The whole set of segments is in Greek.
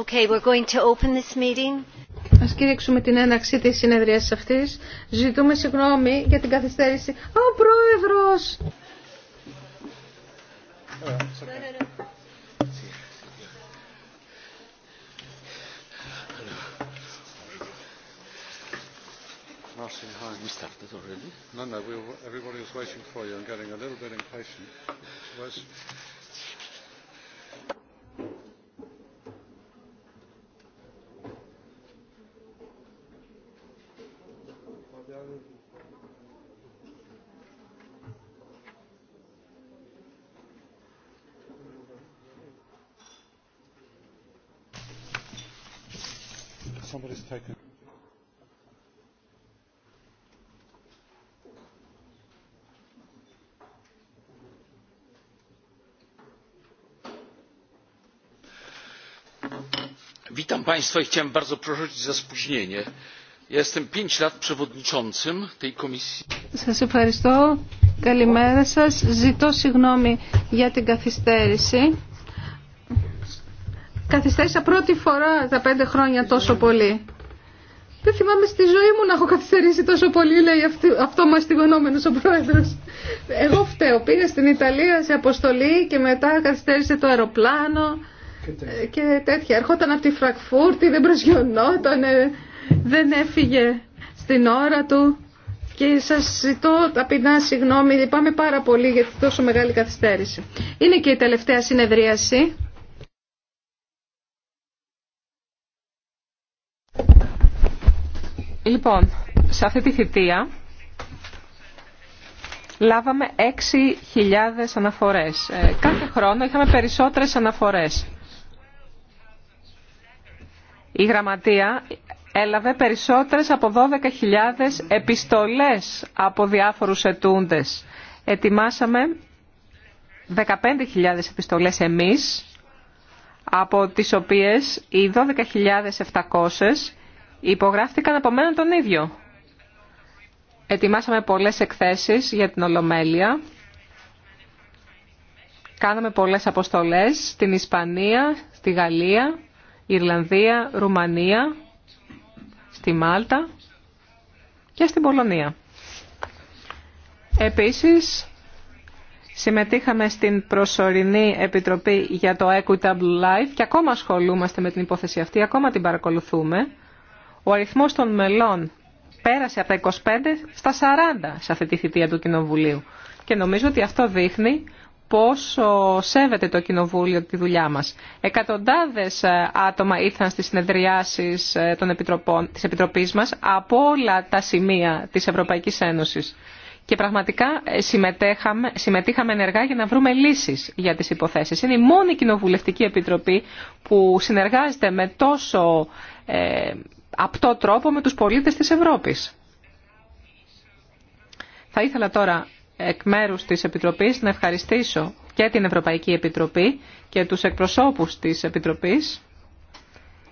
Okay, we're going to open this meeting. Ας κηρύξουμε την έναρξη της συνεδρίας αυτής. Ζητούμε συγγνώμη για την καθυστέρηση. Ο Πρόεδρος! second. Witam Państwa i chciałem bardzo prosić za spóźnienie. Ja jestem pięć lat przewodniczącym tej komisji. Σας ευχαριστώ. Καλημέρα σας. Ζητώ συγγνώμη για την καθυστέρηση. Καθυστέρησα πρώτη φορά τα πέντε χρόνια τόσο πολύ. Δεν θυμάμαι στη ζωή μου να έχω καθυστερήσει τόσο πολύ, λέει αυτό μας στιγωνόμενος ο πρόεδρο. Εγώ φταίω. Πήγα στην Ιταλία σε αποστολή και μετά καθυστέρησε το αεροπλάνο και ε, τέτοια. Ερχόταν από τη Φραγκφούρτη, δεν προσγειωνόταν, δεν έφυγε στην ώρα του. Και σας ζητώ ταπεινά συγγνώμη, λυπάμαι πάρα πολύ για τόσο μεγάλη καθυστέρηση. Είναι και η τελευταία συνεδρίαση. Λοιπόν, σε αυτή τη θητεία λάβαμε 6.000 αναφορές. Ε, κάθε χρόνο είχαμε περισσότερες αναφορές. Η Γραμματεία έλαβε περισσότερες από 12.000 επιστολές από διάφορους ετούντες. Ετοιμάσαμε 15.000 επιστολές εμείς, από τις οποίες οι 12.700 υπογράφτηκαν από μένα τον ίδιο. Ετοιμάσαμε πολλές εκθέσεις για την Ολομέλεια. Κάναμε πολλές αποστολές στην Ισπανία, στη Γαλλία, Ιρλανδία, Ρουμανία, στη Μάλτα και στην Πολωνία. Επίσης, συμμετείχαμε στην προσωρινή επιτροπή για το Equitable Life και ακόμα ασχολούμαστε με την υπόθεση αυτή, ακόμα την παρακολουθούμε. Ο αριθμός των μελών πέρασε από τα 25 στα 40 σε αυτή τη θητεία του Κοινοβουλίου. Και νομίζω ότι αυτό δείχνει πόσο σέβεται το Κοινοβούλιο τη δουλειά μας. Εκατοντάδες ε, άτομα ήρθαν στις συνεδριάσεις ε, των επιτροπών, της Επιτροπής μας από όλα τα σημεία της Ευρωπαϊκής Ένωσης. Και πραγματικά ε, συμμετέχαμε, συμμετείχαμε ενεργά για να βρούμε λύσεις για τις υποθέσεις. Είναι η μόνη κοινοβουλευτική επιτροπή που συνεργάζεται με τόσο απτό τρόπο με τους πολίτες της Ευρώπης. Θα ήθελα τώρα εκ μέρους της Επιτροπής να ευχαριστήσω και την Ευρωπαϊκή Επιτροπή και τους εκπροσώπους της Επιτροπής,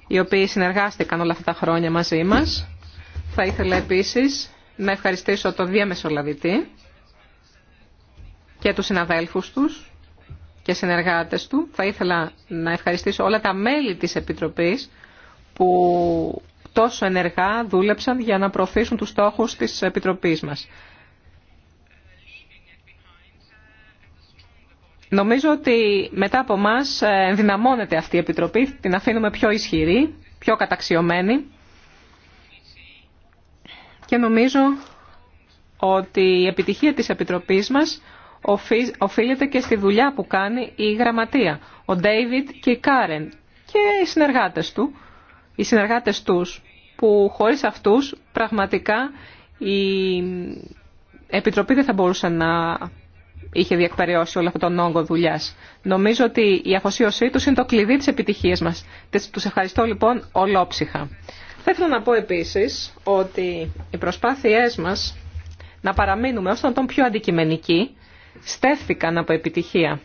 οι οποίοι συνεργάστηκαν όλα αυτά τα χρόνια μαζί μας. Θα ήθελα επίσης να ευχαριστήσω τον διαμεσολαβητή και τους συναδέλφους τους και συνεργάτες του. Θα ήθελα να ευχαριστήσω όλα τα μέλη της Επιτροπής που τόσο ενεργά δούλεψαν για να προωθήσουν τους στόχους της Επιτροπής μας. Νομίζω ότι μετά από εμά ενδυναμώνεται αυτή η Επιτροπή, την αφήνουμε πιο ισχυρή, πιο καταξιωμένη και νομίζω ότι η επιτυχία της Επιτροπής μας οφείλεται και στη δουλειά που κάνει η Γραμματεία, ο Ντέιβιτ και η Κάρεν και οι συνεργάτες του, οι συνεργάτες τους που χωρίς αυτούς πραγματικά η Επιτροπή δεν θα μπορούσε να είχε διακπαιριώσει όλο αυτόν τον όγκο δουλειά. Νομίζω ότι η αφοσίωσή του είναι το κλειδί τη επιτυχία μα. Του ευχαριστώ λοιπόν ολόψυχα. Θα ήθελα να πω επίση ότι οι προσπάθειέ μα να παραμείνουμε όσο τον πιο αντικειμενικοί στέφθηκαν από επιτυχία.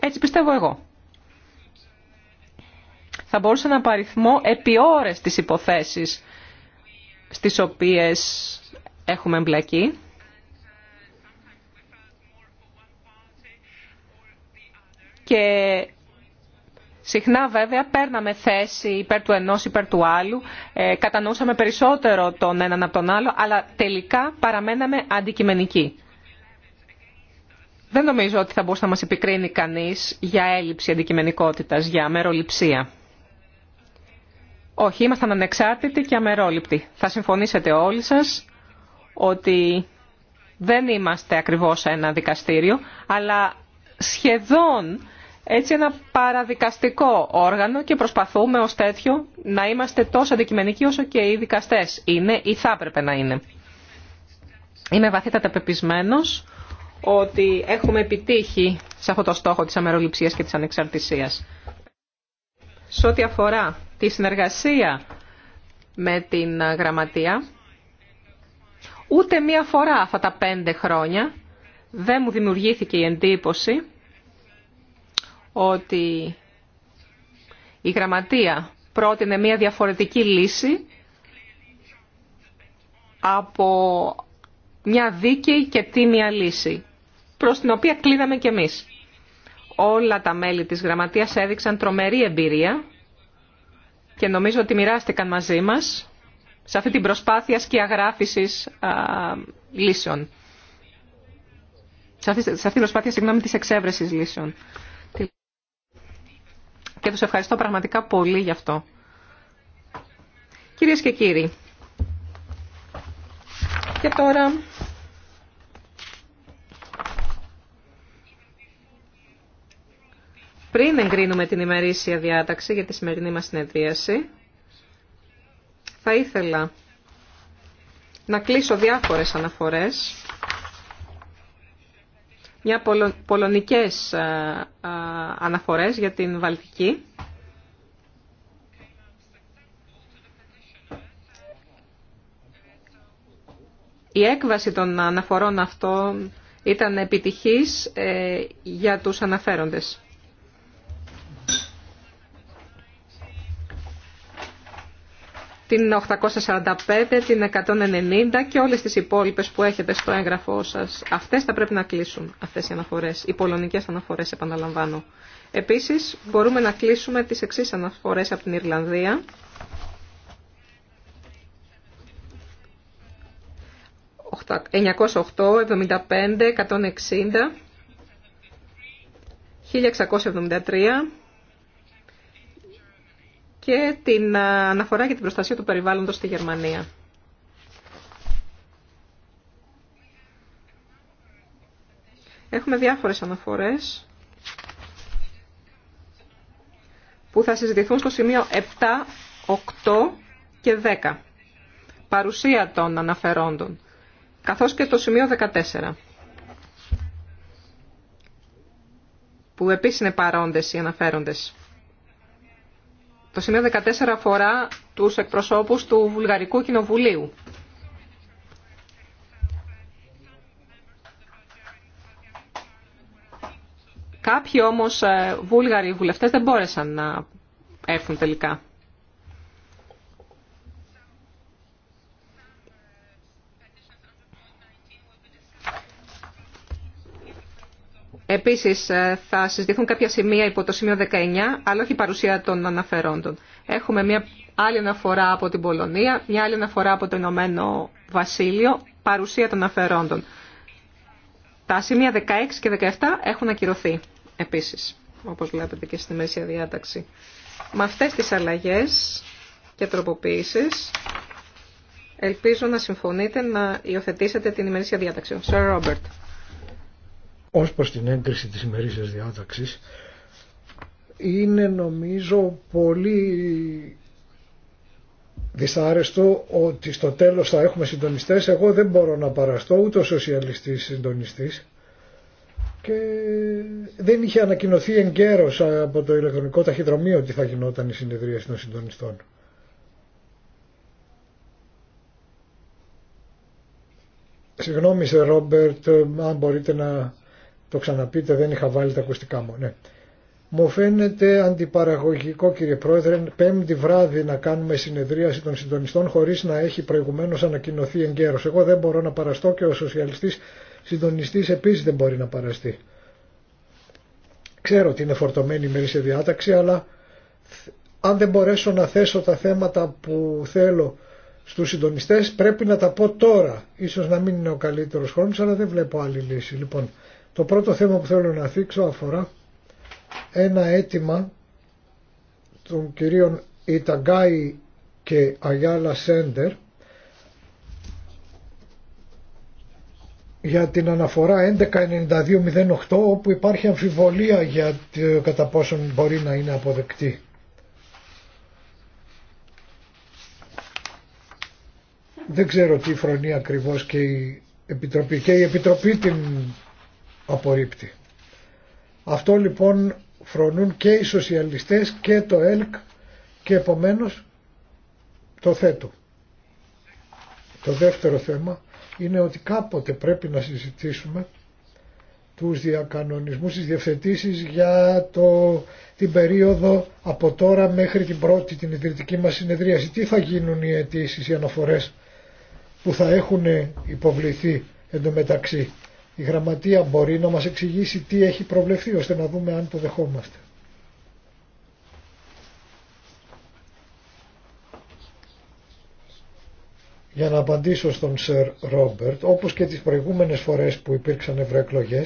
Έτσι πιστεύω εγώ θα μπορούσα να παριθμώ επί ώρες τις υποθέσεις στις οποίες έχουμε εμπλακεί. Και συχνά βέβαια παίρναμε θέση υπέρ του ενός, υπέρ του άλλου, ε, κατανοούσαμε περισσότερο τον έναν από τον άλλο, αλλά τελικά παραμέναμε αντικειμενικοί. Δεν νομίζω ότι θα μπορούσε να μας επικρίνει κανείς για έλλειψη αντικειμενικότητας, για μεροληψία. Όχι, ήμασταν ανεξάρτητοι και αμερόληπτοι. Θα συμφωνήσετε όλοι σας ότι δεν είμαστε ακριβώς ένα δικαστήριο, αλλά σχεδόν έτσι ένα παραδικαστικό όργανο και προσπαθούμε ως τέτοιο να είμαστε τόσο αντικειμενικοί όσο και οι δικαστές είναι ή θα έπρεπε να είναι. Είμαι βαθύτατα πεπισμένος ότι έχουμε επιτύχει σε αυτό το στόχο της αμεροληψίας και της ανεξαρτησίας. Σε ό,τι αφορά τη συνεργασία με την ε, γραμματεία. Ούτε μία φορά αυτά τα πέντε χρόνια δεν μου δημιουργήθηκε η εντύπωση ότι η γραμματεία πρότεινε μία διαφορετική λύση από μια δίκαιη και τίμια λύση, προς την οποία κλείδαμε κι εμείς. Όλα τα μέλη της γραμματείας έδειξαν τρομερή εμπειρία και νομίζω ότι μοιράστηκαν μαζί μας σε αυτή την προσπάθεια σκιαγράφησης α, λύσεων. Σε αυτή, σε την προσπάθεια, συγγνώμη, της εξέβρεσης λύσεων. Και τους ευχαριστώ πραγματικά πολύ γι' αυτό. Κυρίες και κύριοι, και τώρα Πριν εγκρίνουμε την ημερήσια διάταξη για τη σημερινή μας συνεδρίαση, θα ήθελα να κλείσω διάφορες αναφορές. Μια πολο... πολωνικές αναφορές για την Βαλτική. Η έκβαση των αναφορών αυτών ήταν επιτυχής ε, για τους αναφέροντες. την 845, την 190 και όλες τις υπόλοιπες που έχετε στο έγγραφό σας. Αυτές θα πρέπει να κλείσουν, αυτές οι αναφορές, οι πολωνικές αναφορές επαναλαμβάνω. Επίσης μπορούμε να κλείσουμε τις εξή αναφορές από την Ιρλανδία. «908, 75, 160, 1673, και την ε, αναφορά για την προστασία του περιβάλλοντος στη Γερμανία. Έχουμε διάφορες αναφορές που θα συζητηθούν στο σημείο 7, 8 και 10. Παρουσία των αναφερόντων, καθώς και το σημείο 14. που επίσης είναι παρόντες οι αναφέροντες. Το σημείο 14 αφορά τους εκπροσώπους του Βουλγαρικού Κοινοβουλίου. Κάποιοι όμως ε, Βούλγαροι βουλευτές δεν μπόρεσαν να έρθουν τελικά. Επίση, ε, θα συζητηθούν κάποια σημεία υπό το σημείο 19, αλλά όχι η παρουσία των αναφερόντων. Έχουμε μια άλλη αναφορά από την Πολωνία, μια άλλη αναφορά από το Ηνωμένο Βασίλειο, παρουσία των αναφερόντων. Τα σημεία 16 και 17 έχουν ακυρωθεί Επίση, όπω βλέπετε και στη μέση διάταξη. Με αυτέ τι αλλαγέ και τροποποιήσει, ελπίζω να συμφωνείτε να υιοθετήσετε την ημερήσια διάταξη ως προς την έγκριση της ημερήσιας διάταξης είναι νομίζω πολύ δυσάρεστο ότι στο τέλος θα έχουμε συντονιστές. Εγώ δεν μπορώ να παραστώ ούτε ο σοσιαλιστής συντονιστής και δεν είχε ανακοινωθεί εγκαίρως από το ηλεκτρονικό ταχυδρομείο ότι θα γινόταν η συνεδρία των συντονιστών. Συγγνώμη σε Ρόμπερτ, αν μπορείτε να το ξαναπείτε, δεν είχα βάλει τα ακουστικά μου. Ναι. Μου φαίνεται αντιπαραγωγικό κύριε Πρόεδρε, πέμπτη βράδυ να κάνουμε συνεδρίαση των συντονιστών χωρί να έχει προηγουμένω ανακοινωθεί εγκαίρω. Εγώ δεν μπορώ να παραστώ και ο σοσιαλιστή συντονιστή επίση δεν μπορεί να παραστεί. Ξέρω ότι είναι φορτωμένη η μέρη σε διάταξη, αλλά αν δεν μπορέσω να θέσω τα θέματα που θέλω στους συντονιστές πρέπει να τα πω τώρα. Ίσως να μην είναι ο καλύτερος χρόνος, αλλά δεν βλέπω άλλη λύση. Λοιπόν, το πρώτο θέμα που θέλω να θίξω αφορά ένα αίτημα των κυρίων Ιταγκάη και Αγιάλα Σέντερ για την αναφορά 119208 όπου υπάρχει αμφιβολία για το κατά πόσον μπορεί να είναι αποδεκτή. Δεν ξέρω τι φρονεί ακριβώς και η Επιτροπή και η Επιτροπή την απορρίπτει. Αυτό λοιπόν φρονούν και οι σοσιαλιστές και το ΕΛΚ και επομένως το θέτω. Το δεύτερο θέμα είναι ότι κάποτε πρέπει να συζητήσουμε τους διακανονισμούς, τις διευθετήσεις για το, την περίοδο από τώρα μέχρι την πρώτη την ιδρυτική μας συνεδρίαση. Τι θα γίνουν οι αιτήσει οι αναφορές που θα έχουν υποβληθεί εντωμεταξύ η γραμματεία μπορεί να μας εξηγήσει τι έχει προβλεφθεί ώστε να δούμε αν το δεχόμαστε. Για να απαντήσω στον Σερ Ρόμπερτ, όπως και τις προηγούμενες φορές που υπήρξαν ευρωεκλογέ.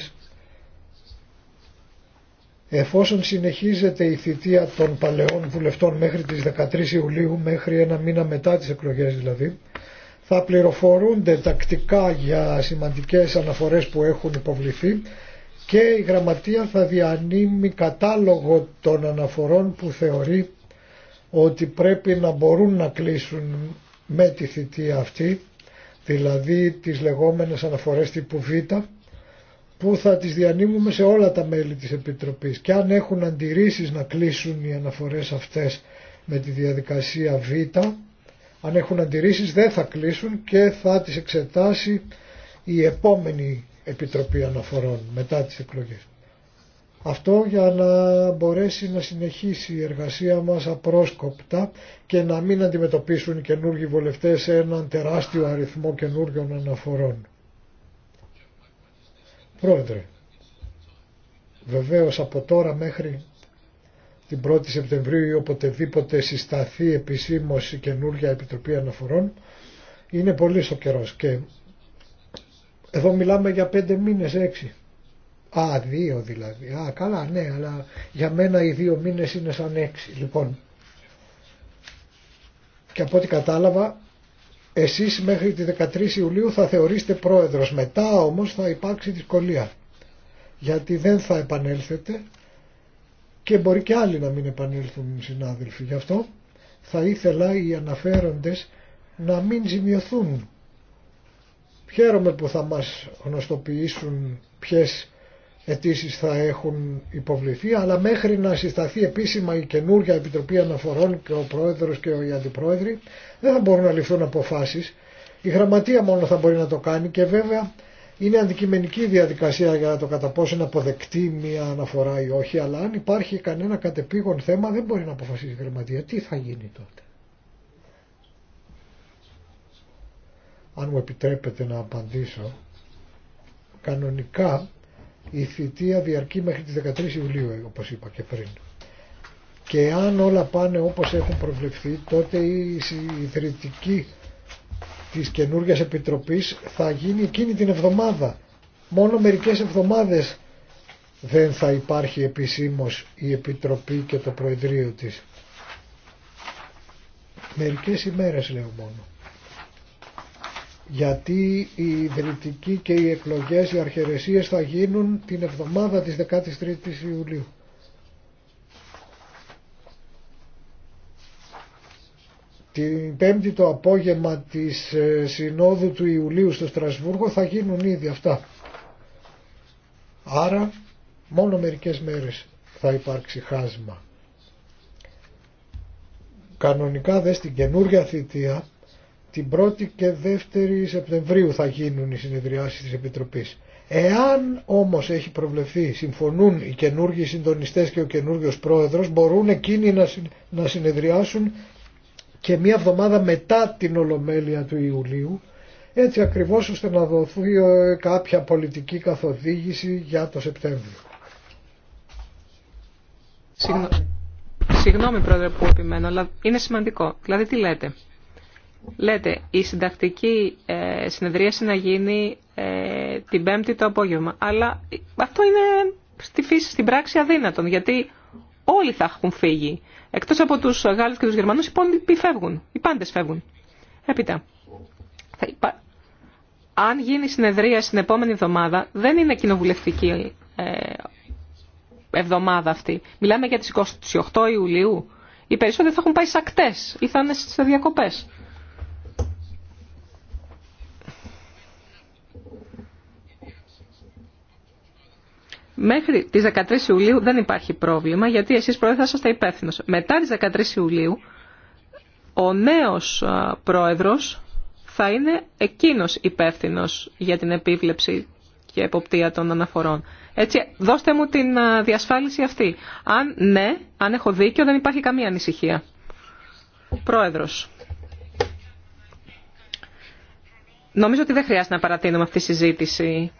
εφόσον συνεχίζεται η θητεία των παλαιών βουλευτών μέχρι τις 13 Ιουλίου, μέχρι ένα μήνα μετά τις εκλογές δηλαδή, θα πληροφορούνται τακτικά για σημαντικές αναφορές που έχουν υποβληθεί και η Γραμματεία θα διανύμει κατάλογο των αναφορών που θεωρεί ότι πρέπει να μπορούν να κλείσουν με τη θητεία αυτή, δηλαδή τις λεγόμενες αναφορές τύπου Β, που θα τις διανύμουμε σε όλα τα μέλη της Επιτροπής. Και αν έχουν αντιρρήσεις να κλείσουν οι αναφορές αυτές με τη διαδικασία Β, αν έχουν αντιρρήσεις δεν θα κλείσουν και θα τις εξετάσει η επόμενη Επιτροπή Αναφορών μετά τις εκλογές. Αυτό για να μπορέσει να συνεχίσει η εργασία μας απρόσκοπτα και να μην αντιμετωπίσουν οι καινούργιοι βολευτές έναν τεράστιο αριθμό καινούργιων αναφορών. Πρόεδρε, βεβαίως από τώρα μέχρι την 1η Σεπτεμβρίου ή οποτεδήποτε συσταθεί επισήμως η καινούργια Επιτροπή Αναφορών είναι πολύ στο καιρό. και εδώ μιλάμε για πέντε μήνες, έξι. Α, δύο δηλαδή. Α, καλά, ναι, αλλά για μένα οι δύο μήνες είναι σαν έξι. Λοιπόν, και από ό,τι κατάλαβα, εσείς μέχρι τη 13 Ιουλίου θα θεωρήσετε πρόεδρος. Μετά όμως θα υπάρξει δυσκολία, γιατί δεν θα επανέλθετε και μπορεί και άλλοι να μην επανέλθουν συνάδελφοι. Γι' αυτό θα ήθελα οι αναφέροντες να μην ζημιωθούν. Χαίρομαι που θα μας γνωστοποιήσουν ποιες αιτήσει θα έχουν υποβληθεί, αλλά μέχρι να συσταθεί επίσημα η καινούργια Επιτροπή Αναφορών και ο Πρόεδρος και οι Αντιπρόεδροι, δεν θα μπορούν να ληφθούν αποφάσεις. Η Γραμματεία μόνο θα μπορεί να το κάνει και βέβαια είναι αντικειμενική διαδικασία για το κατά πόσο είναι αποδεκτή μια αναφορά ή όχι, αλλά αν υπάρχει κανένα κατεπήγον θέμα δεν μπορεί να αποφασίσει η γραμματεία. Τι θα γίνει τότε. Αν μου επιτρέπετε να απαντήσω, κανονικά η θητεία διαρκεί μέχρι τις 13 Ιουλίου όπως είπα και πριν. Και αν όλα πάνε όπως έχουν προβλεφθεί τότε η θρητική της καινούργιας επιτροπής θα γίνει εκείνη την εβδομάδα. Μόνο μερικές εβδομάδες δεν θα υπάρχει επισήμως η Επιτροπή και το Προεδρείο της. Μερικές ημέρες λέω μόνο. Γιατί οι ιδρυτικοί και οι εκλογές, οι αρχαιρεσίες θα γίνουν την εβδομάδα της 13ης Ιουλίου. Την πέμπτη το απόγευμα της ε, Συνόδου του Ιουλίου στο Στρασβούργο θα γίνουν ήδη αυτά. Άρα μόνο μερικές μέρες θα υπάρξει χάσμα. Κανονικά δε στην καινούργια θητεία την 1η και 2η Σεπτεμβρίου θα γίνουν οι συνεδριάσεις της Επιτροπής. Εάν όμως έχει προβλεφθεί, συμφωνούν οι καινούργιοι συντονιστές και ο καινούργιος πρόεδρος, μπορούν εκείνοι να συνεδριάσουν και μία εβδομάδα μετά την Ολομέλεια του Ιουλίου έτσι ακριβώς ώστε να δοθεί ε, κάποια πολιτική καθοδήγηση για το Σεπτέμβριο. Συγγνώμη πρόεδρε που επιμένω, αλλά είναι σημαντικό. Δηλαδή τι λέτε. Λέτε η συντακτική ε, συνεδρίαση να γίνει ε, την Πέμπτη το απόγευμα, αλλά ε, αυτό είναι στη φύση, στην πράξη αδύνατον, γιατί Όλοι θα έχουν φύγει. Εκτός από τους Γάλλου και τους Γερμανούς, οι φεύγουν. Οι πάντες φεύγουν. Έπειτα, θα υπά... αν γίνει συνεδρία στην επόμενη εβδομάδα, δεν είναι κοινοβουλευτική ε, εβδομάδα αυτή. Μιλάμε για τις 28 Ιουλίου. Οι περισσότεροι θα έχουν πάει σε ακτές ή θα είναι σε διακοπές. Μέχρι τις 13 Ιουλίου δεν υπάρχει πρόβλημα, γιατί εσείς πρόεδρε θα είστε υπεύθυνο. Μετά τις 13 Ιουλίου, ο νέος πρόεδρος θα είναι εκείνος υπεύθυνο για την επίβλεψη και εποπτεία των αναφορών. Έτσι, δώστε μου την διασφάλιση αυτή. Αν ναι, αν έχω δίκιο, δεν υπάρχει καμία ανησυχία. Πρόεδρος. Νομίζω ότι δεν χρειάζεται να παρατείνουμε αυτή τη συζήτηση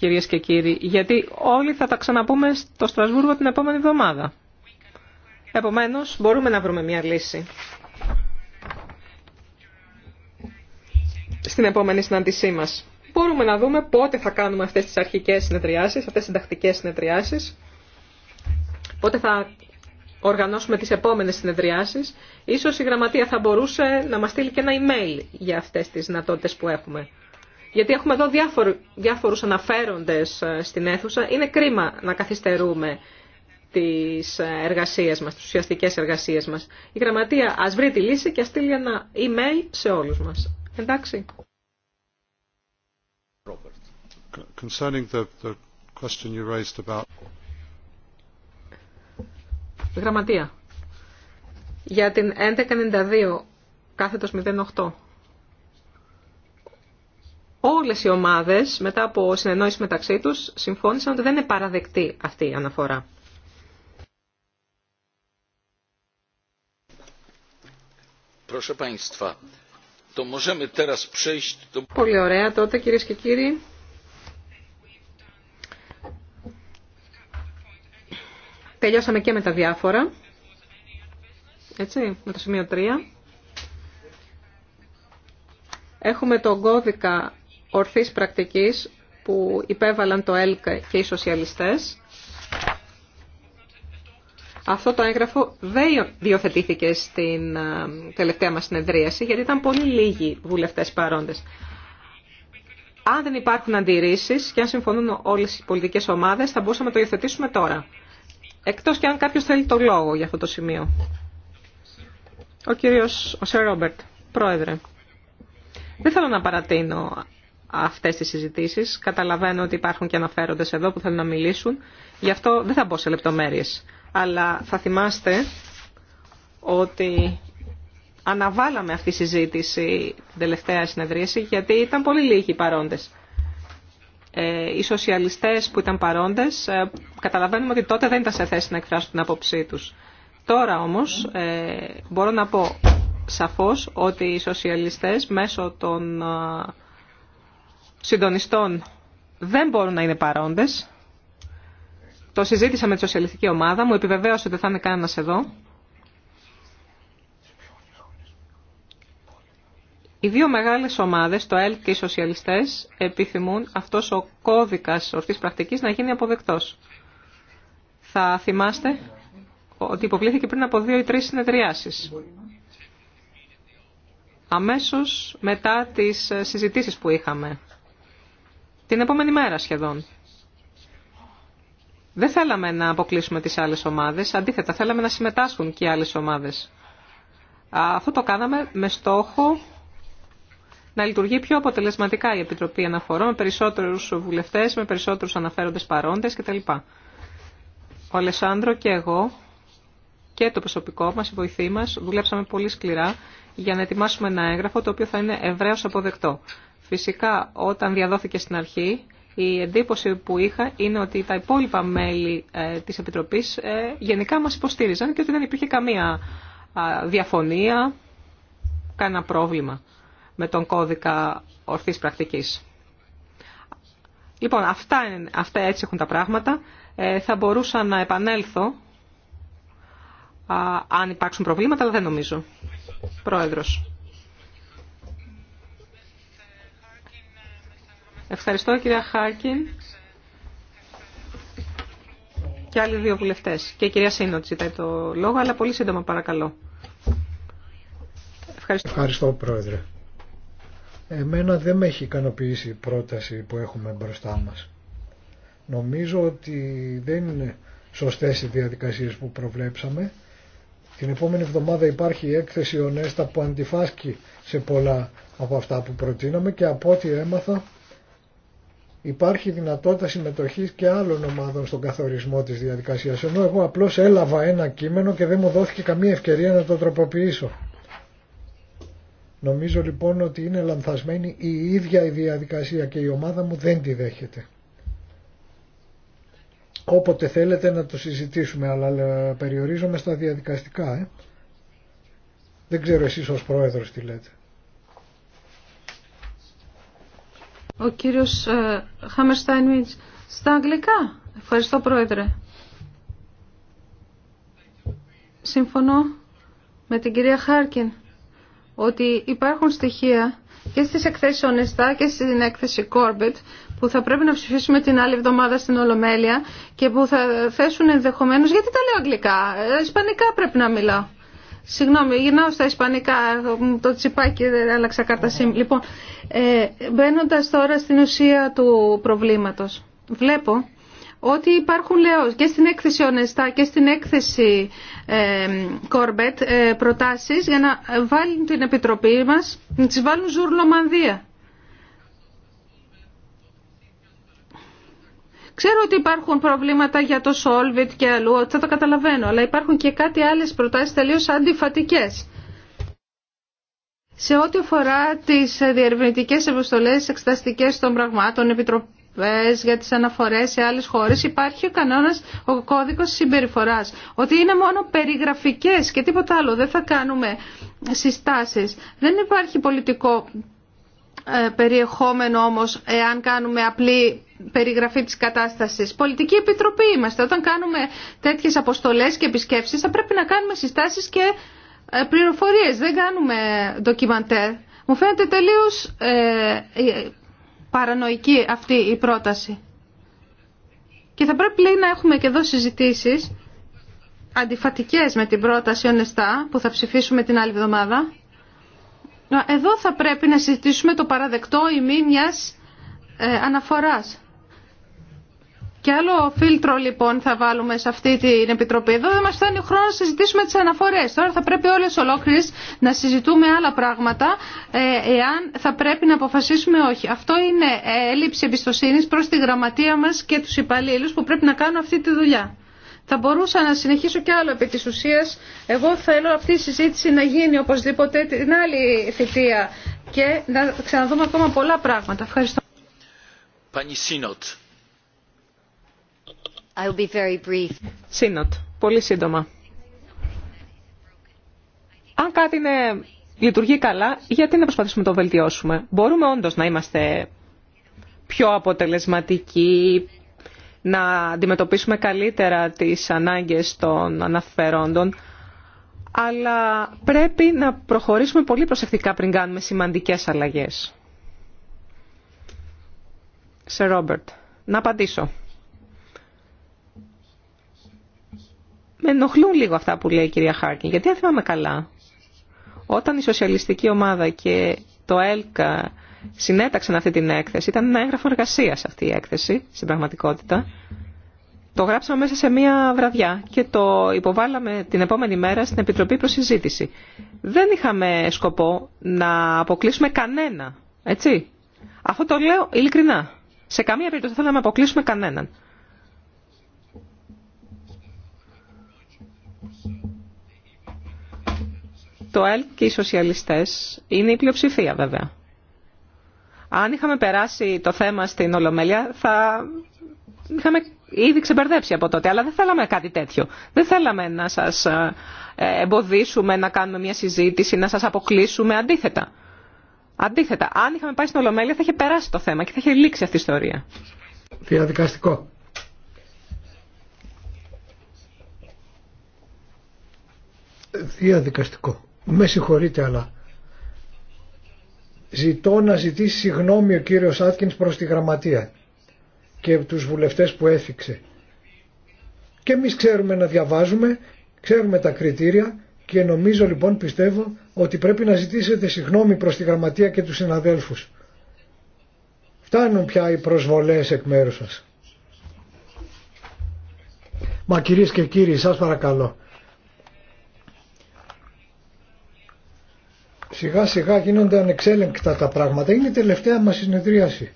κυρίες και κύριοι, γιατί όλοι θα τα ξαναπούμε στο Στρασβούργο την επόμενη εβδομάδα. Επομένως, μπορούμε να βρούμε μια λύση. Στην επόμενη συνάντησή μας. Μπορούμε να δούμε πότε θα κάνουμε αυτές τις αρχικές συνεδριάσεις, αυτές τις συντακτικές συνεδριάσεις, πότε θα οργανώσουμε τις επόμενες συνεδριάσεις. Ίσως η γραμματεία θα μπορούσε να μας στείλει και ένα email για αυτές τις δυνατότητε που έχουμε. Γιατί έχουμε εδώ διάφορου, διάφορους αναφέροντες ε, στην αίθουσα. Είναι κρίμα να καθυστερούμε τις ε, εργασίες μας, τις ουσιαστικές εργασίες μας. Η γραμματεία ας βρει τη λύση και ας στείλει ένα email σε όλους μας. Εντάξει. Concerning the, the question you raised about... Γραμματεία. Για την 1192 κάθετος 08 όλες οι ομάδες μετά από συνεννόηση μεταξύ τους συμφώνησαν ότι δεν είναι παραδεκτή αυτή η αναφορά. Πολύ ωραία τότε κυρίες και κύριοι. Τελειώσαμε και με τα διάφορα. Έτσι, με το σημείο 3. Έχουμε τον κώδικα ορθής πρακτικής που υπέβαλαν το ΕΛΚ και οι σοσιαλιστές. Αυτό το έγγραφο δεν διοθετήθηκε στην ε, τελευταία μας συνεδρίαση, γιατί ήταν πολύ λίγοι βουλευτές παρόντες. Αν δεν υπάρχουν αντιρρήσεις και αν συμφωνούν όλες οι πολιτικές ομάδες, θα μπορούσαμε να το υιοθετήσουμε τώρα. Εκτός και αν κάποιος θέλει το λόγο για αυτό το σημείο. Ο κύριος ο Σερ Ρόμπερτ, πρόεδρε. Δεν θέλω να παρατείνω αυτές τις συζητήσεις. Καταλαβαίνω ότι υπάρχουν και αναφέροντες εδώ που θέλουν να μιλήσουν. Γι' αυτό δεν θα μπω σε λεπτομέρειες. Αλλά θα θυμάστε ότι αναβάλαμε αυτή τη συζήτηση την τελευταία συνεδρίαση γιατί ήταν πολύ λίγοι οι παρόντες. Ε, οι σοσιαλιστές που ήταν παρόντες ε, καταλαβαίνουμε ότι τότε δεν ήταν σε θέση να εκφράσουν την άποψή τους. Τώρα όμως ε, μπορώ να πω σαφώς ότι οι σοσιαλιστές μέσω των συντονιστών δεν μπορούν να είναι παρόντες. Το συζήτησα με τη σοσιαλιστική ομάδα, μου επιβεβαίωσε ότι θα είναι κανένα εδώ. Οι δύο μεγάλες ομάδες, το ΕΛ και οι σοσιαλιστές, επιθυμούν αυτός ο κώδικας ορθής πρακτικής να γίνει αποδεκτός. Θα θυμάστε ότι υποβλήθηκε πριν από δύο ή τρεις συνεδριάσεις. Αμέσως μετά τις συζητήσεις που είχαμε την επόμενη μέρα σχεδόν. Δεν θέλαμε να αποκλείσουμε τις άλλες ομάδες, αντίθετα θέλαμε να συμμετάσχουν και οι άλλες ομάδες. Αυτό το κάναμε με στόχο να λειτουργεί πιο αποτελεσματικά η Επιτροπή Αναφορών, με περισσότερους βουλευτές, με περισσότερους αναφέροντες παρόντες κτλ. Ο Αλεσάνδρο και εγώ και το προσωπικό μας, η βοηθή μας, δουλέψαμε πολύ σκληρά για να ετοιμάσουμε ένα έγγραφο το οποίο θα είναι ευρέως αποδεκτό. Φυσικά, όταν διαδόθηκε στην αρχή, η εντύπωση που είχα είναι ότι τα υπόλοιπα μέλη ε, της Επιτροπής ε, γενικά μας υποστήριζαν και ότι δεν υπήρχε καμία διαφωνία, κανένα πρόβλημα με τον κώδικα ορθής πρακτικής. Λοιπόν, αυτά, αυτά έτσι έχουν τα πράγματα. Ε, θα μπορούσα να επανέλθω αν υπάρξουν προβλήματα, αλλά δεν νομίζω. Πρόεδρος. Ευχαριστώ κυρία Χάρκιν και άλλοι δύο βουλευτές. Και η κυρία Σίνοτ ζητάει το λόγο, αλλά πολύ σύντομα παρακαλώ. Ευχαριστώ. Ευχαριστώ πρόεδρε. Εμένα δεν με έχει ικανοποιήσει η πρόταση που έχουμε μπροστά μας. Νομίζω ότι δεν είναι σωστές οι διαδικασίες που προβλέψαμε. Την επόμενη εβδομάδα υπάρχει η έκθεση ονέστα που αντιφάσκει σε πολλά από αυτά που προτείναμε και από ό,τι έμαθα υπάρχει δυνατότητα συμμετοχής και άλλων ομάδων στον καθορισμό της διαδικασίας ενώ εγώ απλώς έλαβα ένα κείμενο και δεν μου δόθηκε καμία ευκαιρία να το τροποποιήσω. Νομίζω λοιπόν ότι είναι λανθασμένη η ίδια η διαδικασία και η ομάδα μου δεν τη δέχεται. Όποτε θέλετε να το συζητήσουμε, αλλά περιορίζομαι στα διαδικαστικά. Ε. Δεν ξέρω εσείς ως πρόεδρος τι λέτε. Ο κύριος ε, Χάμερστάιν στα αγγλικά. Ευχαριστώ πρόεδρε. Συμφωνώ με την κυρία Χάρκιν ότι υπάρχουν στοιχεία και στις εκθέσεις Ονεστά και στην έκθεση Corbett που θα πρέπει να ψηφίσουμε την άλλη εβδομάδα στην Ολομέλεια και που θα θέσουν ενδεχομένως, γιατί τα λέω αγγλικά, ε, ισπανικά πρέπει να μιλάω. Συγγνώμη, γυρνάω στα ισπανικά, το τσιπάκι δεν άλλαξα κάρτα σύμ. Λοιπόν, ε, μπαίνοντα τώρα στην ουσία του προβλήματος, βλέπω ότι υπάρχουν, λέω, και στην έκθεση Ονεστά και στην έκθεση ε, Κόρμπετ ε, προτάσεις για να βάλουν την Επιτροπή μας, να τις βάλουν ζουρλομανδία. Ξέρω ότι υπάρχουν προβλήματα για το Solvit και αλλού, θα το καταλαβαίνω, αλλά υπάρχουν και κάτι άλλες προτάσεις τελείως αντιφατικές. Σε ό,τι αφορά τις διερευνητικές αποστολές εξεταστικές των πραγμάτων, επιτροπές για τις αναφορές σε άλλες χώρες, υπάρχει ο κανόνας, ο κώδικος συμπεριφοράς, ότι είναι μόνο περιγραφικές και τίποτα άλλο, δεν θα κάνουμε συστάσεις. Δεν υπάρχει πολιτικό ε, περιεχόμενο όμως εάν κάνουμε απλή περιγραφή της κατάστασης. Πολιτική επιτροπή είμαστε. Όταν κάνουμε τέτοιες αποστολές και επισκέψεις θα πρέπει να κάνουμε συστάσεις και ε, πληροφορίες. Δεν κάνουμε ντοκιμαντέρ. Μου φαίνεται τελείως ε, ε, παρανοϊκή αυτή η πρόταση. Και θα πρέπει λέει, να έχουμε και εδώ συζητήσεις αντιφατικές με την πρόταση ονεστά που θα ψηφίσουμε την άλλη εβδομάδα εδώ θα πρέπει να συζητήσουμε το παραδεκτό ή μια ε, αναφοράς. Και άλλο φίλτρο λοιπόν θα βάλουμε σε αυτή την επιτροπή. Εδώ δεν μα φτάνει ο χρόνο να συζητήσουμε τι αναφορέ. Τώρα θα πρέπει όλε ολόκληρε να συζητούμε άλλα πράγματα, ε, εάν θα πρέπει να αποφασίσουμε όχι. Αυτό είναι ε, έλλειψη εμπιστοσύνη προ τη γραμματεία μα και του υπαλλήλου που πρέπει να κάνουν αυτή τη δουλειά. Θα μπορούσα να συνεχίσω κι άλλο επί τη ουσίας. Εγώ θέλω αυτή η συζήτηση να γίνει οπωσδήποτε την άλλη θητεία και να ξαναδούμε ακόμα πολλά πράγματα. Ευχαριστώ. Σύνοτ, πολύ σύντομα. Αν κάτι είναι, λειτουργεί καλά, γιατί να προσπαθήσουμε να το βελτιώσουμε. Μπορούμε όντως να είμαστε πιο αποτελεσματικοί, να αντιμετωπίσουμε καλύτερα τις ανάγκες των αναφερόντων, αλλά πρέπει να προχωρήσουμε πολύ προσεκτικά πριν κάνουμε σημαντικές αλλαγές. Σε Ρόμπερτ, να απαντήσω. Με ενοχλούν λίγο αυτά που λέει η κυρία Χάρκιν, γιατί αν θυμάμαι καλά, όταν η σοσιαλιστική ομάδα και το ΕΛΚΑ συνέταξαν αυτή την έκθεση. Ήταν ένα έγγραφο εργασία αυτή η έκθεση, στην πραγματικότητα. Το γράψαμε μέσα σε μία βραδιά και το υποβάλαμε την επόμενη μέρα στην Επιτροπή Προσυζήτηση. Δεν είχαμε σκοπό να αποκλείσουμε κανένα, έτσι. Αυτό το λέω ειλικρινά. Σε καμία περίπτωση δεν θέλαμε να αποκλείσουμε κανέναν. Το ΕΛΚ και οι σοσιαλιστές είναι η πλειοψηφία βέβαια. Αν είχαμε περάσει το θέμα στην Ολομέλεια θα είχαμε ήδη ξεμπερδέψει από τότε, αλλά δεν θέλαμε κάτι τέτοιο. Δεν θέλαμε να σας ε, εμποδίσουμε να κάνουμε μια συζήτηση, να σας αποκλείσουμε, αντίθετα. Αντίθετα, αν είχαμε πάει στην Ολομέλεια θα είχε περάσει το θέμα και θα είχε λήξει αυτή η ιστορία. Διαδικαστικό. Διαδικαστικό. Με συγχωρείτε αλλά ζητώ να ζητήσει συγγνώμη ο κύριος Άτκινς προς τη γραμματεία και τους βουλευτές που έφυξε. Και εμείς ξέρουμε να διαβάζουμε, ξέρουμε τα κριτήρια και νομίζω λοιπόν πιστεύω ότι πρέπει να ζητήσετε συγγνώμη προς τη γραμματεία και τους συναδέλφους. Φτάνουν πια οι προσβολές εκ μέρους σας. Μα κυρίες και κύριοι σας παρακαλώ Σιγά σιγά γίνονται ανεξέλεγκτα τα πράγματα. Είναι η τελευταία μας συνεδρίαση.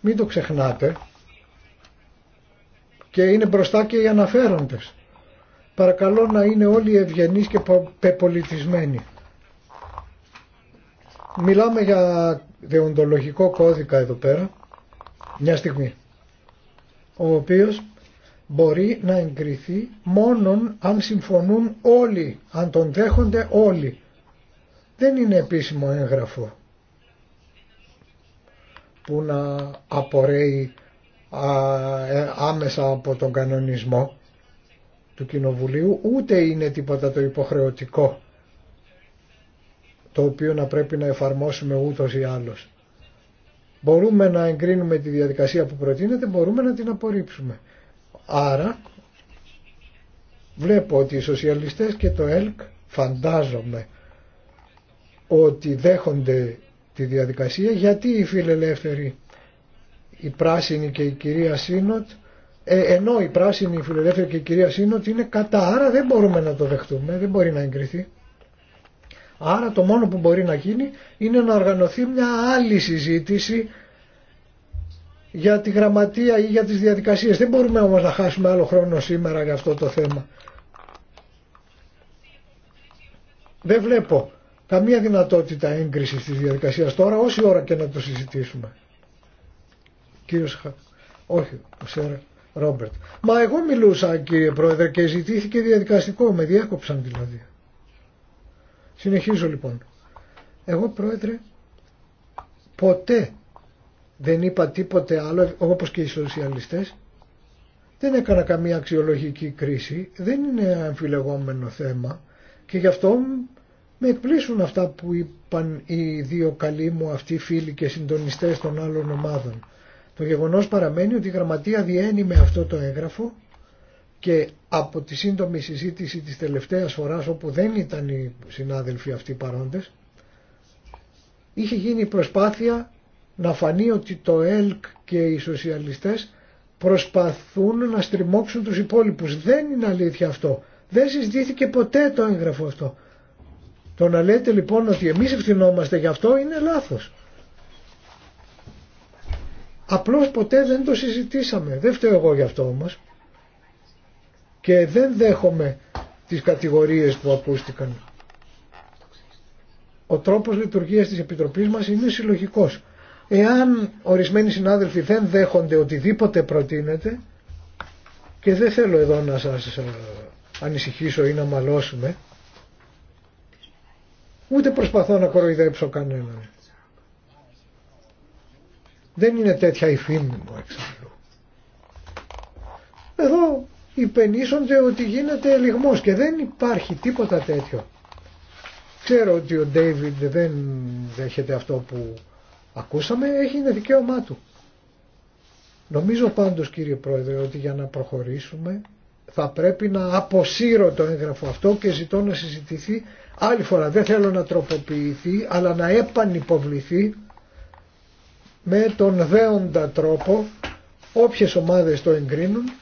Μην το ξεχνάτε. Και είναι μπροστά και οι αναφέροντες. Παρακαλώ να είναι όλοι ευγενείς και πεπολιτισμένοι. Μιλάμε για δεοντολογικό κώδικα εδώ πέρα, μια στιγμή, ο οποίος μπορεί να εγκριθεί μόνον αν συμφωνούν όλοι, αν τον δέχονται όλοι δεν είναι επίσημο έγγραφο που να απορρέει ε, άμεσα από τον κανονισμό του Κοινοβουλίου ούτε είναι τίποτα το υποχρεωτικό το οποίο να πρέπει να εφαρμόσουμε ούτως ή άλλως. Μπορούμε να εγκρίνουμε τη διαδικασία που προτείνεται, μπορούμε να την απορρίψουμε. Άρα βλέπω ότι οι σοσιαλιστές και το ΕΛΚ φαντάζομαι ότι δέχονται τη διαδικασία γιατί οι φιλελεύθεροι η πράσινη και η κυρία Σίνωτ ε, ενώ η πράσινη η φιλελεύθερη και η κυρία Σίνωτ είναι κατά άρα δεν μπορούμε να το δεχτούμε δεν μπορεί να εγκριθεί άρα το μόνο που μπορεί να γίνει είναι να οργανωθεί μια άλλη συζήτηση για τη γραμματεία ή για τις διαδικασίες δεν μπορούμε όμως να χάσουμε άλλο χρόνο σήμερα για αυτό το θέμα δεν βλέπω καμία δυνατότητα έγκρισης τη διαδικασία τώρα, όση ώρα και να το συζητήσουμε. Κύριος Χα... Όχι, ο Σερ Ρόμπερτ. Μα εγώ μιλούσα κύριε Πρόεδρε και ζητήθηκε διαδικαστικό, με διέκοψαν δηλαδή. Συνεχίζω λοιπόν. Εγώ Πρόεδρε ποτέ δεν είπα τίποτε άλλο, όπως και οι σοσιαλιστές, δεν έκανα καμία αξιολογική κρίση, δεν είναι αμφιλεγόμενο θέμα και γι' αυτό με εκπλήσουν αυτά που είπαν οι δύο καλοί μου αυτοί φίλοι και συντονιστές των άλλων ομάδων. Το γεγονός παραμένει ότι η Γραμματεία διένει με αυτό το έγγραφο και από τη σύντομη συζήτηση της τελευταίας φοράς όπου δεν ήταν οι συνάδελφοι αυτοί παρόντες είχε γίνει προσπάθεια να φανεί ότι το ΕΛΚ και οι σοσιαλιστές προσπαθούν να στριμώξουν τους υπόλοιπους. Δεν είναι αλήθεια αυτό. Δεν συζητήθηκε ποτέ το έγγραφο αυτό. Το να λέτε λοιπόν ότι εμείς ευθυνόμαστε γι' αυτό είναι λάθος. Απλώς ποτέ δεν το συζητήσαμε. Δεν φταίω εγώ γι' αυτό όμως. Και δεν δέχομαι τις κατηγορίες που ακούστηκαν. Ο τρόπος λειτουργίας της Επιτροπής μας είναι συλλογικός. Εάν ορισμένοι συνάδελφοι δεν δέχονται οτιδήποτε προτείνεται και δεν θέλω εδώ να σας ε, ανησυχήσω ή να μαλώσουμε Ούτε προσπαθώ να κοροϊδέψω κανέναν. Δεν είναι τέτοια η φήμη μου εξάλλου. Εδώ υπενήσονται ότι γίνεται ελιγμός και δεν υπάρχει τίποτα τέτοιο. Ξέρω ότι ο Ντέιβιντ δεν δέχεται αυτό που ακούσαμε, έχει είναι δικαίωμά του. Νομίζω πάντως κύριε Πρόεδρε ότι για να προχωρήσουμε θα πρέπει να αποσύρω το έγγραφο αυτό και ζητώ να συζητηθεί άλλη φορά. Δεν θέλω να τροποποιηθεί αλλά να επανυποβληθεί με τον δέοντα τρόπο όποιες ομάδες το εγκρίνουν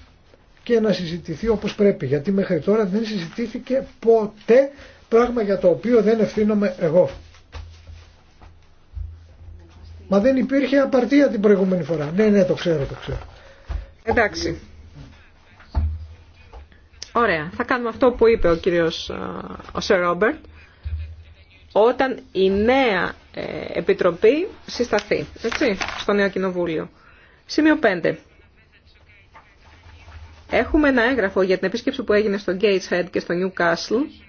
και να συζητηθεί όπως πρέπει. Γιατί μέχρι τώρα δεν συζητήθηκε ποτέ πράγμα για το οποίο δεν ευθύνομαι εγώ. Μα δεν υπήρχε απαρτία την προηγούμενη φορά. Ναι, ναι, το ξέρω, το ξέρω. Εντάξει. Ωραία. Θα κάνουμε αυτό που είπε ο κύριος ε, ο Σερ Ρόμπερτ όταν η νέα ε, επιτροπή συσταθεί, έτσι, στο νέο κοινοβούλιο. Σημείο 5. Έχουμε ένα έγγραφο για την επίσκεψη που έγινε στο Gateshead και στο Newcastle.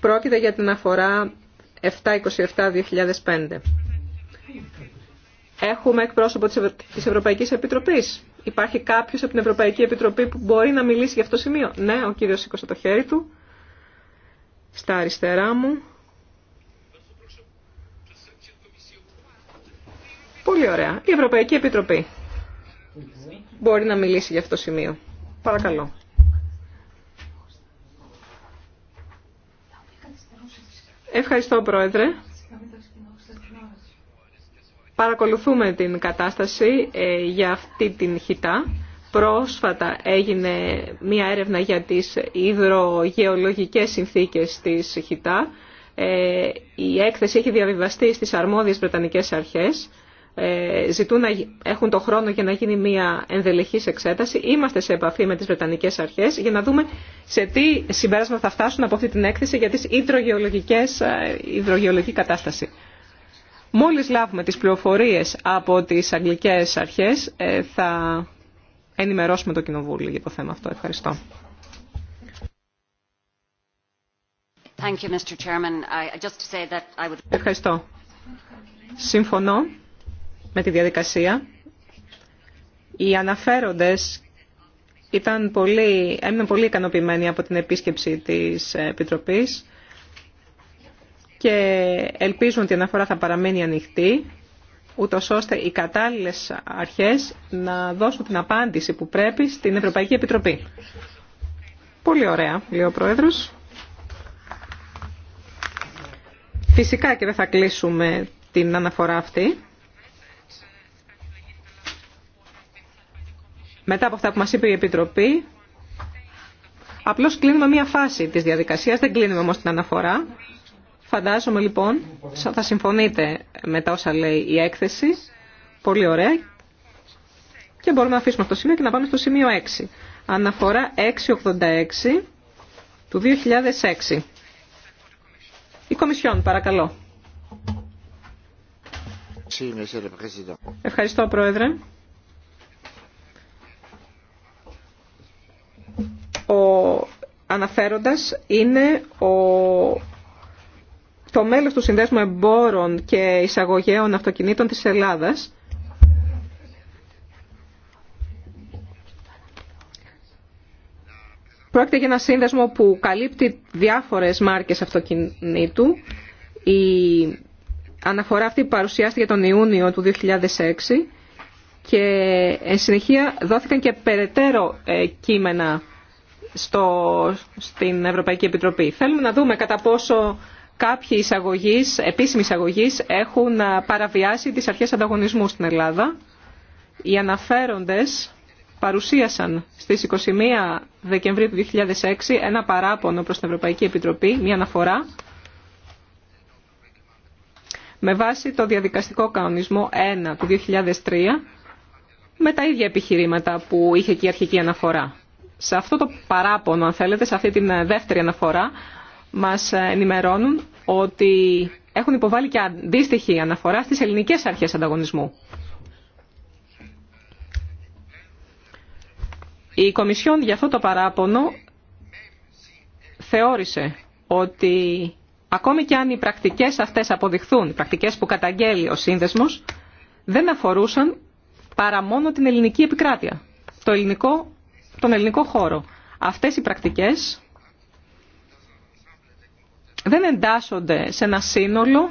Πρόκειται για την αφορά 727-2005. Έχουμε εκπρόσωπο της Ευρωπαϊκής Επιτροπής. Υπάρχει κάποιος από την Ευρωπαϊκή Επιτροπή που μπορεί να μιλήσει για αυτό το σημείο. Ναι, ο κύριος σήκωσε το χέρι του. Στα αριστερά μου. Πολύ ωραία. Η Ευρωπαϊκή Επιτροπή μπορεί να μιλήσει για αυτό το σημείο. Παρακαλώ. Ευχαριστώ, Πρόεδρε. Παρακολουθούμε την κατάσταση ε, για αυτή την χιτά. Πρόσφατα έγινε μία έρευνα για τις υδρογεωλογικές συνθήκες της χιτά. Ε, η έκθεση έχει διαβιβαστεί στις αρμόδιες Βρετανικές αρχές. Ε, ζητούν να έχουν το χρόνο για να γίνει μία ενδελεχής εξέταση. Είμαστε σε επαφή με τις Βρετανικές αρχές για να δούμε σε τι συμπέρασμα θα φτάσουν από αυτή την έκθεση για τις υδρογεωλογικές, υδρογεωλογική κατάσταση. Μόλις λάβουμε τις πληροφορίες από τις αγγλικές αρχές, ε, θα ενημερώσουμε το Κοινοβούλιο για το θέμα αυτό. Ευχαριστώ. Ευχαριστώ. Συμφωνώ με τη διαδικασία. Οι αναφέροντες ήταν πολύ, έμειναν πολύ ικανοποιημένοι από την επίσκεψη της Επιτροπής και ελπίζουν ότι η αναφορά θα παραμείνει ανοιχτή, ούτω ώστε οι κατάλληλε αρχές να δώσουν την απάντηση που πρέπει στην Ευρωπαϊκή Επιτροπή. Πολύ ωραία, λέει ο πρόεδρο. Φυσικά και δεν θα κλείσουμε την αναφορά αυτή. Μετά από αυτά που μας είπε η Επιτροπή, απλώς κλείνουμε μία φάση της διαδικασίας, δεν κλείνουμε όμως την αναφορά. Φαντάζομαι λοιπόν, θα συμφωνείτε με τα όσα λέει η έκθεση, πολύ ωραία, και μπορούμε να αφήσουμε αυτό το σημείο και να πάμε στο σημείο 6. Αναφορά 686 του 2006. Η Κομισιόν, παρακαλώ. Ευχαριστώ, Πρόεδρε. Ο αναφέροντας είναι ο το μέλος του Συνδέσμου Εμπόρων και Εισαγωγέων Αυτοκινήτων της Ελλάδας Πρόκειται για ένα σύνδεσμο που καλύπτει διάφορες μάρκες αυτοκινήτου. Η αναφορά αυτή παρουσιάστηκε τον Ιούνιο του 2006 και εν συνεχεία δόθηκαν και περαιτέρω ε, κείμενα στο, στην Ευρωπαϊκή Επιτροπή. Θέλουμε να δούμε κατά πόσο κάποιοι εισαγωγείς, επίσημοι εισαγωγείς έχουν ε, παραβιάσει τις αρχές ανταγωνισμού στην Ελλάδα. Οι αναφέροντες παρουσίασαν στις 21 Δεκεμβρίου του 2006 ένα παράπονο προς την Ευρωπαϊκή Επιτροπή, μια αναφορά, με βάση το διαδικαστικό κανονισμό 1 του 2003, με τα ίδια επιχειρήματα που είχε και η αρχική αναφορά. Σε αυτό το παράπονο, αν θέλετε, σε αυτή την ε, δεύτερη αναφορά, μας ενημερώνουν ότι έχουν υποβάλει και αντίστοιχη αναφορά στις ελληνικές αρχές ανταγωνισμού. Η Κομισιόν για αυτό το παράπονο θεώρησε ότι ακόμη και αν οι πρακτικές αυτές αποδειχθούν, οι πρακτικές που καταγγέλει ο σύνδεσμος, δεν αφορούσαν παρά μόνο την ελληνική επικράτεια, το ελληνικό, τον ελληνικό χώρο. Αυτές οι πρακτικές δεν εντάσσονται σε ένα σύνολο,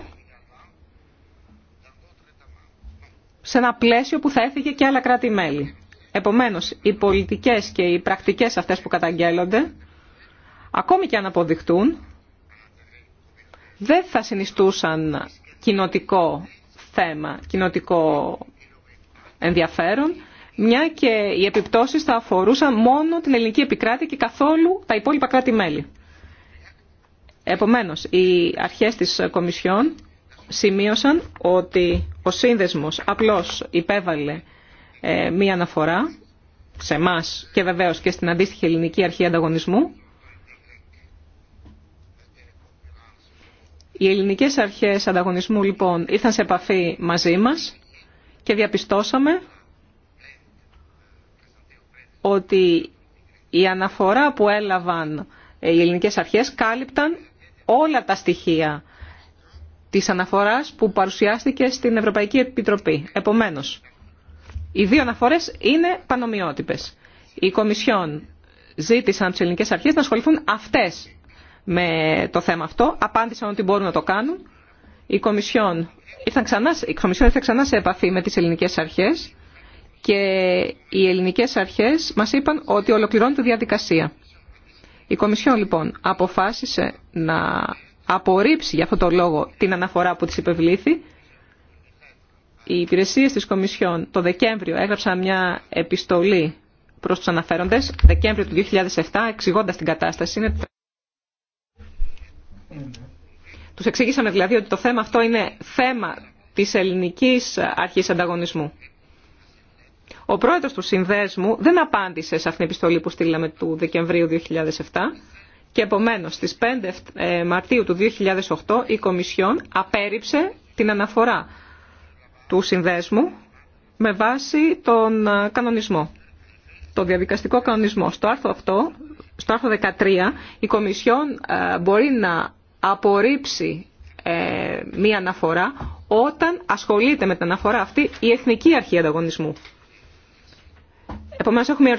σε ένα πλαίσιο που θα έφυγε και άλλα κράτη-μέλη. Επομένως, οι πολιτικές και οι πρακτικές αυτές που καταγγέλλονται, ακόμη και αν αποδειχτούν, δεν θα συνιστούσαν κοινοτικό θέμα, κοινοτικό ενδιαφέρον, μια και οι επιπτώσεις θα αφορούσαν μόνο την ελληνική επικράτεια και καθόλου τα υπόλοιπα κράτη-μέλη. Επομένως, οι αρχές της Κομισιόν σημείωσαν ότι ο σύνδεσμος απλώς υπέβαλε ε, μία αναφορά σε εμά και βεβαίως και στην αντίστοιχη ελληνική αρχή ανταγωνισμού. Οι ελληνικές αρχές ανταγωνισμού λοιπόν ήρθαν σε επαφή μαζί μας και διαπιστώσαμε ότι η αναφορά που έλαβαν ε, οι ελληνικές αρχές κάλυπταν όλα τα στοιχεία της αναφοράς που παρουσιάστηκε στην Ευρωπαϊκή Επιτροπή. Επομένως, οι δύο αναφορές είναι πανομοιότυπες. Η Κομισιόν ζήτησαν από τις ελληνικές αρχές να ασχοληθούν αυτές με το θέμα αυτό. Απάντησαν ότι μπορούν να το κάνουν. Η Κομισιόν, ήρθαν ξανά, η Κομισιόν ήρθε ξανά σε επαφή με τις ελληνικές αρχές και οι ελληνικές αρχές μας είπαν ότι ολοκληρώνουν τη διαδικασία. Η Κομισιόν λοιπόν αποφάσισε να απορρίψει για αυτό το λόγο την αναφορά που της υπευλήθη. Οι υπηρεσίες της Κομισιόν το Δεκέμβριο έγραψαν μια επιστολή προς τους αναφέροντες, Δεκέμβριο του 2007, εξηγώντα την κατάσταση. Είναι... Τους εξηγήσαμε δηλαδή ότι το θέμα αυτό είναι θέμα της ελληνικής αρχής ανταγωνισμού. Ο πρόεδρος του Συνδέσμου δεν απάντησε σε αυτήν την επιστολή που στείλαμε του Δεκεμβρίου 2007 και επομένως στις 5 ε, Μαρτίου του 2008 η Κομισιόν απέρριψε την αναφορά του Συνδέσμου με βάση τον ε, κανονισμό, τον διαδικαστικό κανονισμό. Στο άρθρο αυτό, στο άρθρο 13, η Κομισιόν ε, μπορεί να απορρίψει μία αναφορά όταν ασχολείται με την αναφορά αυτή η Εθνική Αρχή Ανταγωνισμού. Επομένως έχουμε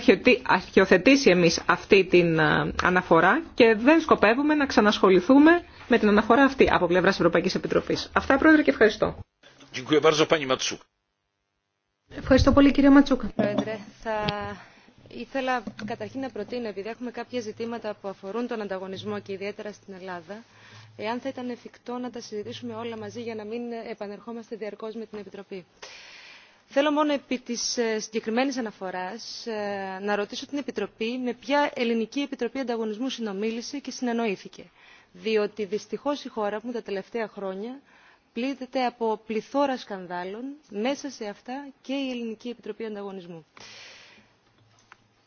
αρχιοθετήσει εμείς αυτή την ε, αναφορά και δεν σκοπεύουμε να ξανασχοληθούμε με την αναφορά αυτή από πλευράς Ευρωπαϊκής Επιτροφής. Αυτά Πρόεδρε και ευχαριστώ. Ευχαριστώ πολύ κύριε Ματσούκα. Πρόεδρε, θα ήθελα καταρχήν να προτείνω, επειδή έχουμε κάποια ζητήματα που αφορούν τον ανταγωνισμό και ιδιαίτερα στην Ελλάδα, εάν θα ήταν εφικτό να τα συζητήσουμε όλα μαζί για να μην επανερχόμαστε διαρκώς με την Επιτροπή. Θέλω μόνο επί της ε, συγκεκριμένης αναφοράς ε, να ρωτήσω την Επιτροπή με ποια ελληνική Επιτροπή Ανταγωνισμού συνομίλησε και συνεννοήθηκε. Διότι δυστυχώς η χώρα μου τα τελευταία χρόνια πλήττεται από πληθώρα σκανδάλων, μέσα σε αυτά και η Ελληνική Επιτροπή Ανταγωνισμού.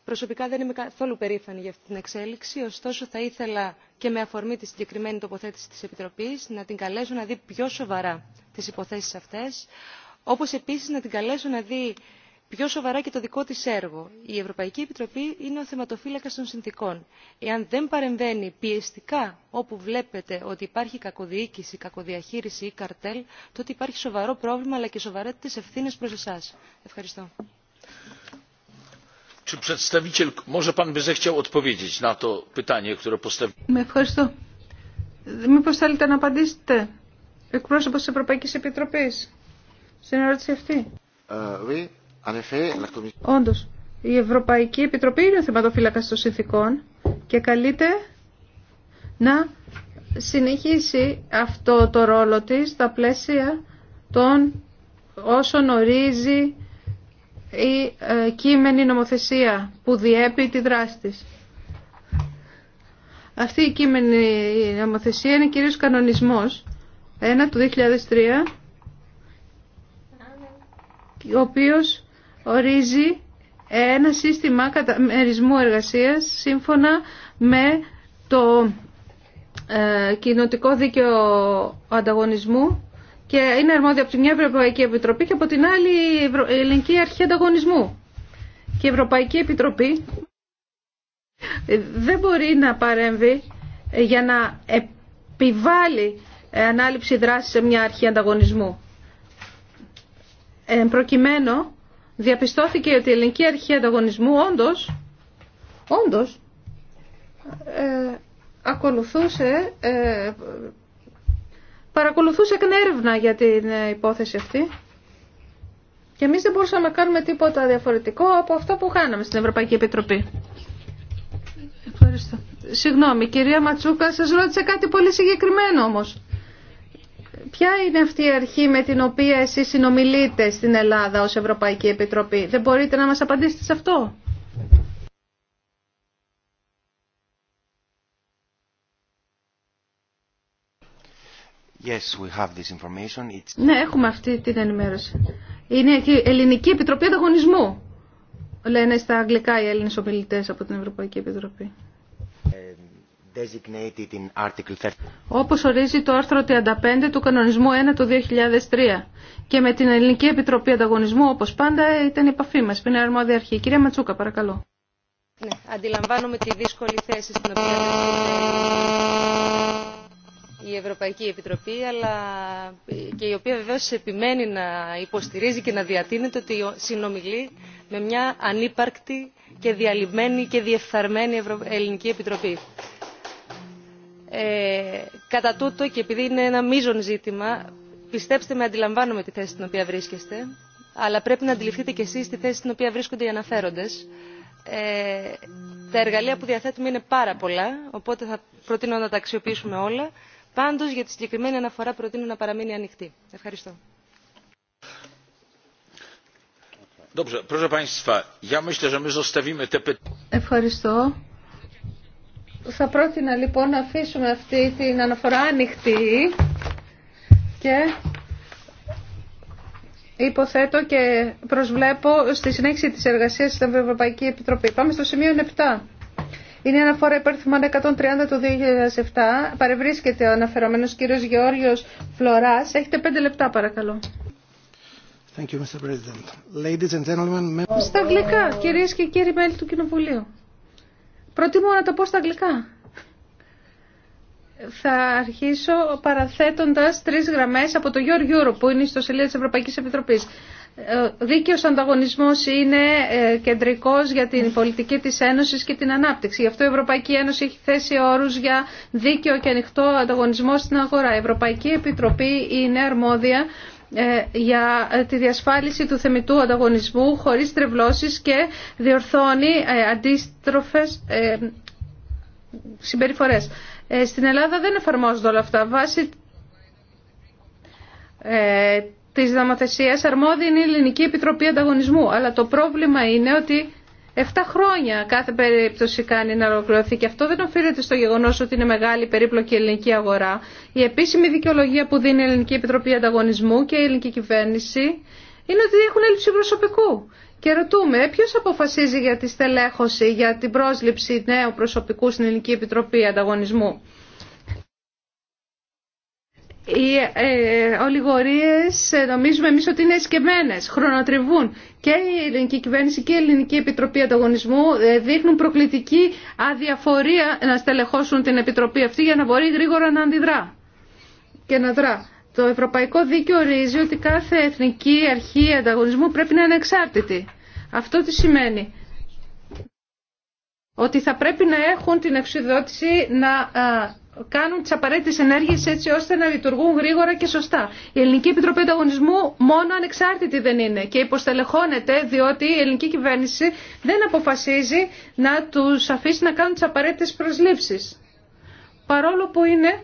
Προσωπικά δεν είμαι καθόλου περήφανη για αυτή την εξέλιξη, ωστόσο θα ήθελα και με αφορμή τη συγκεκριμένη τοποθέτηση της Επιτροπής να την καλέσω να δει πιο σοβαρά τις υποθέσεις αυτές, όπως επίσης να την καλέσω να δει πιο σοβαρά και το δικό της έργο. Η Ευρωπαϊκή Επιτροπή είναι ο θεματοφύλακας των συνθήκων. Εάν δεν παρεμβαίνει πιεστικά όπου βλέπετε ότι υπάρχει κακοδιοίκηση, κακοδιαχείριση ή καρτέλ, τότε υπάρχει σοβαρό πρόβλημα αλλά και σοβαρές ευθύνες προς εσάς. Ευχαριστώ. Με ευχαριστώ. Μήπως θέλετε να απαντήσετε εκπρόσωπος της Ευρωπαϊκής Επιτροπής στην ερώτηση αυτή. Ε, Όντως, η Ευρωπαϊκή Επιτροπή είναι ο θεματοφύλακας των συνθήκων και καλείται να συνεχίσει αυτό το ρόλο της στα πλαίσια των όσων ορίζει η ε, κείμενη νομοθεσία που διέπει τη δράση της. Αυτή η κείμενη νομοθεσία είναι κυρίως κανονισμός 1 του 2003 ο οποίος ορίζει ένα σύστημα καταμερισμού εργασίας σύμφωνα με το ε, κοινοτικό δίκαιο ανταγωνισμού και είναι αρμόδιο από τη μια Ευρωπαϊκή Επιτροπή και από την άλλη η Ελληνική Αρχή Ανταγωνισμού. Και η Ευρωπαϊκή Επιτροπή δεν μπορεί να παρέμβει για να επιβάλλει ανάληψη δράση σε μια αρχή ανταγωνισμού προκειμένου, διαπιστώθηκε ότι η ελληνική αρχή ανταγωνισμού όντως, όντως ε, ακολουθούσε, ε, παρακολουθούσε εκ για την ε, υπόθεση αυτή. Και εμείς δεν μπορούσαμε να κάνουμε τίποτα διαφορετικό από αυτό που κάναμε στην Ευρωπαϊκή Επιτροπή. Ευχαριστώ. Συγγνώμη, κυρία Ματσούκα, σας ρώτησε κάτι πολύ συγκεκριμένο όμως. Ποια είναι αυτή η αρχή με την οποία εσείς συνομιλείτε στην Ελλάδα ως Ευρωπαϊκή Επιτροπή. Δεν μπορείτε να μας απαντήσετε σε αυτό. Ναι, έχουμε αυτή την ενημέρωση. Είναι η Ελληνική Επιτροπή Ανταγωνισμού, λένε στα αγγλικά οι Έλληνες ομιλητές από την Ευρωπαϊκή Επιτροπή όπως ορίζει το άρθρο 35 του κανονισμού 1 του 2003. Και με την Ελληνική Επιτροπή Ανταγωνισμού, όπως πάντα, ήταν η επαφή μας. Πριν αρμόδια αρχή. Κυρία Ματσούκα, παρακαλώ. Ναι, αντιλαμβάνομαι τη δύσκολη θέση στην οποία η Ευρωπαϊκή Επιτροπή, αλλά και η οποία βεβαίως επιμένει να υποστηρίζει και να διατείνεται ότι συνομιλεί με μια ανύπαρκτη και διαλυμένη και διεφθαρμένη Ελληνική Επιτροπή ε, κατά τούτο και επειδή είναι ένα μείζον ζήτημα, πιστέψτε με αντιλαμβάνομαι τη θέση στην οποία βρίσκεστε, αλλά πρέπει να αντιληφθείτε κι εσείς τη θέση στην οποία βρίσκονται οι αναφέροντες. Ε, τα εργαλεία που διαθέτουμε είναι πάρα πολλά, οπότε θα προτείνω να τα αξιοποιήσουμε όλα. Πάντως για τη συγκεκριμένη αναφορά προτείνω να παραμείνει ανοιχτή. Ευχαριστώ. Ευχαριστώ. Θα πρότεινα λοιπόν να αφήσουμε αυτή την αναφορά ανοιχτή και υποθέτω και προσβλέπω στη συνέχιση της εργασίας στην Ευρωπαϊκή Επιτροπή. Πάμε στο σημείο 7. Είναι η αναφορά υπέρ 130 του 2007. Παρευρίσκεται ο αναφερομένος κύριος Γεώργιος Φλωράς. Έχετε 5 λεπτά παρακαλώ. Στα αγγλικά, κυρίες και κύριοι μέλη του Κοινοβουλίου. Προτιμώ να το πω στα αγγλικά. Θα αρχίσω παραθέτοντας τρεις γραμμές από το Your Europe που είναι στο σελίδα της Ευρωπαϊκής Επιτροπής. Ε, δίκαιος ανταγωνισμός είναι ε, κεντρικός για την πολιτική της Ένωσης και την ανάπτυξη. Γι' αυτό η Ευρωπαϊκή Ένωση έχει θέσει όρους για δίκαιο και ανοιχτό ανταγωνισμό στην αγορά. Η Ευρωπαϊκή Επιτροπή είναι αρμόδια ε, για ε, τη διασφάλιση του θεμητού ανταγωνισμού χωρίς τρευλώσεις και διορθώνει ε, αντίστροφες συμπεριφορές. Στην Ελλάδα δεν εφαρμόζονται όλα αυτά. Βάσει της δαμοθεσίας αρμόδια είναι η Ελληνική Επιτροπή Ανταγωνισμού. Αλλά το πρόβλημα είναι ότι Εφτά χρόνια κάθε περίπτωση κάνει να ολοκληρωθεί και αυτό δεν οφείλεται στο γεγονό ότι είναι μεγάλη περίπλοκη ελληνική αγορά. Η επίσημη δικαιολογία που δίνει η Ελληνική Επιτροπή Ανταγωνισμού και η ελληνική κυβέρνηση είναι ότι έχουν έλλειψη προσωπικού. Και ρωτούμε, ποιο αποφασίζει για τη στελέχωση, για την πρόσληψη νέου προσωπικού στην Ελληνική Επιτροπή Ανταγωνισμού οι ε, ολιγορίες ε, νομίζουμε εμείς ότι είναι εσκεμμένες, χρονοτριβούν και η ελληνική κυβέρνηση και η ελληνική επιτροπή ανταγωνισμού ε, δείχνουν προκλητική αδιαφορία να στελεχώσουν την επιτροπή αυτή για να μπορεί γρήγορα να αντιδρά και να δρά. Το Ευρωπαϊκό Δίκαιο ορίζει ότι κάθε εθνική αρχή ανταγωνισμού πρέπει να είναι εξάρτητη. Αυτό τι σημαίνει. Ότι θα πρέπει να έχουν την εξουδότηση να κάνουν τι απαραίτητε ενέργειε έτσι ώστε να λειτουργούν γρήγορα και σωστά. Η Ελληνική Επιτροπή Ανταγωνισμού μόνο ανεξάρτητη δεν είναι και υποστελεχώνεται διότι η ελληνική κυβέρνηση δεν αποφασίζει να του αφήσει να κάνουν τι απαραίτητε προσλήψει. Παρόλο που είναι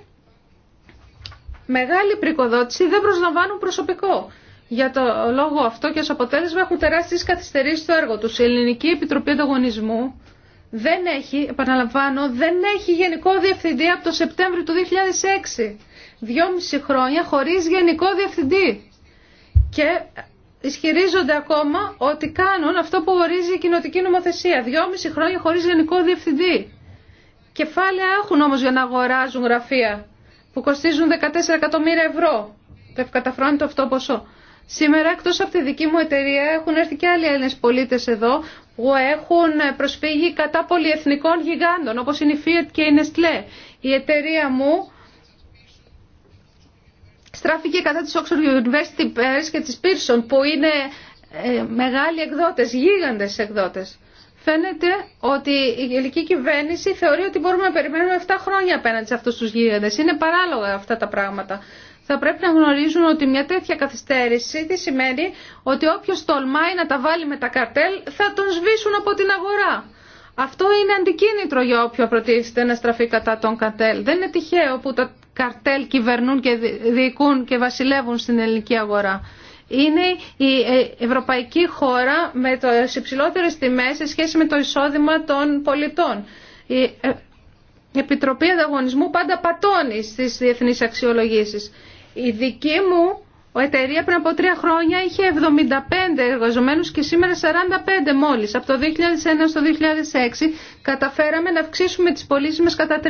μεγάλη πρικοδότηση δεν προσλαμβάνουν προσωπικό. Για το λόγο αυτό και ως αποτέλεσμα έχουν τεράστιες καθυστερήσεις στο έργο του. Η Ελληνική Επιτροπή Ανταγωνισμού δεν έχει, επαναλαμβάνω, δεν έχει γενικό διευθυντή από το Σεπτέμβριο του 2006. Δυόμιση χρόνια χωρίς γενικό διευθυντή. Και ισχυρίζονται ακόμα ότι κάνουν αυτό που ορίζει η κοινοτική νομοθεσία. Δυόμιση χρόνια χωρίς γενικό διευθυντή. Κεφάλαια έχουν όμως για να αγοράζουν γραφεία που κοστίζουν 14 εκατομμύρια ευρώ. Το ευκαταφρόνητο αυτό ποσό. Σήμερα εκτός από τη δική μου εταιρεία έχουν έρθει και άλλοι Έλληνες πολίτες εδώ που έχουν προσφύγει κατά πολυεθνικών γιγάντων όπως είναι η Fiat και η Nestlé. Η εταιρεία μου στράφηκε κατά της Oxford University Press και της Pearson που είναι ε, μεγάλοι εκδότες, γίγαντες εκδότες. Φαίνεται ότι η ελληνική κυβέρνηση θεωρεί ότι μπορούμε να περιμένουμε 7 χρόνια απέναντι σε αυτούς τους γίγαντες. Είναι παράλογα αυτά τα πράγματα θα πρέπει να γνωρίζουν ότι μια τέτοια καθυστέρηση τι σημαίνει ότι όποιο τολμάει να τα βάλει με τα καρτέλ θα τον σβήσουν από την αγορά. Αυτό είναι αντικίνητρο για όποιο προτίθεται να στραφεί κατά τον καρτέλ. Δεν είναι τυχαίο που τα καρτέλ κυβερνούν και διοικούν και βασιλεύουν στην ελληνική αγορά. Είναι η ε, ευρωπαϊκή χώρα με τις υψηλότερες τιμές σε σχέση με το εισόδημα των πολιτών. Η ε, Επιτροπή Ανταγωνισμού πάντα πατώνει στις διεθνείς αξιολογήσεις. Η δική μου εταιρεία πριν από τρία χρόνια είχε 75 εργαζομένους και σήμερα 45 μόλις. Από το 2001 στο 2006 καταφέραμε να αυξήσουμε τις πωλήσει μας κατά 300%.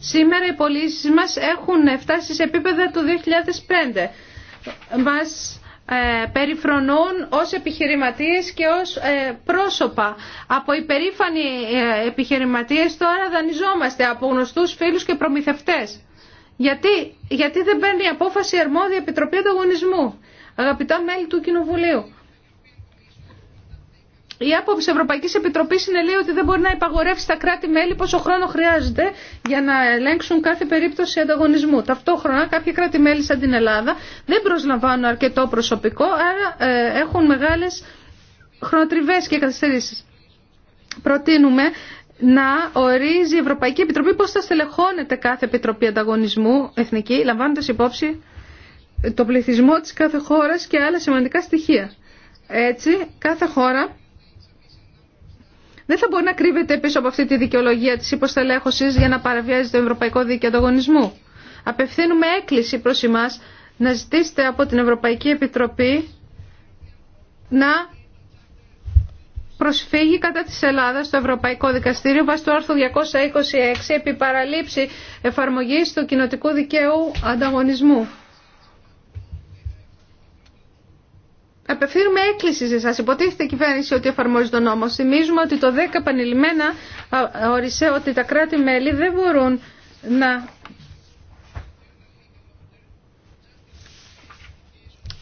Σήμερα οι πωλήσει μας έχουν φτάσει σε επίπεδα του 2005. Μας ε, περιφρονούν ως επιχειρηματίες και ως ε, πρόσωπα. Από υπερήφανοι ε, επιχειρηματίες τώρα δανειζόμαστε από γνωστούς φίλους και προμηθευτές. Γιατί, γιατί δεν παίρνει απόφαση η αρμόδια Επιτροπή Ανταγωνισμού, αγαπητά μέλη του Κοινοβουλίου. Η άποψη Ευρωπαϊκή Επιτροπή είναι λέει ότι δεν μπορεί να υπαγορεύσει τα κράτη-μέλη πόσο χρόνο χρειάζεται για να ελέγξουν κάθε περίπτωση ανταγωνισμού. Ταυτόχρονα, κάποια κράτη-μέλη σαν την Ελλάδα δεν προσλαμβάνουν αρκετό προσωπικό, άρα ε, έχουν μεγάλε χρονοτριβέ και καθυστερήσει. Προτείνουμε να ορίζει η Ευρωπαϊκή Επιτροπή πώς θα στελεχώνεται κάθε Επιτροπή Ανταγωνισμού Εθνική, λαμβάνοντας υπόψη το πληθυσμό της κάθε χώρας και άλλα σημαντικά στοιχεία. Έτσι, κάθε χώρα δεν θα μπορεί να κρύβεται πίσω από αυτή τη δικαιολογία της υποστελέχωσης για να παραβιάζει το Ευρωπαϊκό Δίκαιο Ανταγωνισμού. Απευθύνουμε έκκληση προς εμάς να ζητήσετε από την Ευρωπαϊκή Επιτροπή να προσφύγει κατά της Ελλάδας στο Ευρωπαϊκό Δικαστήριο βάσει του άρθρου 226 επί παραλήψη εφαρμογής του κοινοτικού δικαίου ανταγωνισμού. Απευθύνουμε έκκληση σε εσά. Υποτίθεται η κυβέρνηση ότι εφαρμόζει τον νόμο. Θυμίζουμε ότι το 10 επανειλημμένα όρισε ότι τα κράτη-μέλη δεν μπορούν να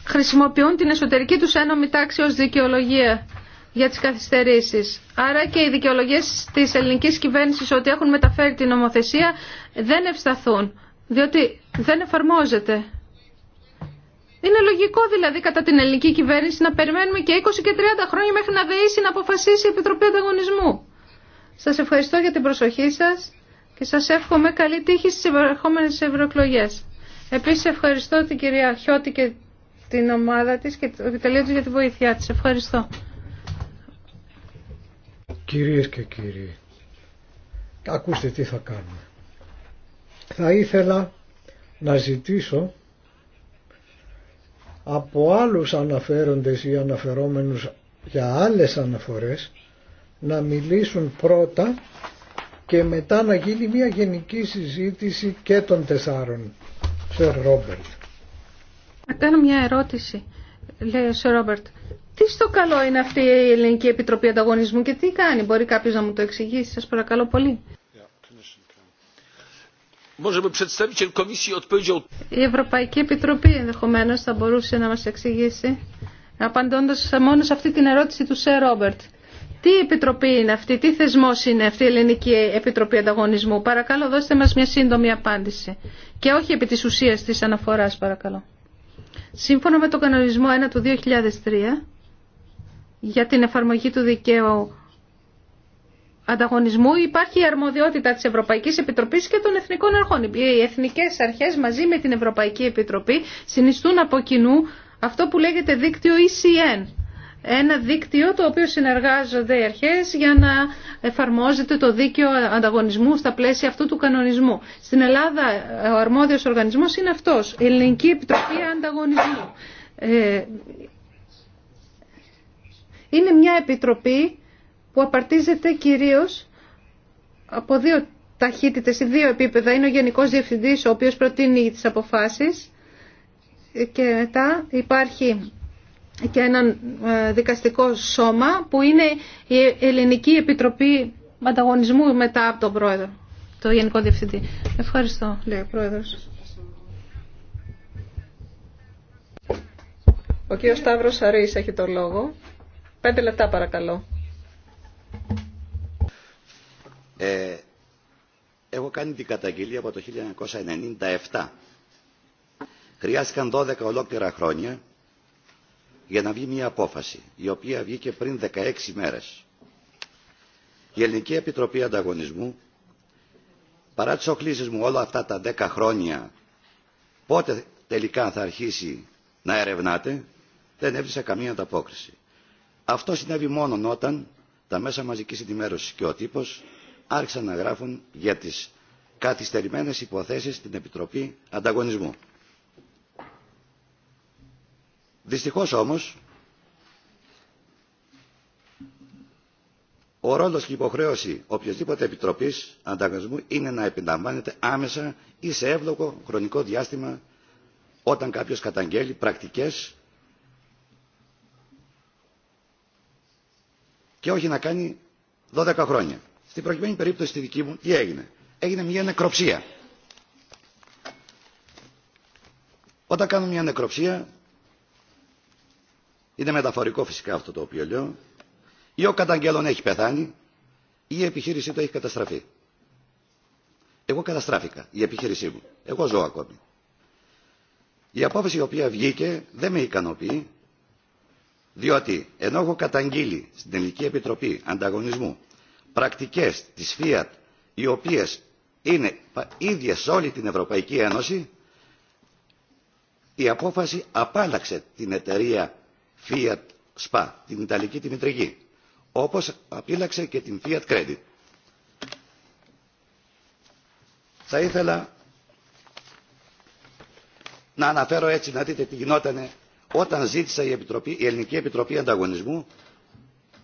χρησιμοποιούν την εσωτερική τους ένωμη τάξη ως δικαιολογία για τις καθυστερήσεις. Άρα και οι δικαιολογίες της ελληνικής κυβέρνησης ότι έχουν μεταφέρει την νομοθεσία δεν ευσταθούν, διότι δεν εφαρμόζεται. Είναι λογικό δηλαδή κατά την ελληνική κυβέρνηση να περιμένουμε και 20 και 30 χρόνια μέχρι να δεήσει να αποφασίσει η Επιτροπή Ανταγωνισμού. Σας ευχαριστώ για την προσοχή σας και σας εύχομαι καλή τύχη στις επερχόμενες ευρωεκλογέ. Επίσης ευχαριστώ την κυρία Χιώτη και την ομάδα της και το επιτελείο για τη βοήθειά της. Ευχαριστώ. Κυρίες και κύριοι, ακούστε τι θα κάνουμε. Θα ήθελα να ζητήσω από άλλους αναφέροντες ή αναφερόμενους για άλλες αναφορές να μιλήσουν πρώτα και μετά να γίνει μια γενική συζήτηση και των τεσσάρων. Σερ Ρόμπερτ. Να κάνω μια ερώτηση. Λέει ο Σερ Ρόμπερτ, τι στο καλό είναι αυτή η Ελληνική Επιτροπή Ανταγωνισμού και τι κάνει, μπορεί κάποιος να μου το εξηγήσει, σας παρακαλώ πολύ. Η Ευρωπαϊκή Επιτροπή ενδεχομένω θα μπορούσε να μας εξηγήσει, απαντώντας μόνο σε αυτή την ερώτηση του Σερ Ρόμπερτ. Τι επιτροπή είναι αυτή, τι θεσμός είναι αυτή η Ελληνική Επιτροπή Ανταγωνισμού. Παρακαλώ δώστε μας μια σύντομη απάντηση. Και όχι επί της ουσίας της αναφορά παρακαλώ. Σύμφωνα με τον κανονισμό 1 του 2003 για την εφαρμογή του δικαίου ανταγωνισμού υπάρχει η αρμοδιότητα της Ευρωπαϊκής Επιτροπής και των Εθνικών Αρχών. Οι Εθνικές Αρχές μαζί με την Ευρωπαϊκή Επιτροπή συνιστούν από κοινού αυτό που λέγεται δίκτυο ECN ένα δίκτυο το οποίο συνεργάζονται οι αρχές για να εφαρμόζεται το δίκαιο ανταγωνισμού στα πλαίσια αυτού του κανονισμού. Στην Ελλάδα ο αρμόδιος οργανισμός είναι αυτός, η Ελληνική Επιτροπή Ανταγωνισμού. Ε, είναι μια επιτροπή που απαρτίζεται κυρίως από δύο ταχύτητες, ή δύο επίπεδα. Είναι ο Γενικός Διευθυντής, ο οποίος προτείνει τις αποφάσεις ε, και μετά υπάρχει και έναν ε, δικαστικό σώμα που είναι η Ελληνική Επιτροπή Ανταγωνισμού μετά από τον Πρόεδρο, το Γενικό Διευθυντή. Ευχαριστώ, λέει ο Πρόεδρος. Ο κύριος Σταύρος Σαρής έχει το λόγο. Πέντε λεπτά παρακαλώ. Ε, έχω κάνει την καταγγελία από το 1997. Χρειάστηκαν 12 ολόκληρα χρόνια για να βγει μια απόφαση, η οποία βγήκε πριν 16 μέρες. Η Ελληνική Επιτροπή Ανταγωνισμού, παρά τις οχλήσεις μου όλα αυτά τα 10 χρόνια, πότε τελικά θα αρχίσει να ερευνάτε, δεν έβρισε καμία ανταπόκριση. Αυτό συνέβη μόνο όταν τα μέσα μαζικής ενημέρωσης και ο τύπος άρχισαν να γράφουν για τις καθυστερημένες υποθέσεις στην Επιτροπή Ανταγωνισμού. Δυστυχώς όμως, ο ρόλος και η υποχρέωση οποιασδήποτε επιτροπής ανταγωνισμού είναι να επιλαμβάνεται άμεσα ή σε εύλογο χρονικό διάστημα όταν κάποιος καταγγέλει πρακτικές και όχι να κάνει 12 χρόνια. Στην προηγουμένη περίπτωση στη δική μου τι έγινε. Έγινε μια νεκροψία. Όταν κάνω μια νεκροψία είναι μεταφορικό φυσικά αυτό το οποίο λέω, ή ο καταγγέλων έχει πεθάνει, ή η επιχείρησή του έχει καταστραφεί. Εγώ καταστράφηκα, η επιχείρησή μου. Εγώ ζω ακόμη. Η απόφαση η οποία βγήκε δεν με ικανοποιεί, διότι ενώ έχω καταγγείλει στην Ελληνική Επιτροπή Ανταγωνισμού πρακτικές της ΦΙΑΤ οι οποίες είναι ίδιες σε όλη την Ευρωπαϊκή Ένωση, η απόφαση απάλλαξε την εταιρεία Fiat SPA, την Ιταλική τη μητρική, όπως απείλαξε και την Fiat Credit. Θα ήθελα να αναφέρω έτσι να δείτε τι γινόταν όταν ζήτησα η, Επιτροπή, η Ελληνική Επιτροπή Ανταγωνισμού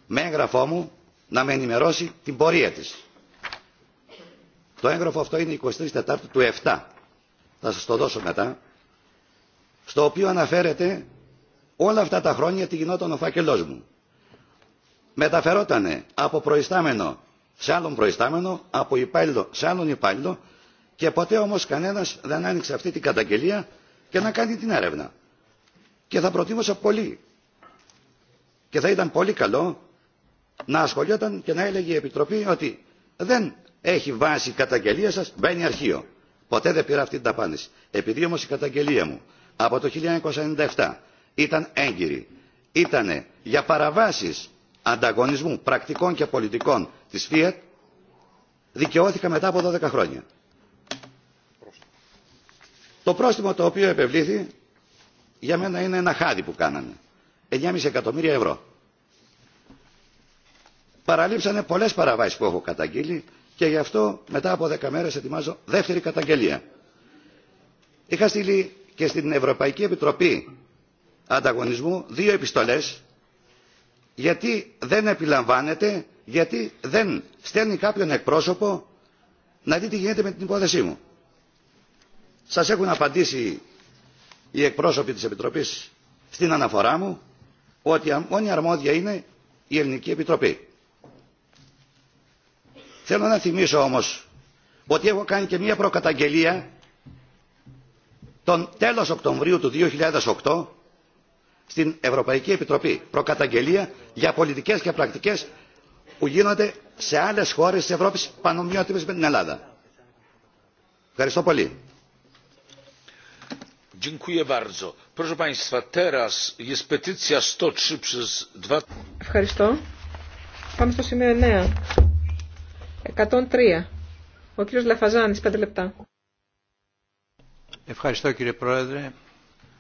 με έγγραφό μου να με ενημερώσει την πορεία της. Το έγγραφο αυτό είναι 23 Τετάρτου του 7. Θα σας το δώσω μετά. Στο οποίο αναφέρεται όλα αυτά τα χρόνια τι γινόταν ο φάκελό μου. Μεταφερότανε από προϊστάμενο σε άλλον προϊστάμενο, από υπάλληλο σε άλλον υπάλληλο και ποτέ όμως κανένας δεν άνοιξε αυτή την καταγγελία και να κάνει την έρευνα. Και θα προτίμωσα πολύ και θα ήταν πολύ καλό να ασχολιόταν και να έλεγε η Επιτροπή ότι δεν έχει βάση η καταγγελία σας, μπαίνει αρχείο. Ποτέ δεν πήρα αυτή την απάντηση. Επειδή όμως η καταγγελία μου από το 1997 ήταν έγκυρη. Ήτανε για παραβάσεις ανταγωνισμού πρακτικών και πολιτικών της ΦΙΕΤ δικαιώθηκα μετά από 12 χρόνια. Το πρόστιμο το οποίο επευλήθη για μένα είναι ένα χάδι που κάνανε. 9,5 εκατομμύρια ευρώ. Παραλείψανε πολλές παραβάσεις που έχω καταγγείλει και γι' αυτό μετά από 10 μέρες ετοιμάζω δεύτερη καταγγελία. Είχα στείλει και στην Ευρωπαϊκή Επιτροπή ανταγωνισμού δύο επιστολές γιατί δεν επιλαμβάνεται, γιατί δεν στέλνει κάποιον εκπρόσωπο να δει τι γίνεται με την υπόθεσή μου. Σας έχουν απαντήσει οι εκπρόσωποι της Επιτροπής στην αναφορά μου ότι μόνη αρμόδια είναι η Ελληνική Επιτροπή. Θέλω να θυμίσω όμως ότι έχω κάνει και μία προκαταγγελία τον τέλος Οκτωβρίου του 2008 στην Ευρωπαϊκή Επιτροπή προκαταγγελία για πολιτικές και πρακτικές που γίνονται σε άλλες χώρες της Ευρώπης πανομοιότυπε με την Ελλάδα. Ευχαριστώ πολύ. Ευχαριστώ. Πάμε στο σημείο 9. 103. Ο κύριος Λαφαζάνης, 5 λεπτά. Ευχαριστώ κύριε Πρόεδρε.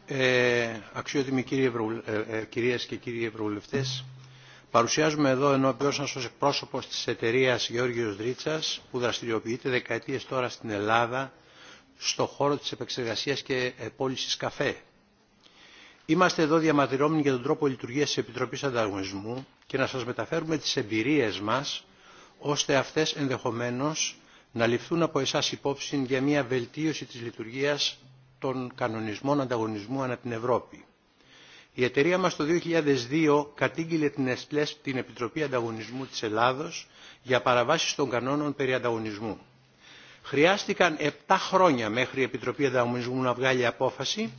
Ε, αξιότιμοι ε, ε, κυρίες και κύριοι ευρωβουλευτές, παρουσιάζουμε εδώ ενώπιόν σας ως εκπρόσωπος της εταιρείας Γεώργιος Δρίτσας που δραστηριοποιείται δεκαετίες τώρα στην Ελλάδα στο χώρο της επεξεργασίας και πώλησης καφέ. Είμαστε εδώ διαμαρτυρόμενοι για τον τρόπο λειτουργίας της Επιτροπής Ανταγωνισμού και να σας μεταφέρουμε τις εμπειρίες μας ώστε αυτές ενδεχομένως να ληφθούν από εσάς υπόψη για μια βελτίωση της λειτουργίας των κανονισμών ανταγωνισμού ανά την Ευρώπη. Η εταιρεία μας το 2002 κατήγγειλε την ΕΣΤΛΕΣ την Επιτροπή Ανταγωνισμού της Ελλάδος για παραβάσεις των κανόνων περί ανταγωνισμού. Χρειάστηκαν 7 χρόνια μέχρι η Επιτροπή Ανταγωνισμού να βγάλει απόφαση.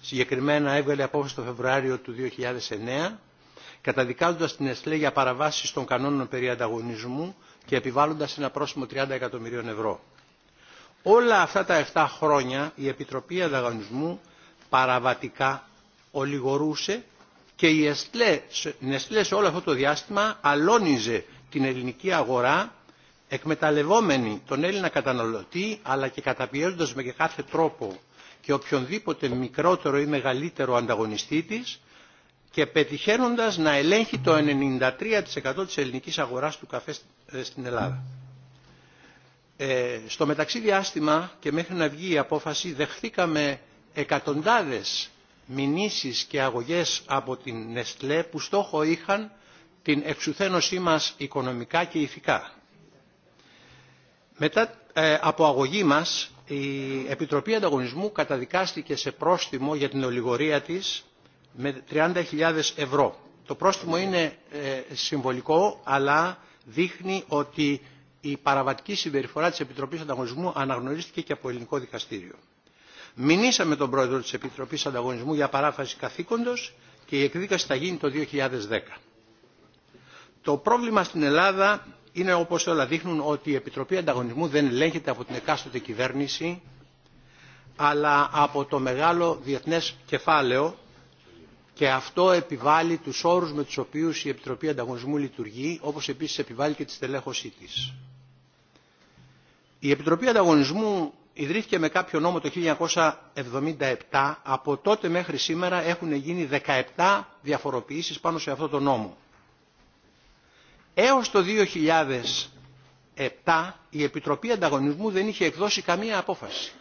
Συγκεκριμένα έβγαλε απόφαση το Φεβρουάριο του 2009 καταδικάζοντας την ΕΣΛΕ για παραβάσεις των κανόνων περί ανταγωνισμού και επιβάλλοντας ένα πρόσημο 30 εκατομμυρίων ευρώ. Όλα αυτά τα 7 χρόνια η Επιτροπή Ανταγωνισμού παραβατικά ολιγορούσε και η Εστλέ σε όλο αυτό το διάστημα αλώνιζε την ελληνική αγορά εκμεταλλευόμενη τον Έλληνα καταναλωτή αλλά και καταπιέζοντας με κάθε τρόπο και οποιονδήποτε μικρότερο ή μεγαλύτερο ανταγωνιστή της και πετυχαίνοντας να ελέγχει το 93% της ελληνικής αγοράς του καφέ στην Ελλάδα. Ε, στο μεταξύ διάστημα και μέχρι να βγει η απόφαση δεχθήκαμε εκατοντάδες μηνύσεις και αγωγές από την Νεστλέ που στόχο είχαν την εξουθένωσή μας οικονομικά και ηθικά. Μετά ε, από αγωγή μας η Επιτροπή Ανταγωνισμού καταδικάστηκε σε πρόστιμο για την ολιγορία της με 30.000 ευρώ. Το πρόστιμο είναι ε, συμβολικό αλλά δείχνει ότι η παραβατική συμπεριφορά της Επιτροπής Ανταγωνισμού αναγνωρίστηκε και από ελληνικό δικαστήριο. Μηνύσαμε τον πρόεδρο της Επιτροπής Ανταγωνισμού για παράφαση καθήκοντος και η εκδίκαση θα γίνει το 2010. Το πρόβλημα στην Ελλάδα είναι όπως όλα δείχνουν ότι η Επιτροπή Ανταγωνισμού δεν ελέγχεται από την εκάστοτε κυβέρνηση αλλά από το μεγάλο διεθνές κεφάλαιο και αυτό επιβάλλει τους όρους με τους οποίους η Επιτροπή Ανταγωνισμού λειτουργεί όπως επίσης επιβάλλει και τη στελέχωσή τη. Η Επιτροπή Ανταγωνισμού ιδρύθηκε με κάποιο νόμο το 1977. Από τότε μέχρι σήμερα έχουν γίνει 17 διαφοροποιήσεις πάνω σε αυτό το νόμο. Έως το 2007 η Επιτροπή Ανταγωνισμού δεν είχε εκδώσει καμία απόφαση.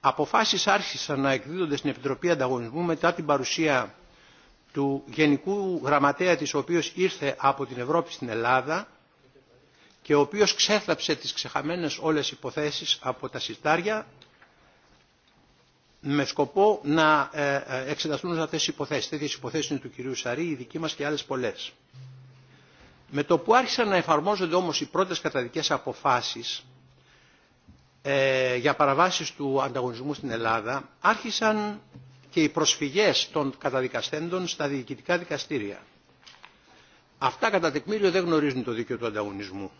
Αποφάσεις άρχισαν να εκδίδονται στην Επιτροπή Ανταγωνισμού μετά την παρουσία του Γενικού Γραμματέα της οποίος ήρθε από την Ευρώπη στην Ελλάδα και ο οποίος ξέθλαψε τις ξεχαμένες όλες υποθέσεις από τα συρτάρια με σκοπό να ε, ε, εξεταστούν αυτές τις υποθέσεις. Τέτοιες υποθέσεις είναι του κυρίου Σαρή, η δική μας και άλλες πολλές. Με το που άρχισαν να εφαρμόζονται όμως οι πρώτες καταδικές αποφάσεις ε, για παραβάσεις του ανταγωνισμού στην Ελλάδα, άρχισαν και οι προσφυγές των καταδικαστέντων στα διοικητικά δικαστήρια. Αυτά κατά τεκμήριο δεν γνωρίζουν το δίκαιο του ανταγωνισμού.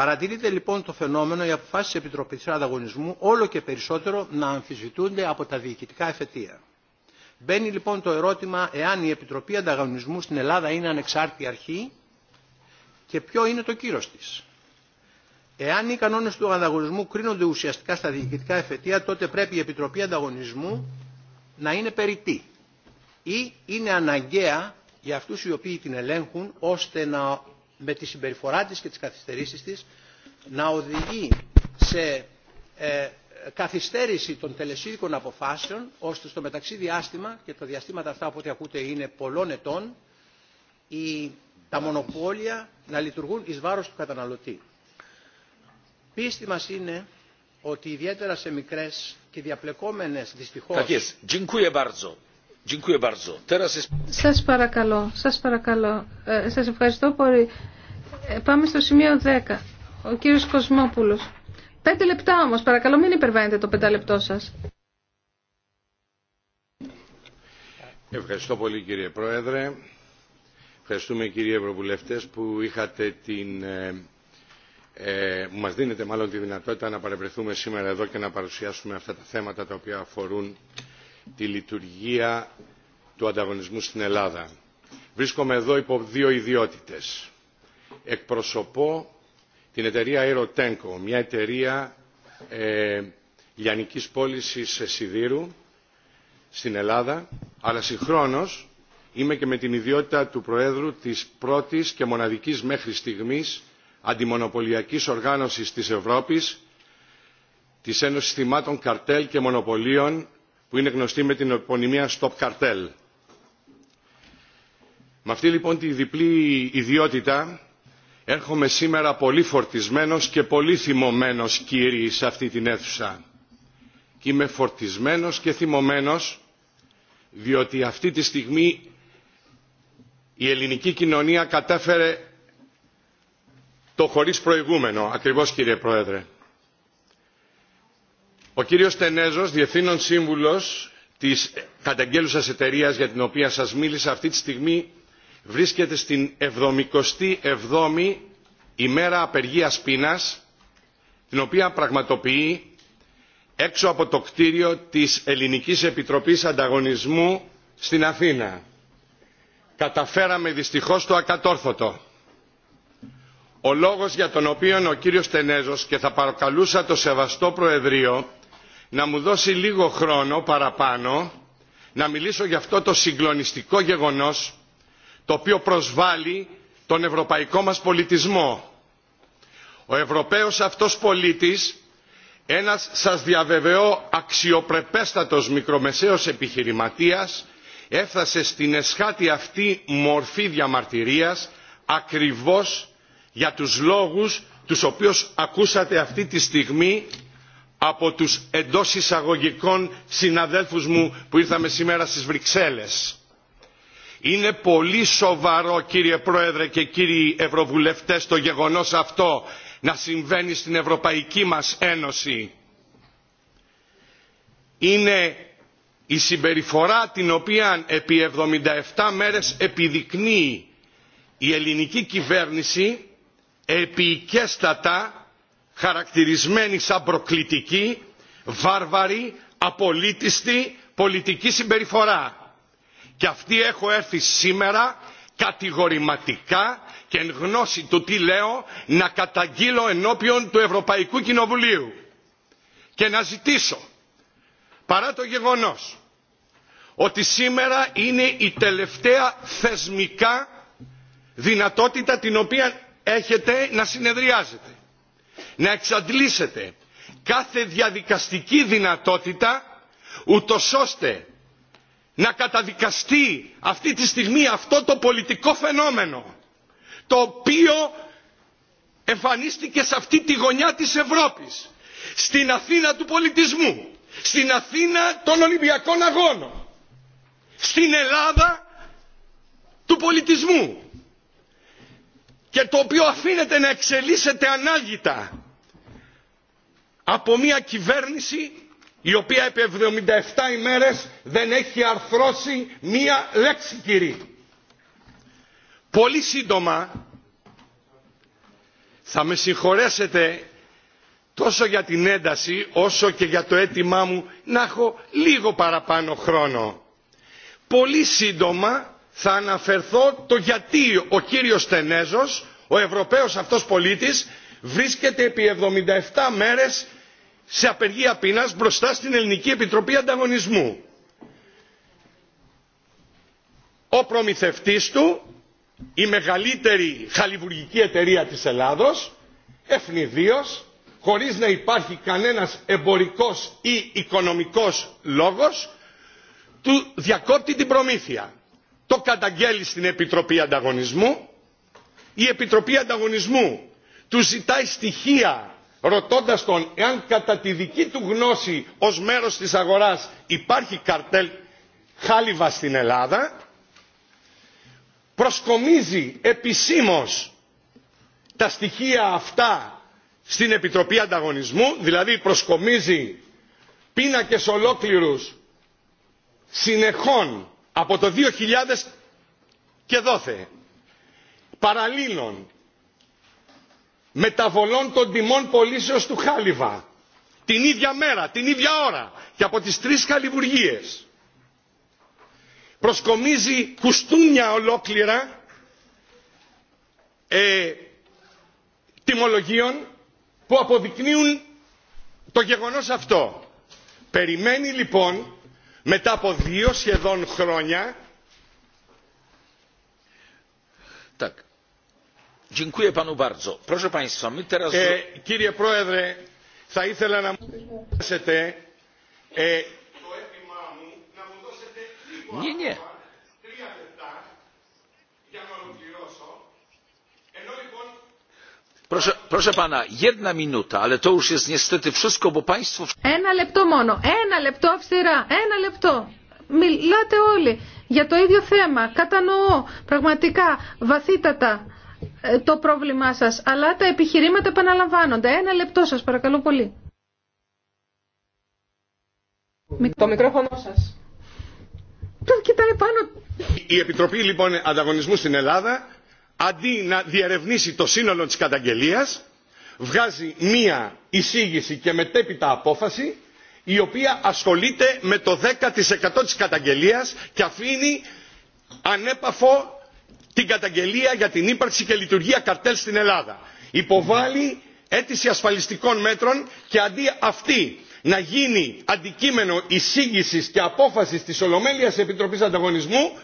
Παρατηρείται λοιπόν το φαινόμενο οι αποφάσει τη Επιτροπή Ανταγωνισμού όλο και περισσότερο να αμφισβητούνται από τα διοικητικά εφετεία. Μπαίνει λοιπόν το ερώτημα εάν η Επιτροπή Ανταγωνισμού στην Ελλάδα είναι ανεξάρτητη αρχή και ποιο είναι το κύρος της. Εάν οι κανόνες του ανταγωνισμού κρίνονται ουσιαστικά στα διοικητικά εφετεία, τότε πρέπει η Επιτροπή Ανταγωνισμού να είναι περιττή ή είναι αναγκαία για αυτούς οι οποίοι την ελέγχουν ώστε να με τη συμπεριφορά της και τις καθυστερήσεις της να οδηγεί σε ε, καθυστέρηση των τελεσίδικων αποφάσεων ώστε στο μεταξύ διάστημα και τα διαστήματα αυτά από ό,τι ακούτε είναι πολλών ετών η, τα μονοπόλια να λειτουργούν εις βάρος του καταναλωτή. Πίστη μας είναι ότι ιδιαίτερα σε μικρές και διαπλεκόμενες δυστυχώς... Σας παρακαλώ, σας παρακαλώ. Ε, σας ευχαριστώ πολύ. Ε, πάμε στο σημείο 10. Ο κύριος Κοσμόπουλος. Πέντε λεπτά όμως, παρακαλώ μην υπερβαίνετε το λεπτό σας. Ευχαριστώ πολύ κύριε Πρόεδρε. Ευχαριστούμε κύριοι Ευρωβουλευτές που είχατε την... Ε, ε μας δίνετε μάλλον τη δυνατότητα να παρευρεθούμε σήμερα εδώ και να παρουσιάσουμε αυτά τα θέματα τα οποία αφορούν τη λειτουργία του ανταγωνισμού στην Ελλάδα. Βρίσκομαι εδώ υπό δύο ιδιότητες. Εκπροσωπώ την εταιρεία Aerotenco, μια εταιρεία ε, λιανικής πώλησης σιδήρου στην Ελλάδα, αλλά συγχρόνως είμαι και με την ιδιότητα του Προέδρου της πρώτης και μοναδικής μέχρι στιγμής αντιμονοπολιακής οργάνωσης της Ευρώπης, της Ένωσης Θυμάτων Καρτέλ και Μονοπωλίων που είναι γνωστή με την επωνυμία Stop Cartel. Με αυτή λοιπόν τη διπλή ιδιότητα έρχομαι σήμερα πολύ φορτισμένος και πολύ θυμωμένος κύριοι σε αυτή την αίθουσα. Και είμαι φορτισμένος και θυμωμένος διότι αυτή τη στιγμή η ελληνική κοινωνία κατέφερε το χωρίς προηγούμενο, ακριβώς κύριε Πρόεδρε. Ο κύριος Τενέζος, Διευθύνων Σύμβουλος της καταγγέλουσας εταιρείας για την οποία σας μίλησα αυτή τη στιγμή βρίσκεται στην 77η ημέρα απεργίας πείνας την οποία πραγματοποιεί έξω από το κτίριο της Ελληνικής Επιτροπής Ανταγωνισμού στην Αθήνα. Καταφέραμε δυστυχώς το ακατόρθωτο. Ο λόγος για τον οποίο ο κύριος Τενέζος και θα παρακαλούσα το Σεβαστό Προεδρείο να μου δώσει λίγο χρόνο παραπάνω να μιλήσω για αυτό το συγκλονιστικό γεγονός το οποίο προσβάλλει τον ευρωπαϊκό μας πολιτισμό. Ο Ευρωπαίος αυτός πολίτης, ένας σας διαβεβαιώ αξιοπρεπέστατος μικρομεσαίος επιχειρηματίας, έφτασε στην εσχάτη αυτή μορφή διαμαρτυρίας ακριβώς για τους λόγους τους οποίους ακούσατε αυτή τη στιγμή από τους εντός εισαγωγικών συναδέλφους μου που ήρθαμε σήμερα στις Βρυξέλλες. Είναι πολύ σοβαρό κύριε Πρόεδρε και κύριοι Ευρωβουλευτές το γεγονός αυτό να συμβαίνει στην Ευρωπαϊκή μας Ένωση. Είναι η συμπεριφορά την οποία επί 77 μέρες επιδεικνύει η ελληνική κυβέρνηση επικέστατα χαρακτηρισμένη σαν προκλητική, βάρβαρη, απολύτιστη πολιτική συμπεριφορά. Και αυτή έχω έρθει σήμερα κατηγορηματικά και εν γνώση του τι λέω να καταγγείλω ενώπιον του Ευρωπαϊκού Κοινοβουλίου και να ζητήσω παρά το γεγονός ότι σήμερα είναι η τελευταία θεσμικά δυνατότητα την οποία έχετε να συνεδριάζετε να εξαντλήσετε κάθε διαδικαστική δυνατότητα ούτως ώστε να καταδικαστεί αυτή τη στιγμή αυτό το πολιτικό φαινόμενο το οποίο εμφανίστηκε σε αυτή τη γωνιά της Ευρώπης στην Αθήνα του πολιτισμού στην Αθήνα των Ολυμπιακών Αγώνων στην Ελλάδα του πολιτισμού και το οποίο αφήνεται να εξελίσσεται ανάγκητα από μια κυβέρνηση η οποία επί 77 ημέρες δεν έχει αρθρώσει μία λέξη κύριε. Πολύ σύντομα θα με συγχωρέσετε τόσο για την ένταση όσο και για το αίτημά μου να έχω λίγο παραπάνω χρόνο. Πολύ σύντομα θα αναφερθώ το γιατί ο κύριος Στενέζος, ο Ευρωπαίος αυτός πολίτης, βρίσκεται επί 77 μέρες σε απεργία πείνας μπροστά στην Ελληνική Επιτροπή Ανταγωνισμού. Ο προμηθευτής του, η μεγαλύτερη χαλιβουργική εταιρεία της Ελλάδος, ευνηδίως, χωρίς να υπάρχει κανένας εμπορικός ή οικονομικός λόγος, του διακόπτει την προμήθεια το καταγγέλει στην Επιτροπή Ανταγωνισμού. Η Επιτροπή Ανταγωνισμού του ζητάει στοιχεία ρωτώντας τον εάν κατά τη δική του γνώση ως μέρος της αγοράς υπάρχει καρτέλ χάλιβα στην Ελλάδα. Προσκομίζει επισήμως τα στοιχεία αυτά στην Επιτροπή Ανταγωνισμού, δηλαδή προσκομίζει πίνακες ολόκληρους συνεχών από το 2000 και δόθε παραλίλων μεταβολών των τιμών πωλήσεως του χάλιβα την ίδια μέρα, την ίδια ώρα και από τις τρεις χαλιβουργίες προσκομίζει κουστούνια ολόκληρα ε, τιμολογίων που αποδεικνύουν το γεγονός αυτό. Περιμένει λοιπόν μετά από δύο σχεδόν χρόνια κύριε πρόεδρε θα ήθελα να μου δώσετε ε, το να Proszę pana, jedna minuta, ale to Ένα λεπτό μόνο, ένα λεπτό αυστηρά, ένα λεπτό. Μιλάτε όλοι για το ίδιο θέμα. Κατανοώ πραγματικά βαθύτατα ε, το πρόβλημά σας, αλλά τα επιχειρήματα επαναλαμβάνονται. Ένα λεπτό σας, παρακαλώ πολύ. Το μικρόφωνο σας. Κοιτάνε πάνω. Η Επιτροπή λοιπόν Ανταγωνισμού στην Ελλάδα αντί να διερευνήσει το σύνολο της καταγγελίας βγάζει μία εισήγηση και μετέπειτα απόφαση η οποία ασχολείται με το 10% της καταγγελίας και αφήνει ανέπαφο την καταγγελία για την ύπαρξη και λειτουργία καρτέλ στην Ελλάδα. Υποβάλλει αίτηση ασφαλιστικών μέτρων και αντί αυτή να γίνει αντικείμενο εισήγησης και απόφασης της Ολομέλειας Επιτροπής Ανταγωνισμού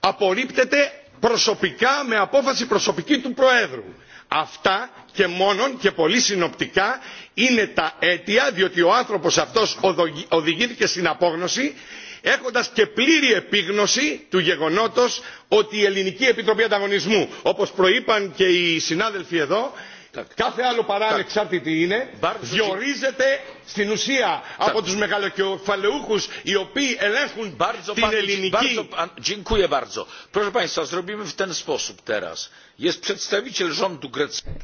απορρίπτεται προσωπικά με απόφαση προσωπική του Προέδρου. Αυτά και μόνον και πολύ συνοπτικά είναι τα αίτια διότι ο άνθρωπος αυτός οδηγήθηκε στην απόγνωση έχοντας και πλήρη επίγνωση του γεγονότος ότι η Ελληνική Επιτροπή Ανταγωνισμού όπως προείπαν και οι συνάδελφοι εδώ Κάθε άλλο παρά ανεξάρτητη είναι, διορίζεται στην ουσία από τους μεγαλοκεφαλαιούχους οι οποίοι ελέγχουν την ελληνική...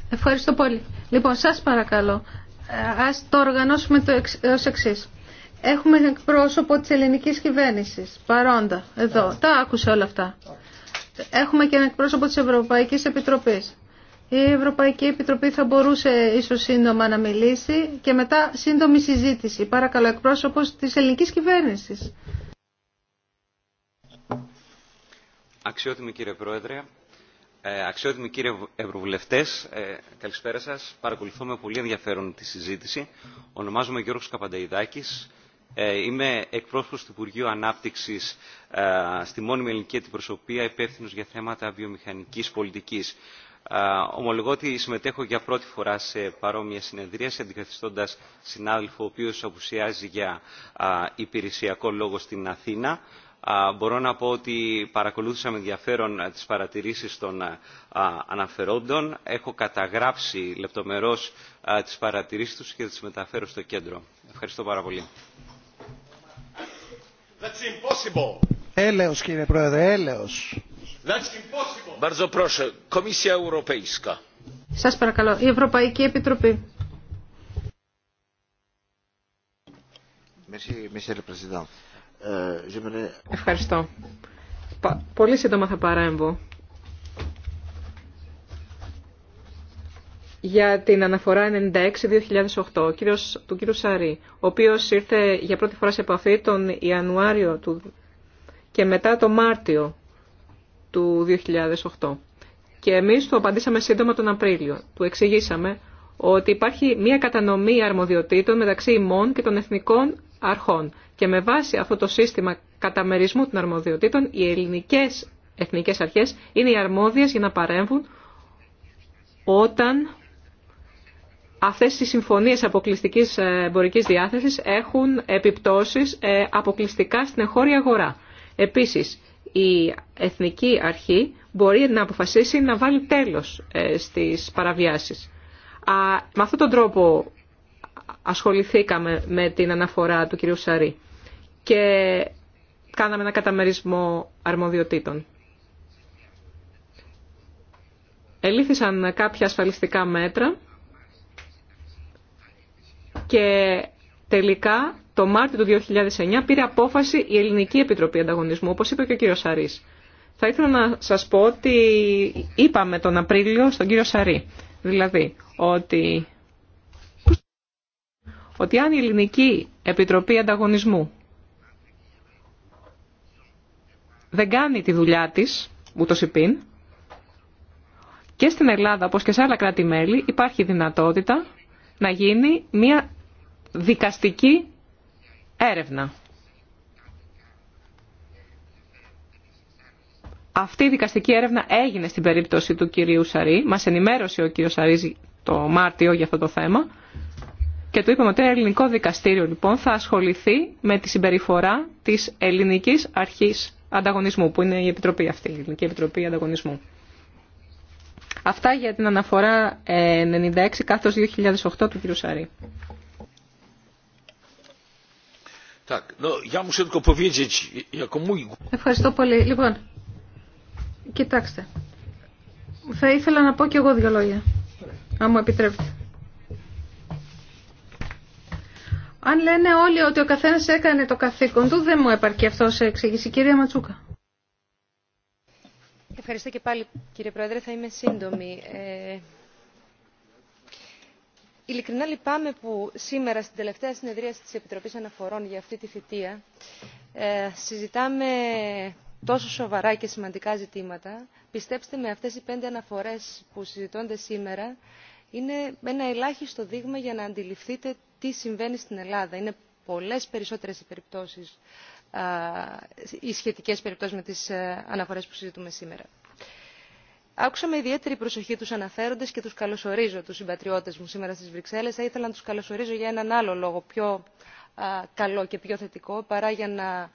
Ευχαριστώ πολύ. Λοιπόν, σας παρακαλώ, ε, ας το οργανώσουμε το εξ, ως εξής. Έχουμε εκπρόσωπο της ελληνικής κυβέρνησης, παρόντα, εδώ. Τα άκουσε όλα αυτά. Έχουμε και ένα εκπρόσωπο της Ευρωπαϊκής Επιτροπής. Η Ευρωπαϊκή Επιτροπή θα μπορούσε ίσως σύντομα να μιλήσει και μετά σύντομη συζήτηση. Παρακαλώ εκπρόσωπο της ελληνικής κυβέρνησης. Αξιότιμη κύριε Πρόεδρε, ε, αξιότιμοι κύριε Ευρωβουλευτές, ε, καλησπέρα σα. Παρακολουθώ με πολύ ενδιαφέρον τη συζήτηση. Ονομάζομαι Γιώργος Καπανταϊδάκης. Ε, είμαι εκπρόσωπο του Υπουργείου Ανάπτυξη στη μόνιμη ελληνική αντιπροσωπεία, υπεύθυνο για θέματα βιομηχανική πολιτική ομολογώ ότι συμμετέχω για πρώτη φορά σε παρόμοια συνεδρία, αντικαθιστώντα συνάδελφο ο οποίο απουσιάζει για υπηρεσιακό λόγο στην Αθήνα. Μπορώ να πω ότι παρακολούθησα με ενδιαφέρον ε, τις παρατηρήσεις των ε, αναφερόντων. Έχω καταγράψει λεπτομερώς τις παρατηρήσεις τους και τις μεταφέρω στο κέντρο. Ευχαριστώ πάρα πολύ. Σας παρακαλώ, η Ευρωπαϊκή Επιτροπή. Euh, Ευχαριστώ. Πολύ σύντομα θα παρέμβω. για την αναφορά 96-2008 του κύριου Σαρή, ο οποίος ήρθε για πρώτη φορά σε επαφή τον Ιανουάριο του και μετά τον Μάρτιο του 2008. Και εμείς το απαντήσαμε σύντομα τον Απρίλιο. Του εξηγήσαμε ότι υπάρχει μια κατανομή αρμοδιοτήτων μεταξύ ημών και των εθνικών αρχών. Και με βάση αυτό το σύστημα καταμερισμού των αρμοδιοτήτων, οι ελληνικές εθνικές αρχές είναι οι αρμόδιες για να παρέμβουν όταν αυτές οι συμφωνίες αποκλειστικής ε, εμπορικής διάθεσης έχουν επιπτώσεις ε, αποκλειστικά στην εγχώρια αγορά. Επίσης, η Εθνική Αρχή μπορεί να αποφασίσει να βάλει τέλος ε, στις παραβιάσεις. Με αυτόν τον τρόπο ασχοληθήκαμε με την αναφορά του κυρίου Σαρή και κάναμε ένα καταμερισμό αρμοδιοτήτων. Ελήφθησαν κάποια ασφαλιστικά μέτρα και τελικά το Μάρτιο του 2009 πήρε απόφαση η Ελληνική Επιτροπή Ανταγωνισμού, όπως είπε και ο κύριος Σαρής. Θα ήθελα να σας πω ότι είπαμε τον Απρίλιο στον κύριο Σαρή, δηλαδή ότι, ότι αν η Ελληνική Επιτροπή Ανταγωνισμού δεν κάνει τη δουλειά της, ούτως πίν, και στην Ελλάδα, όπως και σε άλλα κράτη-μέλη, υπάρχει δυνατότητα να γίνει μια δικαστική έρευνα. Αυτή η δικαστική έρευνα έγινε στην περίπτωση του κυρίου Σαρή. Μας ενημέρωσε ο κύριος Σαρής το Μάρτιο για αυτό το θέμα. Και του είπαμε ότι ένα ελληνικό δικαστήριο λοιπόν θα ασχοληθεί με τη συμπεριφορά της ελληνικής αρχής ανταγωνισμού, που είναι η επιτροπή αυτή, η Ελληνική Επιτροπή Ανταγωνισμού. Αυτά για την αναφορά 96 ε, 2008 του κ. Σαρή. Ευχαριστώ πολύ. Λοιπόν, κοιτάξτε. Θα ήθελα να πω και εγώ δύο λόγια, αν μου επιτρέπετε. Αν λένε όλοι ότι ο καθένας έκανε το καθήκον του, δεν μου επαρκεί αυτό σε εξήγηση. Κυρία Ματσούκα. Ευχαριστώ και πάλι κύριε Πρόεδρε. Θα είμαι σύντομη. Ε, ειλικρινά λυπάμαι που σήμερα στην τελευταία συνεδρίαση της επιτροπής αναφορών για αυτή τη θητεία ε, συζητάμε τόσο σοβαρά και σημαντικά ζητήματα. πιστέψτε με αυτές οι πέντε αναφορές που συζητώνται σήμερα είναι ένα ελάχιστο δείγμα για να αντιληφθείτε τι συμβαίνει στην Ελλάδα. Είναι πολλές περισσότερες οι περιπτώσεις, οι σχετικές περιπτώσεις με τις ε, αναφορές που συζητούμε σήμερα. Άκουσα με ιδιαίτερη προσοχή του αναφέροντε και του καλωσορίζω, του συμπατριώτε μου σήμερα στι Βρυξέλλε. Θα ήθελα να του καλωσορίζω για έναν άλλο λόγο, πιο καλό και πιο θετικό, παρά για να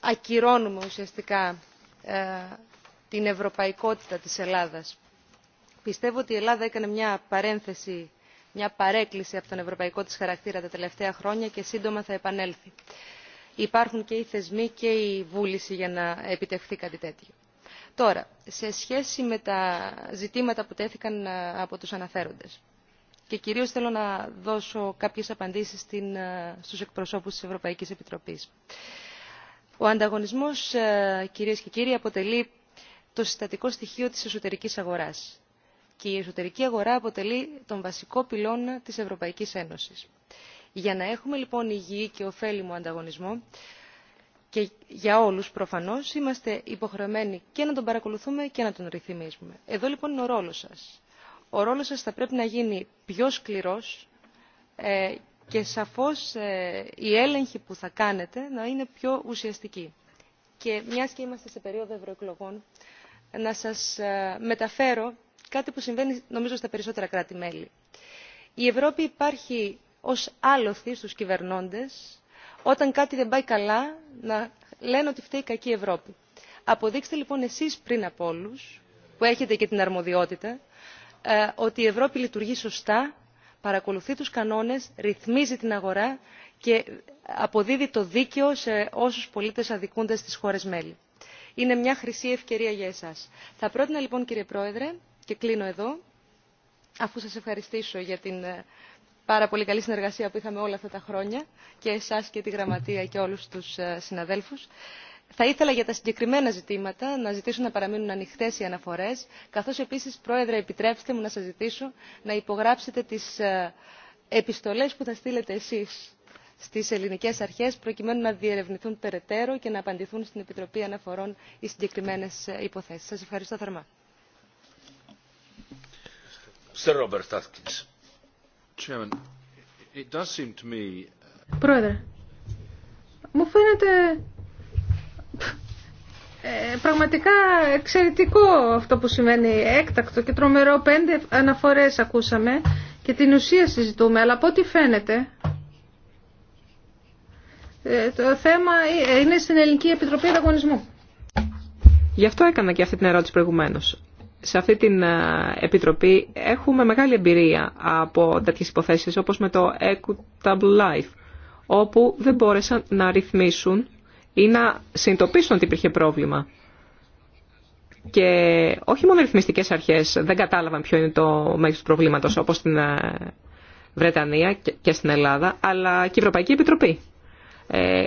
ακυρώνουμε ουσιαστικά ε, την ευρωπαϊκότητα της Ελλάδας. Πιστεύω ότι η Ελλάδα έκανε μια παρένθεση, μια παρέκκληση από τον ευρωπαϊκό της χαρακτήρα τα τελευταία χρόνια και σύντομα θα επανέλθει. Υπάρχουν και οι θεσμοί και η βούληση για να επιτευχθεί κάτι τέτοιο. Τώρα, σε σχέση με τα ζητήματα που τέθηκαν ε, από τους αναφέροντες και κυρίως θέλω να δώσω κάποιες απαντήσεις στην, ε, στους εκπροσώπους της Ευρωπαϊκής Επιτροπής. Ο ανταγωνισμός, ε, κυρίες και κύριοι, αποτελεί το συστατικό στοιχείο της εσωτερικής αγοράς και η εσωτερική αγορά αποτελεί τον βασικό πυλώνα της Ευρωπαϊκής Ένωσης. Για να έχουμε λοιπόν υγιή και ωφέλιμο ανταγωνισμό, και για όλους προφανώς είμαστε υποχρεωμένοι και να τον παρακολουθούμε και να τον ρυθμίζουμε. Εδώ λοιπόν είναι ο ρόλος σας. Ο ρόλος σας θα πρέπει να γίνει πιο σκληρός ε, και σαφώς ε, η έλεγχη που θα κάνετε να είναι πιο ουσιαστική. Και μιας και είμαστε σε περίοδο ευρωεκλογών, να σας ε, μεταφέρω κάτι που συμβαίνει νομίζω στα περισσότερα κράτη-μέλη. Η Ευρώπη υπάρχει ως άλοθη στους κυβερνώντες όταν κάτι δεν πάει καλά να λένε ότι φταίει η κακή Ευρώπη. Αποδείξτε λοιπόν εσείς πριν από όλους, που έχετε και την αρμοδιότητα, ε, ότι η Ευρώπη λειτουργεί σωστά, παρακολουθεί τους κανόνες, ρυθμίζει την αγορά και αποδίδει το δίκαιο σε όσους πολίτες αδικούνται στις χώρες μέλη. Είναι μια χρυσή ευκαιρία για εσάς. Θα πρότεινα λοιπόν κύριε Πρόεδρε, και κλείνω εδώ, αφού σας ευχαριστήσω για την ε, πάρα πολύ καλή συνεργασία που είχαμε όλα αυτά τα χρόνια και εσάς και τη Γραμματεία και όλους τους ε, συναδέλφους. Θα ήθελα για τα συγκεκριμένα ζητήματα να ζητήσω να παραμείνουν ανοιχτέ οι αναφορέ, καθώ επίση, Πρόεδρε, επιτρέψτε μου να σα ζητήσω να υπογράψετε τι ε, επιστολέ που θα στείλετε εσεί στι ελληνικέ αρχέ, προκειμένου να διερευνηθούν περαιτέρω και να απαντηθούν στην Επιτροπή Αναφορών οι συγκεκριμένε ε, υποθέσει. Σα ευχαριστώ θερμά. Πρόεδρε, μου φαίνεται ε, πραγματικά εξαιρετικό αυτό που σημαίνει έκτακτο και τρομερό. Πέντε αναφορές ακούσαμε και την ουσία συζητούμε, αλλά από ό,τι φαίνεται ε, το θέμα ε, είναι στην Ελληνική Επιτροπή Ανταγωνισμού. Γι' αυτό έκανα και αυτή την ερώτηση προηγουμένως σε αυτή την ε, επιτροπή έχουμε μεγάλη εμπειρία από τέτοιες υποθέσεις όπως με το Equitable Life όπου δεν μπόρεσαν να ρυθμίσουν ή να συνειδητοποιήσουν ότι υπήρχε πρόβλημα. Και όχι μόνο οι ρυθμιστικές αρχές δεν κατάλαβαν ποιο είναι το μέγεθος του προβλήματος όπως στην ε, Βρετανία και στην Ελλάδα αλλά και η Ευρωπαϊκή Επιτροπή. Ε,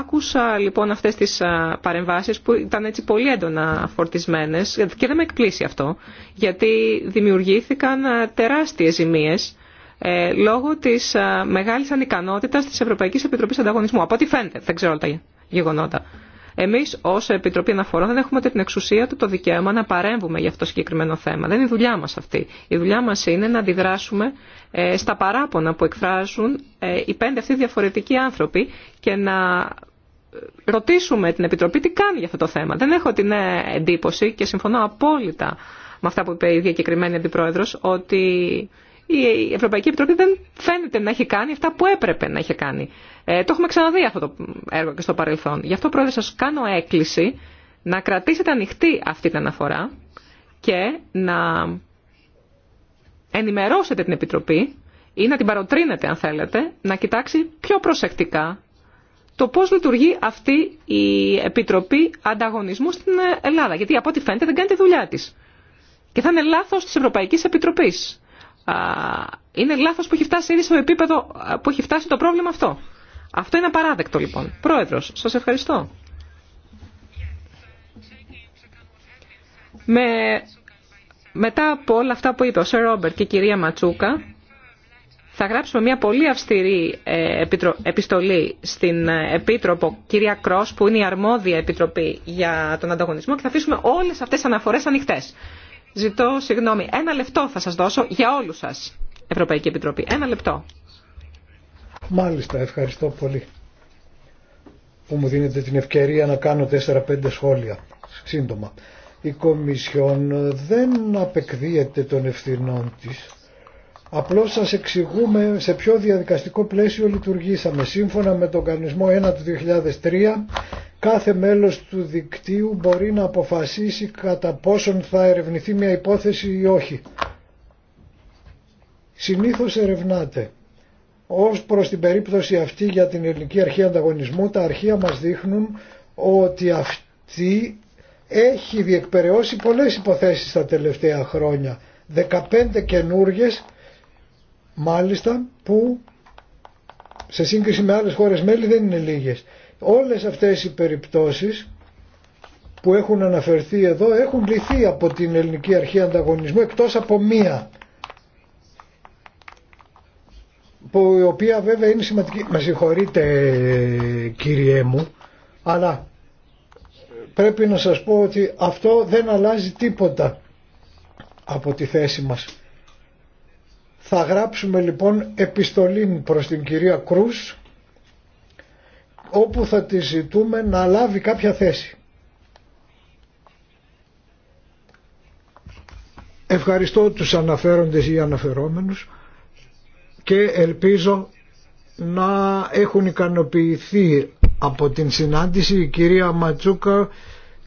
Άκουσα λοιπόν αυτές τις παρεμβάσεις που ήταν έτσι πολύ έντονα φορτισμένε και δεν με εκπλήσει αυτό γιατί δημιουργήθηκαν τεράστιες ζημίες ε, λόγω της μεγάλης ανικανότητας της Ευρωπαϊκής Επιτροπή Ανταγωνισμού. Από ό,τι φαίνεται, δεν ξέρω τα γεγονότα. Εμεί ω Επιτροπή Αναφορών δεν έχουμε την εξουσία του το δικαίωμα να παρέμβουμε για αυτό το συγκεκριμένο θέμα. Δεν είναι η δουλειά μα αυτή. Η δουλειά μα είναι να αντιδράσουμε ε, στα παράπονα που εκφράζουν ε, οι πέντε αυτοί διαφορετικοί άνθρωποι και να ε, ρωτήσουμε την Επιτροπή τι κάνει για αυτό το θέμα. Δεν έχω την εντύπωση και συμφωνώ απόλυτα με αυτά που είπε η διακεκριμένη Αντιπρόεδρο ότι η Ευρωπαϊκή Επιτροπή δεν φαίνεται να έχει κάνει αυτά που έπρεπε να έχει κάνει. Ε, το έχουμε ξαναδεί αυτό το έργο και στο παρελθόν. Γι' αυτό, Πρόεδρε, σας κάνω έκκληση να κρατήσετε ανοιχτή αυτή την αναφορά και να ενημερώσετε την Επιτροπή ή να την παροτρύνετε, αν θέλετε, να κοιτάξει πιο προσεκτικά το πώς λειτουργεί αυτή η Επιτροπή Ανταγωνισμού στην Ελλάδα. Γιατί από ό,τι φαίνεται δεν κάνει τη δουλειά της. Και θα είναι λάθος της Ευρωπαϊκής Επιτροπής. Είναι λάθος που έχει φτάσει ήδη στο επίπεδο που έχει φτάσει το πρόβλημα αυτό. Αυτό είναι απαράδεκτο λοιπόν. Πρόεδρος, σας ευχαριστώ. Με, μετά από όλα αυτά που είπε ο Σερ Ρόμπερ και η κυρία Ματσούκα, θα γράψουμε μια πολύ αυστηρή ε, επιστολή στην ε, Επίτροπο κυρία Κρός, που είναι η αρμόδια Επιτροπή για τον Ανταγωνισμό και θα αφήσουμε όλες αυτές τις αναφορές ανοιχτές. Ζητώ συγγνώμη. Ένα λεπτό θα σας δώσω για όλους σας, Ευρωπαϊκή Επιτροπή. Ένα λεπτό. Μάλιστα, ευχαριστώ πολύ που μου δίνετε την ευκαιρία να κάνω 4-5 σχόλια σύντομα. Η Κομισιόν δεν απεκδίεται των ευθυνών της. Απλώς σας εξηγούμε σε ποιο διαδικαστικό πλαίσιο λειτουργήσαμε. Σύμφωνα με τον κανονισμό 1 του 2003, κάθε μέλος του δικτύου μπορεί να αποφασίσει κατά πόσον θα ερευνηθεί μια υπόθεση ή όχι. Συνήθως ερευνάται ως προς την περίπτωση αυτή για την ελληνική αρχή ανταγωνισμού, τα αρχεία μας δείχνουν ότι αυτή έχει διεκπαιρεώσει πολλές υποθέσεις τα τελευταία χρόνια. 15 καινούριε μάλιστα που σε σύγκριση με άλλες χώρες μέλη δεν είναι λίγες. Όλες αυτές οι περιπτώσεις που έχουν αναφερθεί εδώ έχουν λυθεί από την ελληνική αρχή ανταγωνισμού εκτός από μία που η οποία βέβαια είναι σημαντική. Με συγχωρείτε κύριε μου, αλλά πρέπει να σας πω ότι αυτό δεν αλλάζει τίποτα από τη θέση μας. Θα γράψουμε λοιπόν επιστολή προς την κυρία Κρούς όπου θα τη ζητούμε να λάβει κάποια θέση. Ευχαριστώ τους αναφέροντες ή αναφερόμενους και ελπίζω να έχουν ικανοποιηθεί από την συνάντηση η κυρία Ματσούκα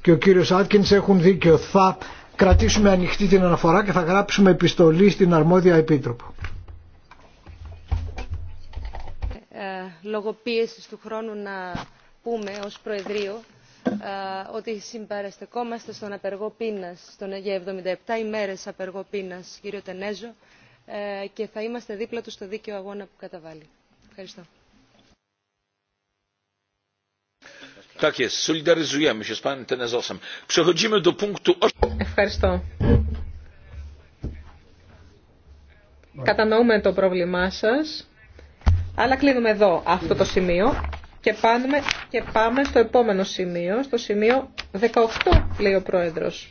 και ο κύριος Άτκινς έχουν δίκιο. Θα κρατήσουμε ανοιχτή την αναφορά και θα γράψουμε επιστολή στην αρμόδια επίτροπο. Ε, λόγω πίεσης του χρόνου να πούμε ως Προεδρείο ε, ότι συμπαραστεκόμαστε στον απεργό πείνας, στον, για 77 ημέρες απεργό πείνας, κύριο Τενέζο, ε, και θα είμαστε δίπλα του στο δίκαιο αγώνα που καταβάλει. Ευχαριστώ. Ευχαριστώ. Κατανοούμε το πρόβλημά σας, αλλά κλείνουμε εδώ αυτό το σημείο και πάμε, και πάμε στο επόμενο σημείο, στο σημείο 18, λέει ο Πρόεδρος.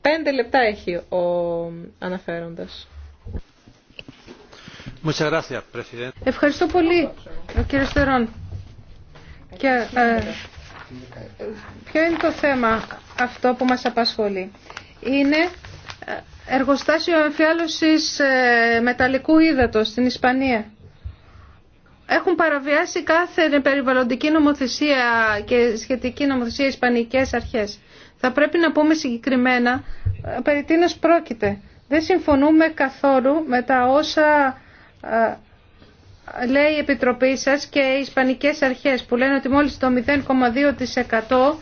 Πέντε λεπτά έχει ο αναφέροντας. Ευχαριστώ πολύ, κύριε Στερών. Και, ε, ποιο είναι το θέμα αυτό που μας απασχολεί. Είναι ε, εργοστάσιο εμφιάλωσης ε, μεταλλικού ύδατος στην Ισπανία. Έχουν παραβιάσει κάθε περιβαλλοντική νομοθεσία και σχετική νομοθεσία ισπανικές αρχές. Θα πρέπει να πούμε συγκεκριμένα περί τίνος πρόκειται. Δεν συμφωνούμε καθόλου με τα όσα ε, λέει η Επιτροπή σας και οι Ισπανικές Αρχές που λένε ότι μόλις το 0,2%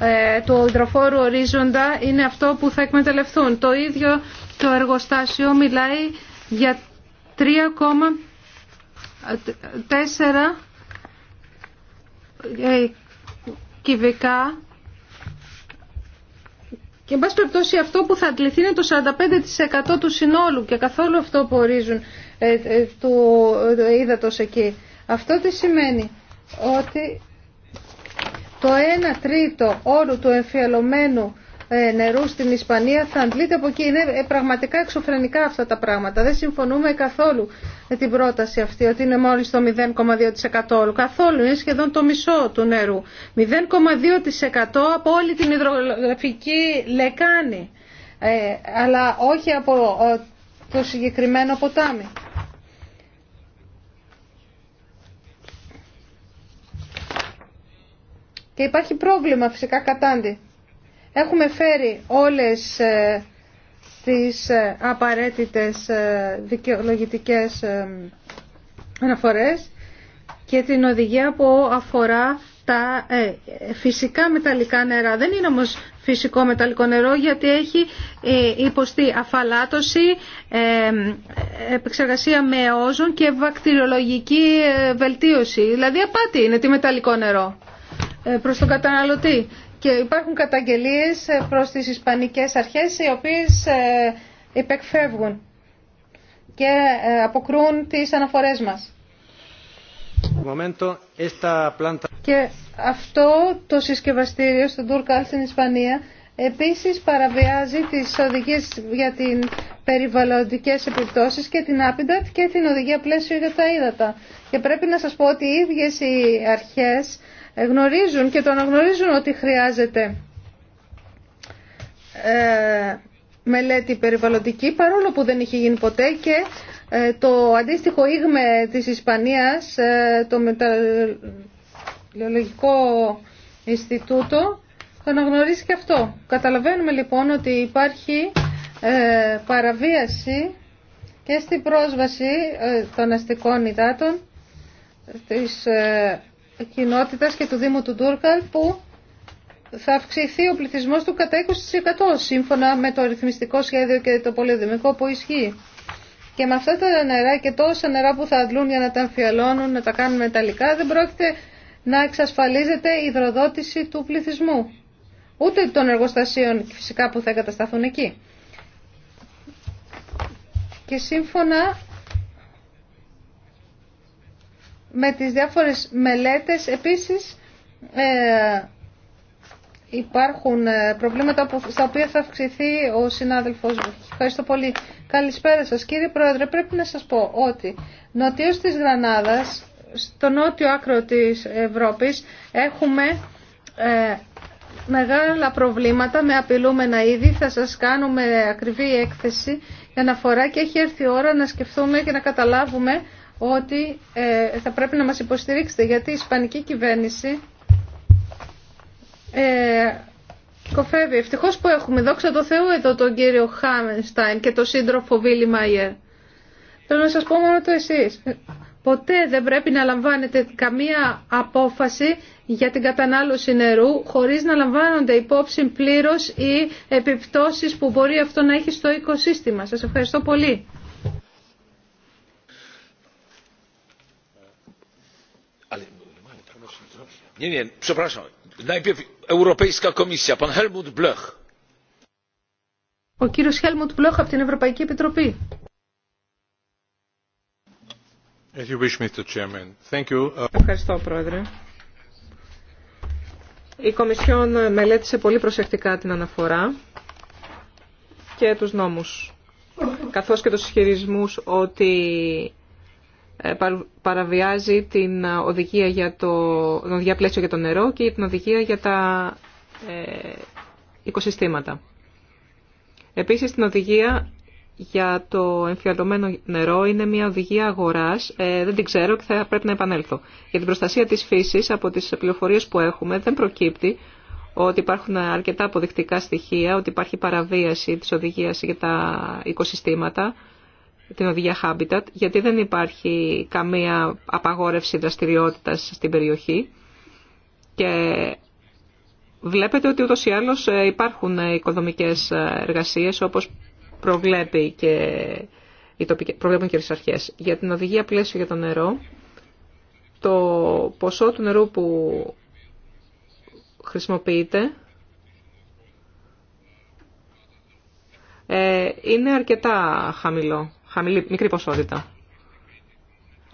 ε, του υδροφόρου ορίζοντα είναι αυτό που θα εκμεταλλευτούν. Το ίδιο το εργοστάσιο μιλάει για 3,4 ε, κυβικά και εν πάση περιπτώσει αυτό που θα αντληθεί είναι το 45% του συνόλου και καθόλου αυτό που ορίζουν ε, ε, του ύδατος εκεί. Αυτό τι σημαίνει ότι το 1 τρίτο όρου του εμφιαλωμένου ε, νερού στην Ισπανία θα αντλείται από εκεί. Είναι πραγματικά εξωφρενικά αυτά τα πράγματα. Δεν συμφωνούμε καθόλου με την πρόταση αυτή ότι είναι μόλις το 0,2% Καθόλου. Είναι σχεδόν το μισό του νερού. 0,2% από όλη την υδρογραφική λεκάνη. αλλά όχι από το συγκεκριμένο ποτάμι. Και υπάρχει πρόβλημα φυσικά κατάντι. Έχουμε φέρει όλες ε, τις ε, απαραίτητες ε, δικαιολογητικές αναφορές και την οδηγία που αφορά τα ε, φυσικά μεταλλικά νερά. Δεν είναι όμως φυσικό μεταλλικό νερό γιατί έχει ε, υποστεί αφαλάτωση, ε, επεξεργασία με όζων και βακτηριολογική βελτίωση. Δηλαδή απάτη είναι τι μεταλλικό νερό προς τον καταναλωτή. Και υπάρχουν καταγγελίες προς τις ισπανικές αρχές οι οποίες υπεκφεύγουν και αποκρούν τις αναφορές μας. Και αυτό το συσκευαστήριο στον Τουρκάλ στην Ισπανία επίσης παραβιάζει τις οδηγίες για την περιβαλλοντικές επιπτώσεις και την Άπιντατ και την οδηγία πλαίσιο για τα ύδατα. Και πρέπει να σας πω ότι οι ίδιες οι αρχές γνωρίζουν και το αναγνωρίζουν ότι χρειάζεται ε, μελέτη περιβαλλοντική παρόλο που δεν είχε γίνει ποτέ και ε, το αντίστοιχο ΙΓΜΕ της Ισπανίας, ε, το Μεταλλογικό Ινστιτούτο, θα αναγνωρίσει και αυτό. Καταλαβαίνουμε λοιπόν ότι υπάρχει ε, παραβίαση και στην πρόσβαση των αστικών υδάτων της κοινότητας και του Δήμου του Ντούρκαλ που θα αυξηθεί ο πληθυσμός του κατά 20% σύμφωνα με το αριθμιστικό σχέδιο και το πολυδημικό που ισχύει. Και με αυτά τα νερά και τόσα νερά που θα αντλούν για να τα αμφιαλώνουν, να τα κάνουν μεταλλικά, δεν πρόκειται να εξασφαλίζεται η υδροδότηση του πληθυσμού. Ούτε των εργοστασίων φυσικά που θα εγκατασταθούν εκεί. Και σύμφωνα με τις διάφορες μελέτες επίσης ε, υπάρχουν ε, προβλήματα στα οποία θα αυξηθεί ο συνάδελφός μου. Ευχαριστώ πολύ. Καλησπέρα σας. Κύριε Πρόεδρε, πρέπει να σας πω ότι νοτίως της Γρανάδας, στο νότιο άκρο της Ευρώπης, έχουμε ε, μεγάλα προβλήματα με απειλούμενα είδη. Θα σας κάνουμε ακριβή έκθεση για να φορά και έχει έρθει η ώρα να σκεφτούμε και να καταλάβουμε ότι ε, θα πρέπει να μας υποστηρίξετε γιατί η Ισπανική κυβέρνηση ε, κοφεύει. Ευτυχώ που έχουμε, δόξα τω Θεού εδώ τον κύριο Χάμενστάιν και τον σύντροφο Βίλι Μάιερ. Θέλω να σα πω μόνο το εσεί. Ποτέ δεν πρέπει να λαμβάνετε καμία απόφαση για την κατανάλωση νερού χωρίς να λαμβάνονται υπόψη πλήρως οι επιπτώσεις που μπορεί αυτό να έχει στο οικοσύστημα. Σας ευχαριστώ πολύ pan Ο κύριος Χέλμουντ Μπλοχ από την Ευρωπαϊκή Επιτροπή. If uh, Ευχαριστώ, Πρόεδρε. Η Κομισιόν μελέτησε πολύ προσεκτικά την αναφορά και τους νόμους, καθώς και τους ισχυρισμούς ότι ε, παραβιάζει την οδηγία για το, το για το νερό και την οδηγία για τα ε, οικοσυστήματα. Επίσης, την οδηγία για το εμφιαλωμένο νερό είναι μια οδηγία αγοράς, ε, δεν την ξέρω και θα πρέπει να επανέλθω. Για την προστασία της φύσης από τις πληροφορίες που έχουμε δεν προκύπτει ότι υπάρχουν αρκετά αποδεικτικά στοιχεία, ότι υπάρχει παραβίαση της οδηγίας για τα οικοσυστήματα, την οδηγία Habitat, γιατί δεν υπάρχει καμία απαγόρευση δραστηριότητας στην περιοχή και βλέπετε ότι ούτως ή άλλως ε, υπάρχουν οικοδομικές εργασίες όπως προβλέπει και οι τοπικές, προβλέπουν Για την οδηγία πλαίσιο για το νερό, το ποσό του νερού που χρησιμοποιείται ε, είναι αρκετά χαμηλό χαμηλή, μικρή ποσότητα.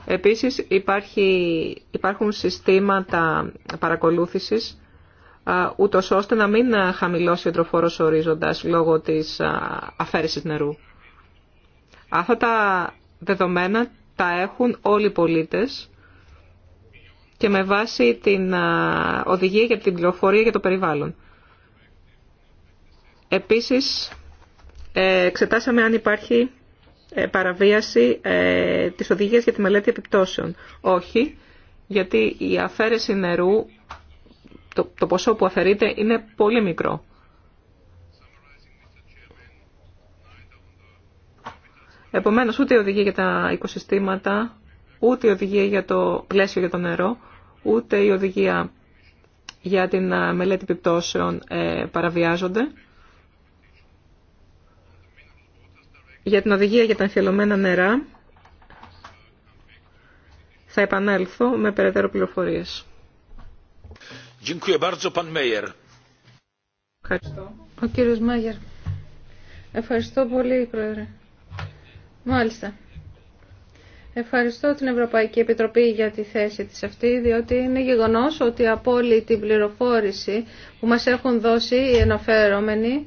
Επίσης υπάρχει, υπάρχουν συστήματα παρακολούθησης ούτως ώστε να μην χαμηλώσει ο τροφόρος ορίζοντας λόγω της αφαίρεσης νερού. Αυτά τα δεδομένα τα έχουν όλοι οι πολίτες και με βάση την οδηγία για την πληροφορία για το περιβάλλον. Επίσης, ε, εξετάσαμε αν υπάρχει ε, παραβίαση ε, της οδηγίας για τη μελέτη επιπτώσεων. Όχι, γιατί η αφαίρεση νερού, το, το ποσό που αφαιρείται είναι πολύ μικρό. Επομένως, ούτε η οδηγία για τα οικοσυστήματα, ούτε η οδηγία για το πλαίσιο για το νερό, ούτε η οδηγία για την ε, μελέτη επιπτώσεων παραβιάζονται. Για την οδηγία για τα αφιελωμένα νερά θα επανέλθω με περαιτέρω πληροφορίες. Ευχαριστώ. Ο κύριος Μάγερ. Ευχαριστώ πολύ, Πρόεδρε. Μάλιστα. Ευχαριστώ την Ευρωπαϊκή Επιτροπή για τη θέση της αυτή, διότι είναι γεγονός ότι από όλη την πληροφόρηση που μας έχουν δώσει οι ενοφερόμενοι,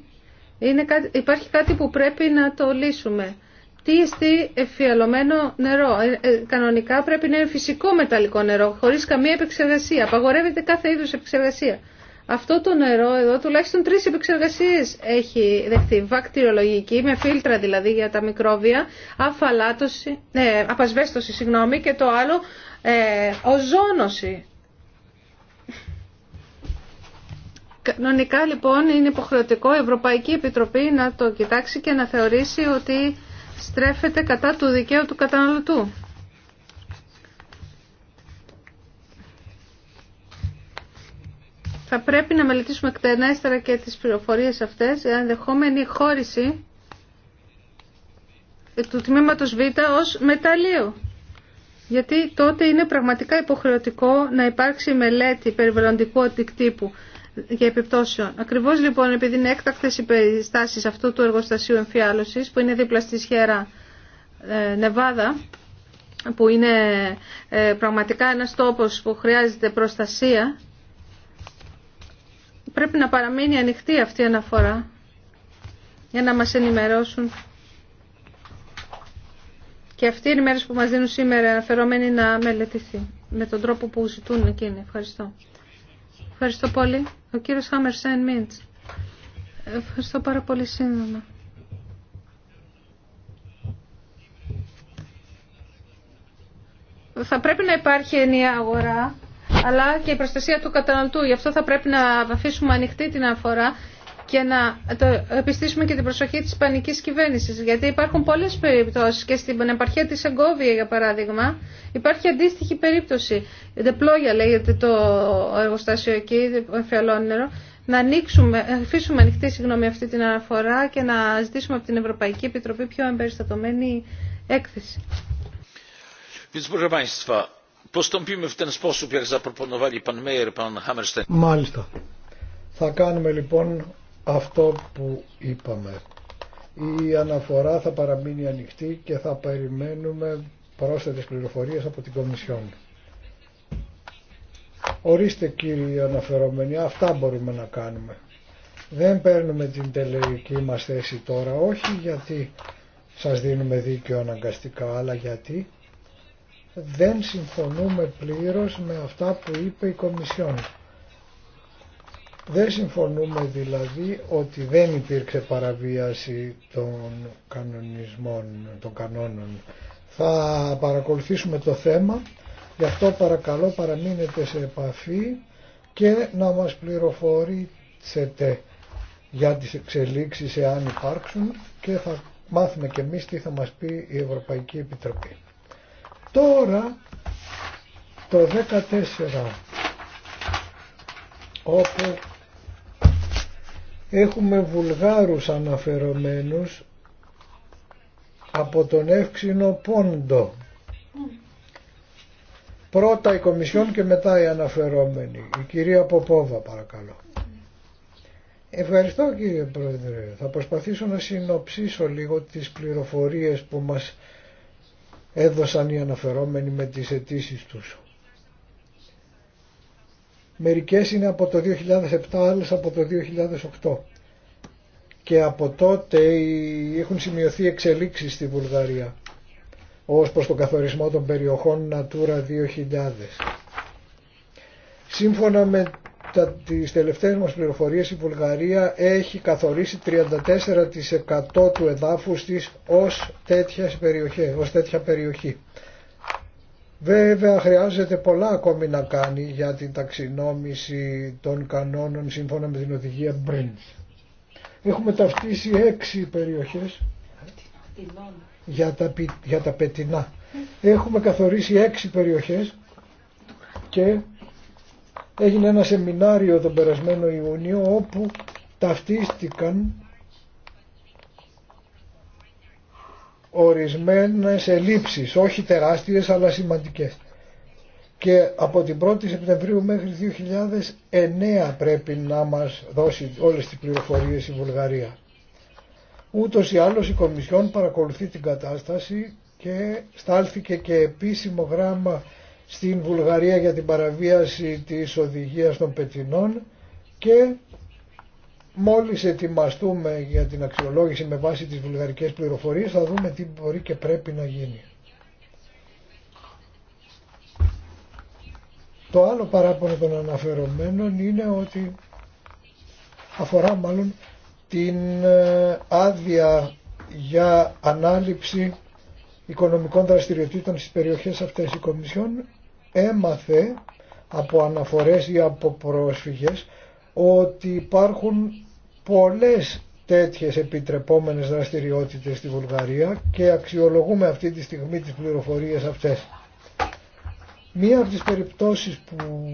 είναι υπάρχει κάτι που πρέπει να το λύσουμε. Τι εστί εφιαλωμένο νερό. Ε, ε, κανονικά πρέπει να είναι φυσικό μεταλλικό νερό, χωρίς καμία επεξεργασία. Απαγορεύεται κάθε είδους επεξεργασία. Αυτό το νερό εδώ τουλάχιστον τρεις επεξεργασίες έχει δεχθεί. Βακτηριολογική, με φίλτρα δηλαδή για τα μικρόβια, αφαλάτωση, ναι, απασβέστωση συγγνώμη, και το άλλο ε, οζόνωση Κανονικά λοιπόν είναι υποχρεωτικό η Ευρωπαϊκή Επιτροπή να το κοιτάξει και να θεωρήσει ότι στρέφεται κατά του δικαίου του καταναλωτού. Θα πρέπει να μελετήσουμε εκτενέστερα και τις πληροφορίες αυτές για ενδεχόμενη χώριση του τμήματος Β ως μεταλλείο. Γιατί τότε είναι πραγματικά υποχρεωτικό να υπάρξει μελέτη περιβαλλοντικού αντικτύπου για επιπτώσεων. Ακριβώς λοιπόν επειδή είναι έκτακτε οι περιστάσεις αυτού του εργοστασίου εμφιάλωση που είναι δίπλα στη Σιέρα ε, Νεβάδα που είναι ε, πραγματικά ένας τόπος που χρειάζεται προστασία πρέπει να παραμείνει ανοιχτή αυτή η αναφορά για να μας ενημερώσουν και αυτή η ενημέρωση που μας δίνουν σήμερα αναφερόμενη να μελετηθεί με τον τρόπο που ζητούν εκείνοι. Ευχαριστώ. Ευχαριστώ πολύ. Ο κύριος Χάμερσεν Μίντς. Ευχαριστώ πάρα πολύ σύντομα. Θα πρέπει να υπάρχει ενιαία αγορά αλλά και η προστασία του καταναλωτού. Γι' αυτό θα πρέπει να αφήσουμε ανοιχτή την αφορά και να το επιστήσουμε και την προσοχή της ισπανικής κυβέρνησης. Γιατί υπάρχουν πολλές περιπτώσεις και στην επαρχία της Εγκόβια για παράδειγμα υπάρχει αντίστοιχη περίπτωση. Δεπλόγια λέγεται το εργοστάσιο εκεί, νερό. Να ανοίξουμε, αφήσουμε ανοιχτή συγγνώμη αυτή την αναφορά και να ζητήσουμε από την Ευρωπαϊκή Επιτροπή πιο εμπεριστατωμένη έκθεση. Μάλιστα. Θα κάνουμε λοιπόν αυτό που είπαμε. Η αναφορά θα παραμείνει ανοιχτή και θα περιμένουμε πρόσθετες πληροφορίες από την Κομισιόν. Ορίστε κύριοι αναφερόμενοι, αυτά μπορούμε να κάνουμε. Δεν παίρνουμε την τελεϊκή μας θέση τώρα, όχι γιατί σας δίνουμε δίκαιο αναγκαστικά, αλλά γιατί δεν συμφωνούμε πλήρως με αυτά που είπε η Κομισιόν. Δεν συμφωνούμε δηλαδή ότι δεν υπήρξε παραβίαση των κανονισμών, των κανόνων. Θα παρακολουθήσουμε το θέμα, γι' αυτό παρακαλώ παραμείνετε σε επαφή και να μας πληροφορήσετε για τις εξελίξεις εάν υπάρξουν και θα μάθουμε και εμείς τι θα μας πει η Ευρωπαϊκή Επιτροπή. Τώρα το 14 όπου Έχουμε Βουλγάρους αναφερομένους από τον Εύξηνο Πόντο. Πρώτα η Κομισιόν και μετά οι αναφερόμενοι. Η κυρία Ποπόβα παρακαλώ. Ευχαριστώ κύριε Πρόεδρε. Θα προσπαθήσω να συνοψίσω λίγο τις πληροφορίες που μας έδωσαν οι αναφερόμενοι με τις αιτήσει τους. Μερικές είναι από το 2007, άλλες από το 2008. Και από τότε έχουν σημειωθεί εξελίξεις στη Βουλγαρία ως προς τον καθορισμό των περιοχών Natura 2000. Σύμφωνα με τα, τις τελευταίες μας πληροφορίες η Βουλγαρία έχει καθορίσει 34% του εδάφους της ως, ως τέτοια περιοχή. Βέβαια χρειάζεται πολλά ακόμη να κάνει για την ταξινόμηση των κανόνων σύμφωνα με την οδηγία Brins. Έχουμε ταυτίσει έξι περιοχές για τα, για τα πετινά. Έχουμε καθορίσει έξι περιοχές και έγινε ένα σεμινάριο τον περασμένο Ιούνιο όπου ταυτίστηκαν ορισμένες ελλείψεις, όχι τεράστιες αλλά σημαντικές. Και από την 1η Σεπτεμβρίου μέχρι 2009 πρέπει να μας δώσει όλες τις πληροφορίες η Βουλγαρία. Ούτως ή άλλως η Κομισιόν παρακολουθεί την κατάσταση και στάλθηκε και επίσημο γράμμα στην Βουλγαρία για την παραβίαση της οδηγίας των πετινών και Μόλις ετοιμαστούμε για την αξιολόγηση με βάση τις βουλγαρικές πληροφορίες θα δούμε τι μπορεί και πρέπει να γίνει. Το άλλο παράπονο των αναφερομένων είναι ότι αφορά μάλλον την ε, άδεια για ανάληψη οικονομικών δραστηριοτήτων στις περιοχές αυτές. Η Κομισιόν έμαθε από αναφορές ή από πρόσφυγες ότι υπάρχουν πολλές τέτοιες επιτρεπόμενες δραστηριότητες στη Βουλγαρία και αξιολογούμε αυτή τη στιγμή τις πληροφορίες αυτές. Μία από τις περιπτώσεις που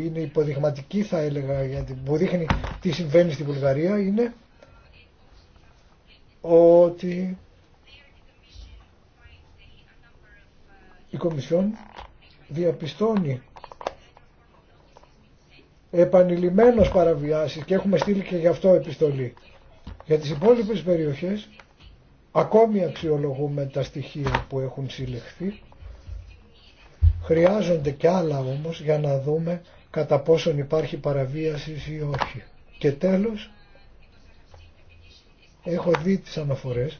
είναι υποδειγματική θα έλεγα γιατί που δείχνει τι συμβαίνει στη Βουλγαρία είναι ότι η Κομισιόν διαπιστώνει Επανειλημμένος παραβιάσεις και έχουμε στείλει και γι' αυτό επιστολή. Για τις υπόλοιπες περιοχές ακόμη αξιολογούμε τα στοιχεία που έχουν συλλεχθεί. Χρειάζονται και άλλα όμως για να δούμε κατά πόσον υπάρχει παραβίαση ή όχι. Και τέλος, έχω δει τις αναφορές,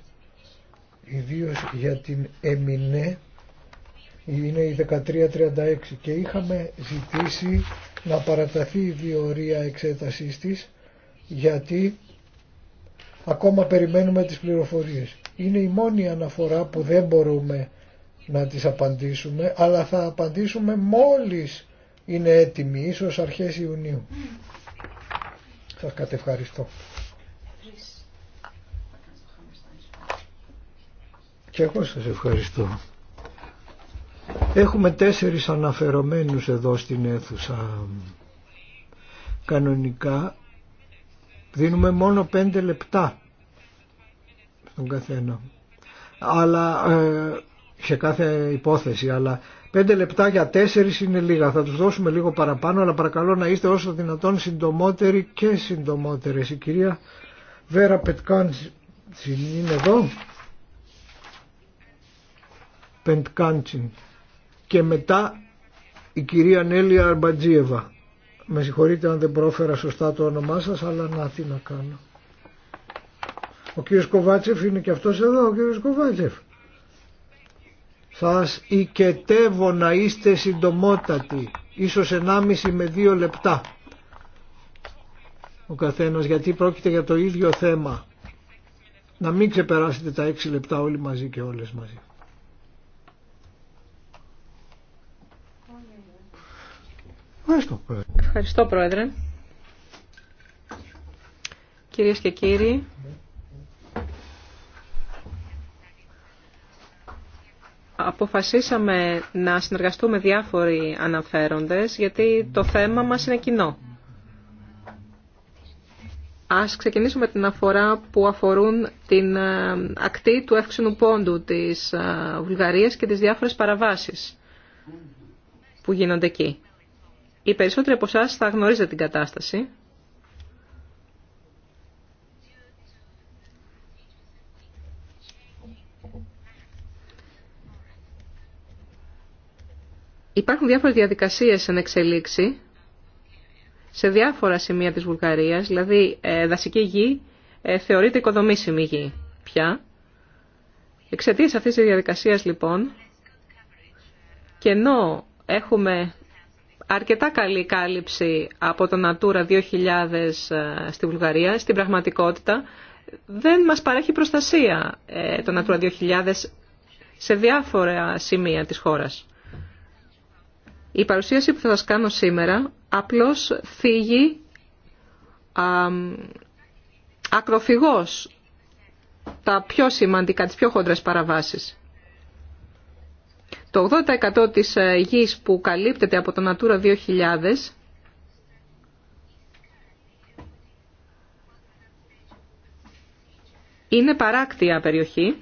ιδίω για την Εμινέ, είναι η 1336 και είχαμε ζητήσει να παραταθεί η διορία εξέτασής της γιατί ακόμα περιμένουμε τις πληροφορίες. Είναι η μόνη αναφορά που δεν μπορούμε να τις απαντήσουμε αλλά θα απαντήσουμε μόλις είναι έτοιμη, ίσως αρχές Ιουνίου. Σας κατευχαριστώ. Και εγώ σας ευχαριστώ. Έχουμε τέσσερις αναφερομένους εδώ στην αίθουσα. Κανονικά δίνουμε μόνο πέντε λεπτά στον καθένα. Αλλά ε, σε κάθε υπόθεση, αλλά πέντε λεπτά για τέσσερις είναι λίγα. Θα τους δώσουμε λίγο παραπάνω, αλλά παρακαλώ να είστε όσο δυνατόν συντομότεροι και συντομότερες. Η κυρία Βέρα Πετκάντσιν είναι εδώ. Πεντκάντσιν και μετά η κυρία Νέλια Αρμπατζίεβα. Με συγχωρείτε αν δεν πρόφερα σωστά το όνομά σας, αλλά να τι να κάνω. Ο κύριος Κοβάτσεφ είναι και αυτός εδώ, ο κύριος Κοβάτσεφ. Σας οικετεύω να είστε συντομότατοι, ίσως ενάμιση με δύο λεπτά ο καθένας, γιατί πρόκειται για το ίδιο θέμα. Να μην ξεπεράσετε τα έξι λεπτά όλοι μαζί και όλες μαζί. Ευχαριστώ, Πρόεδρε. Ευχαριστώ, Κυρίες και κύριοι, αποφασίσαμε να συνεργαστούμε διάφοροι αναφέροντες, γιατί το θέμα μας είναι κοινό. Ας ξεκινήσουμε την αφορά που αφορούν την ε, ακτή του εύξενου πόντου της ε, Βουλγαρίας και τις διάφορες παραβάσεις που γίνονται εκεί. Οι περισσότεροι από εσά θα γνωρίζετε την κατάσταση. Υπάρχουν διάφορες διαδικασίες εν εξελίξη σε διάφορα σημεία της Βουλγαρίας, δηλαδή ε, δασική γη ε, θεωρείται οικοδομήσιμη γη πια. Εξαιτίας αυτής της διαδικασίας λοιπόν και ενώ έχουμε αρκετά καλή κάλυψη από το Natura 2000 ε, στη Βουλγαρία. Στην πραγματικότητα δεν μας παρέχει προστασία ε, το Natura 2000 σε διάφορα σημεία της χώρας. Η παρουσίαση που θα σας κάνω σήμερα απλώς φύγει α, ακροφυγός τα πιο σημαντικά, τις πιο χοντρές παραβάσεις. Το 80% της ε, γης που καλύπτεται από το Natura 2000 είναι παράκτια περιοχή.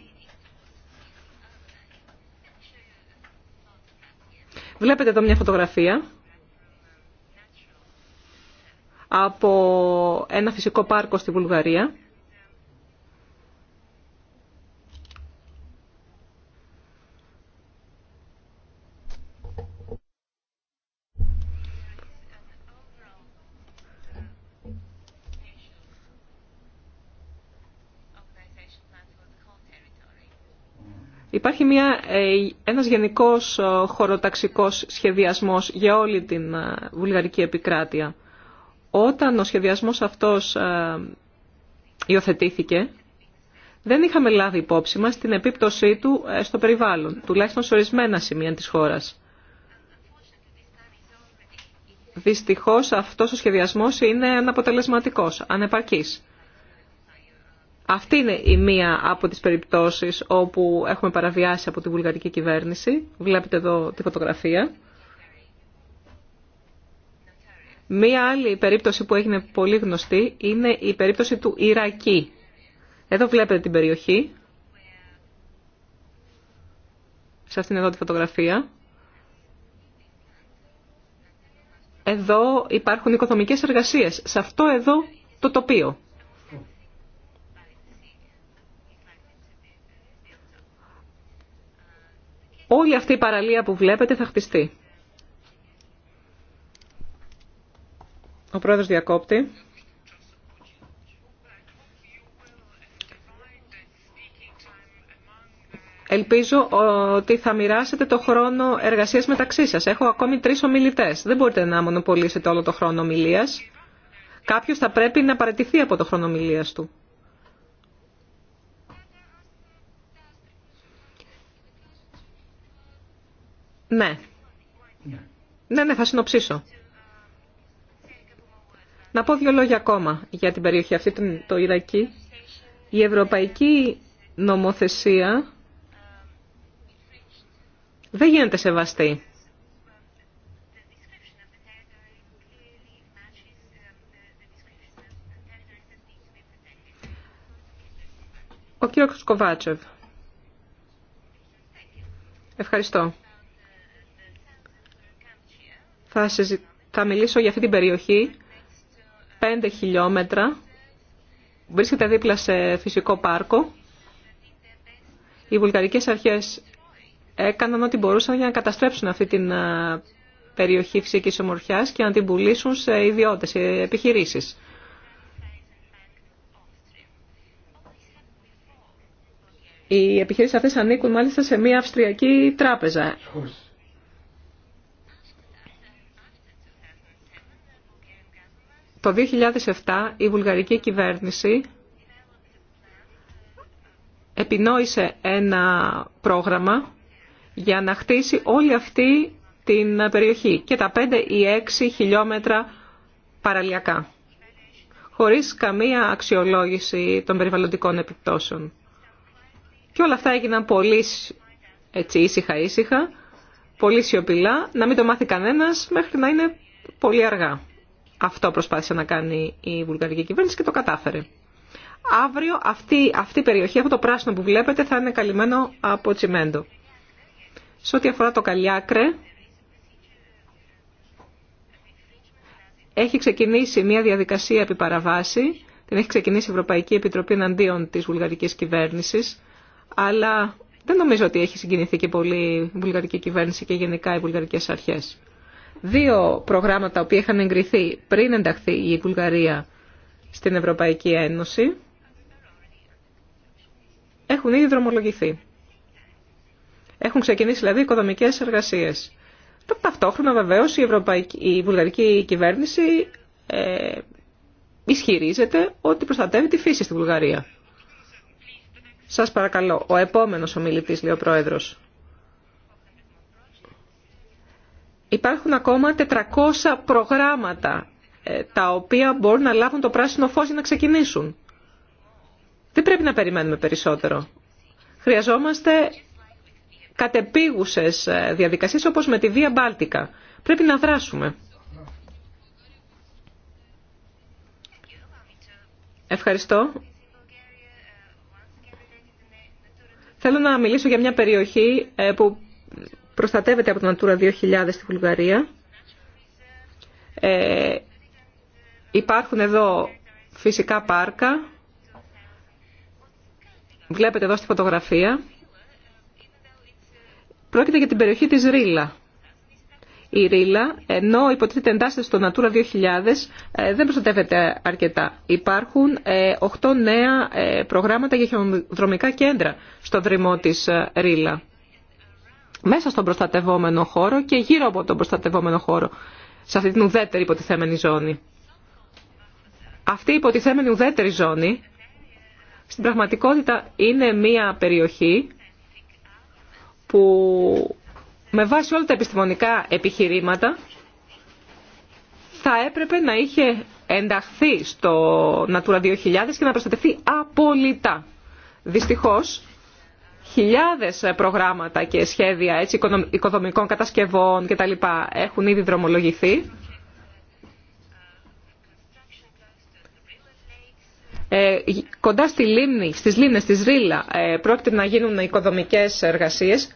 Βλέπετε εδώ μια φωτογραφία από ένα φυσικό πάρκο στη Βουλγαρία. Υπάρχει μια, ε, ένας γενικός ε, χωροταξικός σχεδιασμός για όλη την ε, βουλγαρική επικράτεια. Όταν ο σχεδιασμός αυτός υιοθετήθηκε, δεν είχαμε λάβει υπόψη μας την επίπτωσή του στο περιβάλλον, τουλάχιστον σε ορισμένα σημεία της χώρας. Δυστυχώς αυτός ο σχεδιασμός είναι αναποτελεσματικός, ανεπαρκής. Αυτή είναι η μία από τις περιπτώσεις όπου έχουμε παραβιάσει από τη βουλγαρική κυβέρνηση. Βλέπετε εδώ τη φωτογραφία. Μία άλλη περίπτωση που έγινε πολύ γνωστή είναι η περίπτωση του Ιρακή. Εδώ βλέπετε την περιοχή. Σε αυτήν εδώ τη φωτογραφία. Εδώ υπάρχουν οικοδομικές εργασίες. Σε αυτό εδώ το τοπίο. όλη αυτή η παραλία που βλέπετε θα χτιστεί. Ο πρόεδρος διακόπτη. Ελπίζω ε, ότι θα μοιράσετε το χρόνο εργασίας μεταξύ σας. Έχω ακόμη τρεις ομιλητές. Δεν μπορείτε να μονοπολίσετε όλο το χρόνο ομιλίας. Κάποιος θα πρέπει να παραιτηθεί από το χρόνο ομιλίας του. Ναι. Ναι, ναι, θα συνοψίσω. Να πω δύο λόγια ακόμα για την περιοχή αυτή, το Ιρακή. Η ευρωπαϊκή νομοθεσία δεν γίνεται σεβαστή. Ο κύριος Κοβάτσεβ. Ευχαριστώ. Θα, συζη... θα μιλήσω για αυτή την περιοχή, 5 χιλιόμετρα. Βρίσκεται δίπλα σε φυσικό πάρκο. Οι βουλγαρικές αρχές έκαναν ό,τι μπορούσαν για να καταστρέψουν αυτή την περιοχή φυσικής ομορφιάς και να την πουλήσουν σε ιδιώτες, σε επιχειρήσεις. Οι επιχειρήσεις αυτές ανήκουν μάλιστα σε μια αυστριακή τράπεζα. Το 2007 η βουλγαρική κυβέρνηση επινόησε ένα πρόγραμμα για να χτίσει όλη αυτή την περιοχή και τα 5 ή 6 χιλιόμετρα παραλιακά χωρίς καμία αξιολόγηση των περιβαλλοντικών επιπτώσεων. Και όλα αυτά έγιναν πολύ έτσι, ήσυχα ήσυχα, πολύ σιωπηλά, να μην το μάθει κανένας μέχρι να είναι πολύ αργά. Αυτό προσπάθησε να κάνει η βουλγαρική κυβέρνηση και το κατάφερε. Αύριο αυτή, αυτή η περιοχή, αυτό το πράσινο που βλέπετε, θα είναι καλυμμένο από τσιμέντο. Σε ό,τι αφορά το Καλιάκρε, έχει ξεκινήσει μια διαδικασία επί παραβάση. Την έχει ξεκινήσει η Ευρωπαϊκή Επιτροπή εναντίον της βουλγαρικής κυβέρνησης. Αλλά δεν νομίζω ότι έχει συγκινηθεί και πολύ η βουλγαρική κυβέρνηση και γενικά οι βουλγαρικές αρχές δύο προγράμματα που είχαν εγκριθεί πριν ενταχθεί η Βουλγαρία στην Ευρωπαϊκή Ένωση έχουν ήδη δρομολογηθεί. Έχουν ξεκινήσει δηλαδή οικοδομικές εργασίες. Ταυτόχρονα βεβαίως η, Ευρωπαϊκή, η βουλγαρική κυβέρνηση ε, ισχυρίζεται ότι προστατεύει τη φύση στη Βουλγαρία. Σας παρακαλώ, ο επόμενος ομιλητής, λέει ο Πρόεδρος. Υπάρχουν ακόμα 400 προγράμματα ε, τα οποία μπορούν να λάβουν το πράσινο φως για να ξεκινήσουν. Δεν πρέπει να περιμένουμε περισσότερο. Χρειαζόμαστε κατεπίγουσες ε, διαδικασίες όπως με τη Βία Μπάλτικα. Πρέπει να δράσουμε. Ευχαριστώ. Θέλω να μιλήσω για μια περιοχή ε, που προστατεύεται από το Natura 2000 στη Βουλγαρία. Ε, υπάρχουν εδώ φυσικά πάρκα. Βλέπετε εδώ στη φωτογραφία. Πρόκειται για την περιοχή της Ρίλα. Η Ρίλα, ενώ υποτίθεται εντάσσεται στο Natura 2000, ε, δεν προστατεύεται αρκετά. Υπάρχουν 8 ε, νέα ε, προγράμματα για χειροδρομικά κέντρα στο δρυμό της Ρίλα μέσα στον προστατευόμενο χώρο και γύρω από τον προστατευόμενο χώρο, σε αυτή την ουδέτερη υποτιθέμενη ζώνη. Αυτή η υποτιθέμενη ουδέτερη ζώνη στην πραγματικότητα είναι μία περιοχή που με βάση όλα τα επιστημονικά επιχειρήματα θα έπρεπε να είχε ενταχθεί στο Natura 2000 και να προστατευτεί απόλυτα. Δυστυχώς, χιλιάδες ε, προγράμματα και σχέδια έτσι, οικοδομικών κατασκευών και τα λοιπά έχουν ήδη δρομολογηθεί. Ε, κοντά στη λίμνη, στις λίμνες της Ρίλα ε, πρόκειται να γίνουν οικοδομικές εργασίες.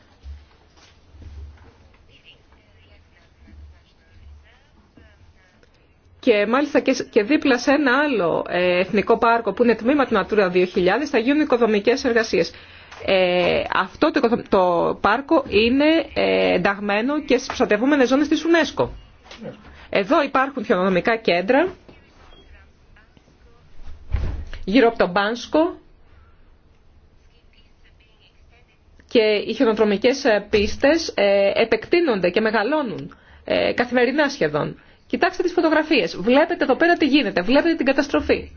Και μάλιστα και δίπλα σε ένα άλλο εθνικό πάρκο που είναι τμήμα του Natura 2000 θα γίνουν οικοδομικές εργασίες. Ε, αυτό το, πάρκο είναι ε, ενταγμένο και στις προστατευόμενες ζώνες της UNESCO. Εδώ υπάρχουν χιονονομικά κέντρα γύρω από τον Μπάνσκο και οι χιονοδρομικές ε, πίστες επεκτείνονται και μεγαλώνουν καθημερινά σχεδόν. Κοιτάξτε τις φωτογραφίες. Βλέπετε εδώ πέρα τι γίνεται. Βλέπετε την καταστροφή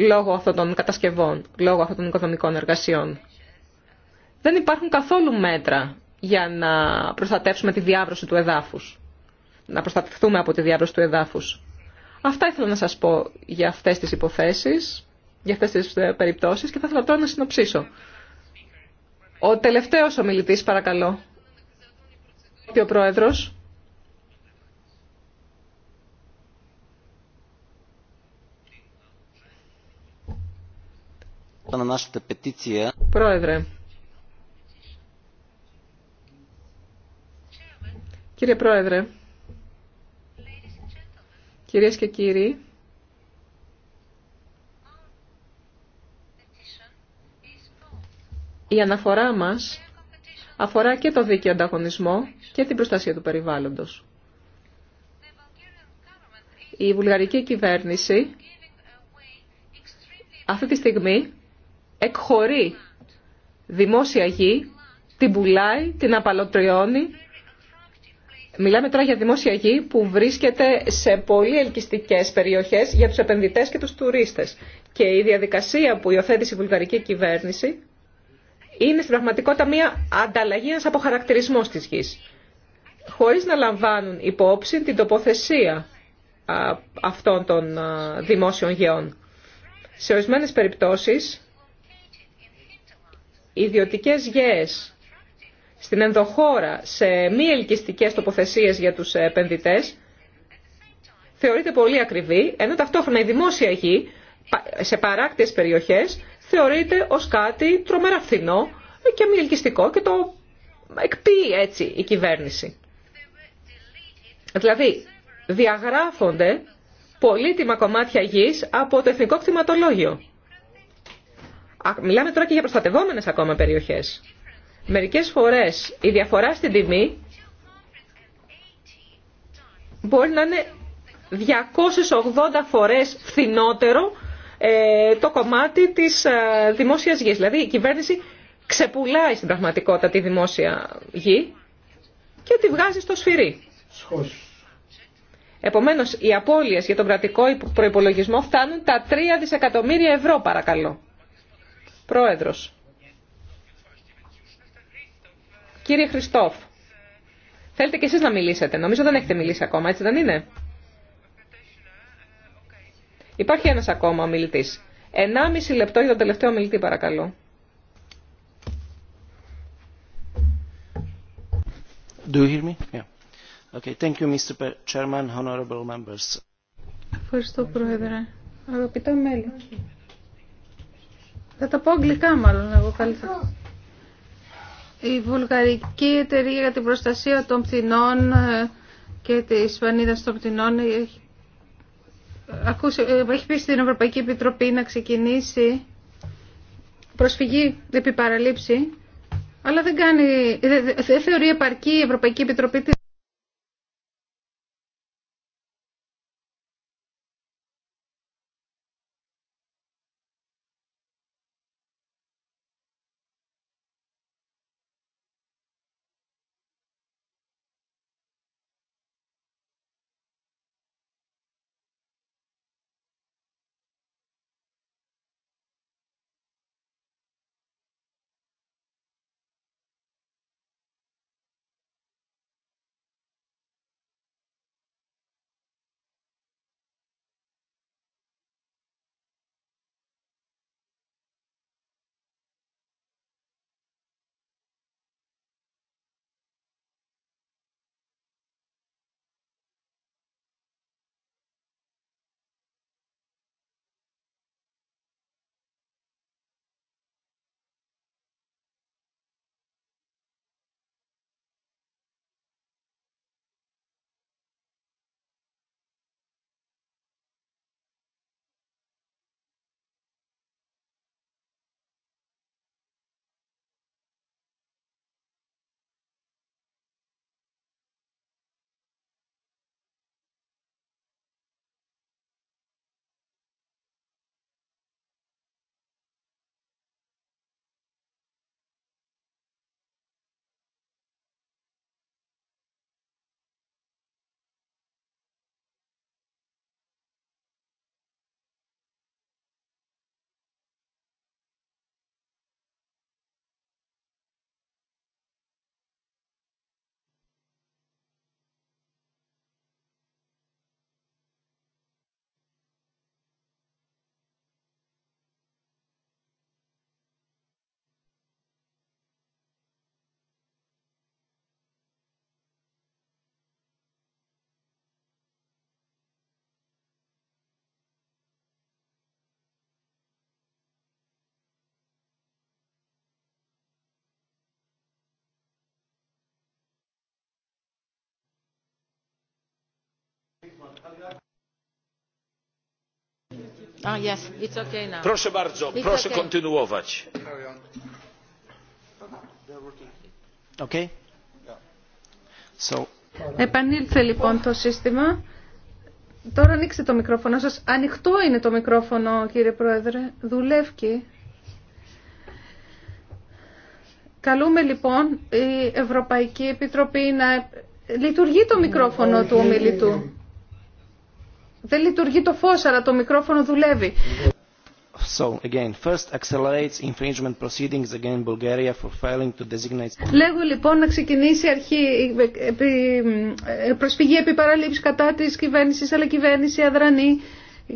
λόγω αυτών των κατασκευών, λόγω αυτών των οικονομικών εργασιών. Δεν υπάρχουν καθόλου μέτρα για να προστατεύσουμε τη διάβρωση του εδάφους, να προστατευτούμε από τη διάβρωση του εδάφους. Αυτά ήθελα να σας πω για αυτές τις υποθέσεις, για αυτές τις ε, περιπτώσεις και θα ήθελα τώρα να συνοψίσω. Ο τελευταίος ομιλητής, παρακαλώ. Ο πρόεδρος. Πρόεδρε. Κύριε Πρόεδρε. Κυρίες και κύριοι. Η αναφορά μας αφορά και το δίκαιο ανταγωνισμό και την προστασία του περιβάλλοντος. Η βουλγαρική κυβέρνηση αυτή τη στιγμή εκχωρεί δημόσια γη, την πουλάει, την απαλωτριώνει. Μιλάμε τώρα για δημόσια γη που βρίσκεται σε πολύ ελκυστικές περιοχές για τους επενδυτές και τους τουρίστες. Και η διαδικασία που υιοθέτησε η βουλγαρική κυβέρνηση είναι στην πραγματικότητα μια ανταλλαγή, ένας αποχαρακτηρισμός της γης. Χωρίς να λαμβάνουν υπόψη την τοποθεσία αυτών των δημόσιων γεών. Σε ορισμένε περιπτώσεις ιδιωτικές γέες στην ενδοχώρα σε μη ελκυστικές τοποθεσίες για τους επενδυτές θεωρείται πολύ ακριβή, ενώ ταυτόχρονα η δημόσια γη σε παράκτιες περιοχές θεωρείται ως κάτι τρομερά φθηνό και μη ελκυστικό και το εκποιεί έτσι η κυβέρνηση. Δηλαδή, διαγράφονται πολύτιμα κομμάτια γης από το εθνικό κτηματολόγιο. Μιλάμε τώρα και για προστατευόμενες ακόμα περιοχές. Μερικές φορές η διαφορά στην τιμή μπορεί να είναι 280 φορές φθηνότερο ε, το κομμάτι της ε, δημόσιας γης. Δηλαδή η κυβέρνηση ξεπουλάει στην πραγματικότητα τη δημόσια γη και τη βγάζει στο σφυρί. Επομένως, οι απώλειες για τον κρατικό προϋπολογισμό φτάνουν τα 3 δισεκατομμύρια ευρώ, παρακαλώ. Πρόεδρος. Κύριε Χριστόφ, θέλετε κι εσείς να μιλήσετε. Νομίζω δεν έχετε μιλήσει ακόμα, έτσι δεν είναι. Υπάρχει ένας ακόμα ομιλητής. Ενάμιση λεπτό για τον τελευταίο ομιλητή παρακαλώ. Do you hear me? Yeah. Okay, thank you, Mr. Chairman, honorable members. Ευχαριστώ, Πρόεδρε. Αγαπητά μέλη. Θα τα πω αγγλικά μάλλον εγώ καλύτερα. Η βουλγαρική εταιρεία για την προστασία των πτηνών ε, και τη Ισπανίδα των πτηνών ε, έχει, ε, ακούσει, έχει πει στην Ευρωπαϊκή Επιτροπή να ξεκινήσει προσφυγή επί παραλήψη, αλλά δεν, κάνει, δεν θεωρεί επαρκή η Ευρωπαϊκή Επιτροπή Ah, proszę bardzo, proszę kontynuować. Επανήλθε λοιπόν το σύστημα. Τώρα ανοίξτε το μικρόφωνο σας. Ανοιχτό είναι το μικρόφωνο κύριε Πρόεδρε. Δουλεύει. Καλούμε λοιπόν η Ευρωπαϊκή Επιτροπή να λειτουργεί το μικρόφωνο του ομιλητού. Δεν λειτουργεί το φως, αλλά το μικρόφωνο δουλεύει. So, again, first accelerates infringement proceedings Bulgaria for failing to designate... Λέγω λοιπόν να ξεκινήσει αρχή ε, προσφυγή επί παραλήψης κατά της κυβέρνησης, αλλά κυβέρνηση αδρανή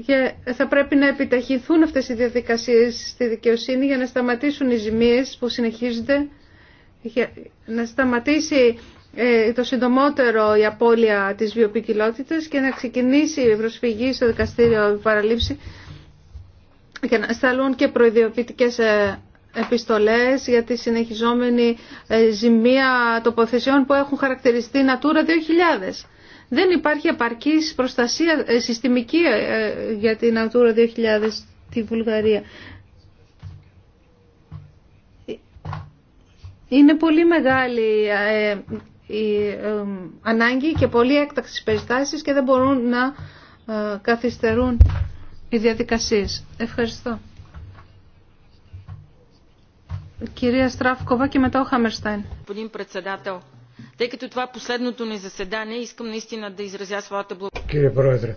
και θα πρέπει να επιταχυνθούν αυτές οι διαδικασίες στη δικαιοσύνη για να σταματήσουν οι ζημίες που συνεχίζονται, για να σταματήσει ε, το συντομότερο η απώλεια της βιοποικιλότητας και να ξεκινήσει η προσφυγή στο δικαστήριο παραλήψη και να σταλούν και προειδοποιητικές ε, επιστολές για τη συνεχιζόμενη ε, ζημία τοποθεσιών που έχουν χαρακτηριστεί Natura 2000. Δεν υπάρχει επαρκή προστασία συστημική για τη Natura 2000 στη Βουλγαρία. Είναι πολύ μεγάλη η ανάγκη και πολλοί έκτακτες περιστάσεις και δεν μπορούν να ε, καθυστερούν οι διαδικασίες. Ευχαριστώ. Κυρία Στράφκοβα και μετά ο Χαμερστάιν. Κύριε Πρόεδρε,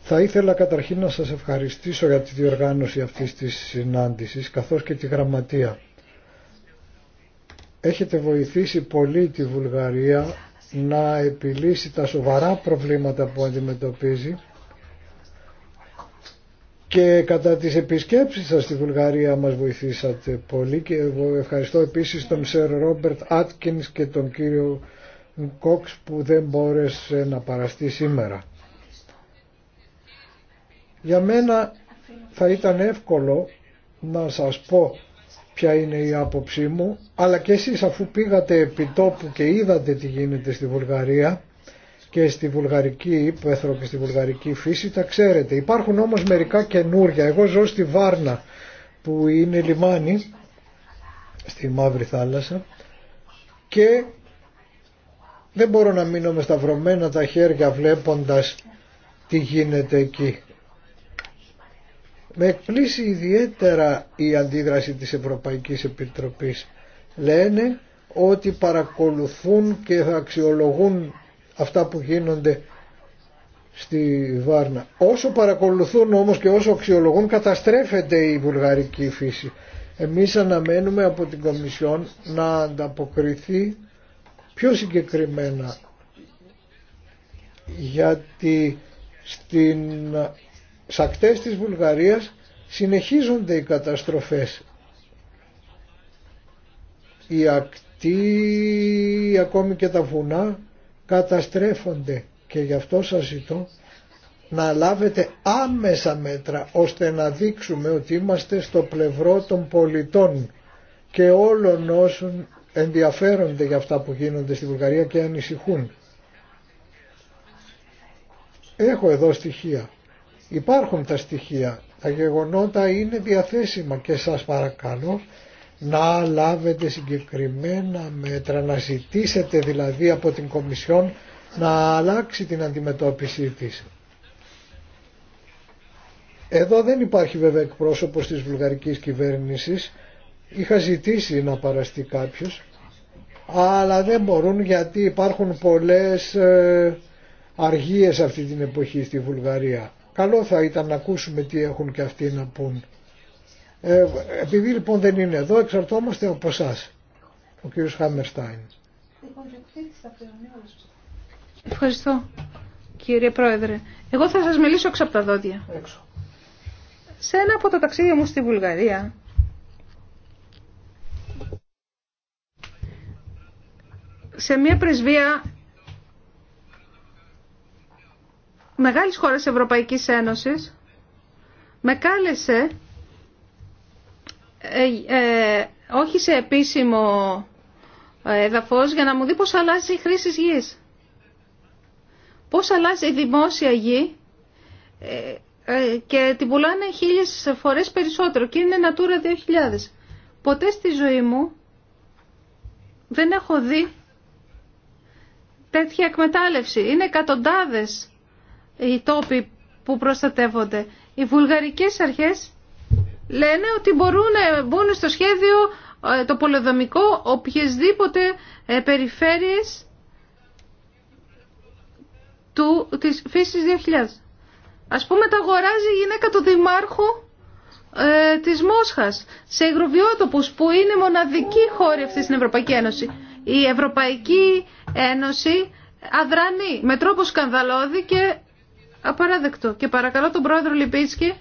θα ήθελα καταρχήν να σας ευχαριστήσω για τη διοργάνωση αυτής της συνάντησης καθώς και τη γραμματεία έχετε βοηθήσει πολύ τη Βουλγαρία να επιλύσει τα σοβαρά προβλήματα που αντιμετωπίζει και κατά τις επισκέψεις σας στη Βουλγαρία μας βοηθήσατε πολύ και ευχαριστώ επίσης τον Σερ Ρόμπερτ Άτκινς και τον κύριο Κόξ που δεν μπόρεσε να παραστεί σήμερα. Για μένα θα ήταν εύκολο να σας πω ποια είναι η άποψή μου, αλλά και εσείς αφού πήγατε επί τόπου και είδατε τι γίνεται στη Βουλγαρία και στη βουλγαρική ύπεθρο και στη βουλγαρική φύση, τα ξέρετε. Υπάρχουν όμως μερικά καινούρια. Εγώ ζω στη Βάρνα που είναι λιμάνι στη Μαύρη Θάλασσα και δεν μπορώ να μείνω με σταυρωμένα τα χέρια βλέποντας τι γίνεται εκεί. Με εκπλήσει ιδιαίτερα η αντίδραση της Ευρωπαϊκής Επιτροπής. Λένε ότι παρακολουθούν και θα αξιολογούν αυτά που γίνονται στη Βάρνα. Όσο παρακολουθούν όμως και όσο αξιολογούν καταστρέφεται η βουλγαρική φύση. Εμείς αναμένουμε από την Κομισιόν να ανταποκριθεί πιο συγκεκριμένα γιατί στην Σακτές της Βουλγαρίας συνεχίζονται οι καταστροφές. Οι ακτοί, ακόμη και τα βουνά καταστρέφονται και γι' αυτό σας ζητώ να λάβετε άμεσα μέτρα ώστε να δείξουμε ότι είμαστε στο πλευρό των πολιτών και όλων όσων ενδιαφέρονται για αυτά που γίνονται στη Βουλγαρία και ανησυχούν. Έχω εδώ στοιχεία. Υπάρχουν τα στοιχεία, τα γεγονότα είναι διαθέσιμα και σας παρακαλώ να λάβετε συγκεκριμένα μέτρα, να ζητήσετε δηλαδή από την Κομισιόν να αλλάξει την αντιμετώπιση της. Εδώ δεν υπάρχει βέβαια εκπρόσωπος της βουλγαρικής κυβέρνησης. Είχα ζητήσει να παραστεί κάποιος, αλλά δεν μπορούν γιατί υπάρχουν πολλές ε, αργίες αυτή την εποχή στη Βουλγαρία. Καλό θα ήταν να ακούσουμε τι έχουν και αυτοί να πούν. Ε, επειδή λοιπόν δεν είναι εδώ, εξαρτώμαστε από εσά, ο κύριος Χάμερστάιν. Ευχαριστώ, κύριε Πρόεδρε. Εγώ θα σας μιλήσω έξω από τα δόντια. Έξω. Σε ένα από τα ταξίδια μου στη Βουλγαρία, σε μια πρεσβεία μεγάλης χώρας Ευρωπαϊκής Ένωσης με κάλεσε ε, ε όχι σε επίσημο εδαφός για να μου δει πώς αλλάζει η χρήση γης. Πώς αλλάζει η δημόσια γη ε, ε, και την πουλάνε χίλιες φορές περισσότερο και είναι Natura 2000. Ποτέ στη ζωή μου δεν έχω δει τέτοια εκμετάλλευση. Είναι εκατοντάδες οι τόποι που προστατεύονται. Οι βουλγαρικές αρχές λένε ότι μπορούν να ε, μπουν στο σχέδιο ε, το πολεοδομικό οποιασδήποτε ε, περιφέρειες του, της φύσης 2000. Ας πούμε τα αγοράζει η γυναίκα του δημάρχου της Μόσχας σε υγροβιότοπους που είναι μοναδική χώρη αυτή στην Ευρωπαϊκή Ένωση. Η Ευρωπαϊκή Ένωση αδρανεί με τρόπο σκανδαλώδη και απαράδεκτο. Και παρακαλώ τον πρόεδρο Λιμπίτσκι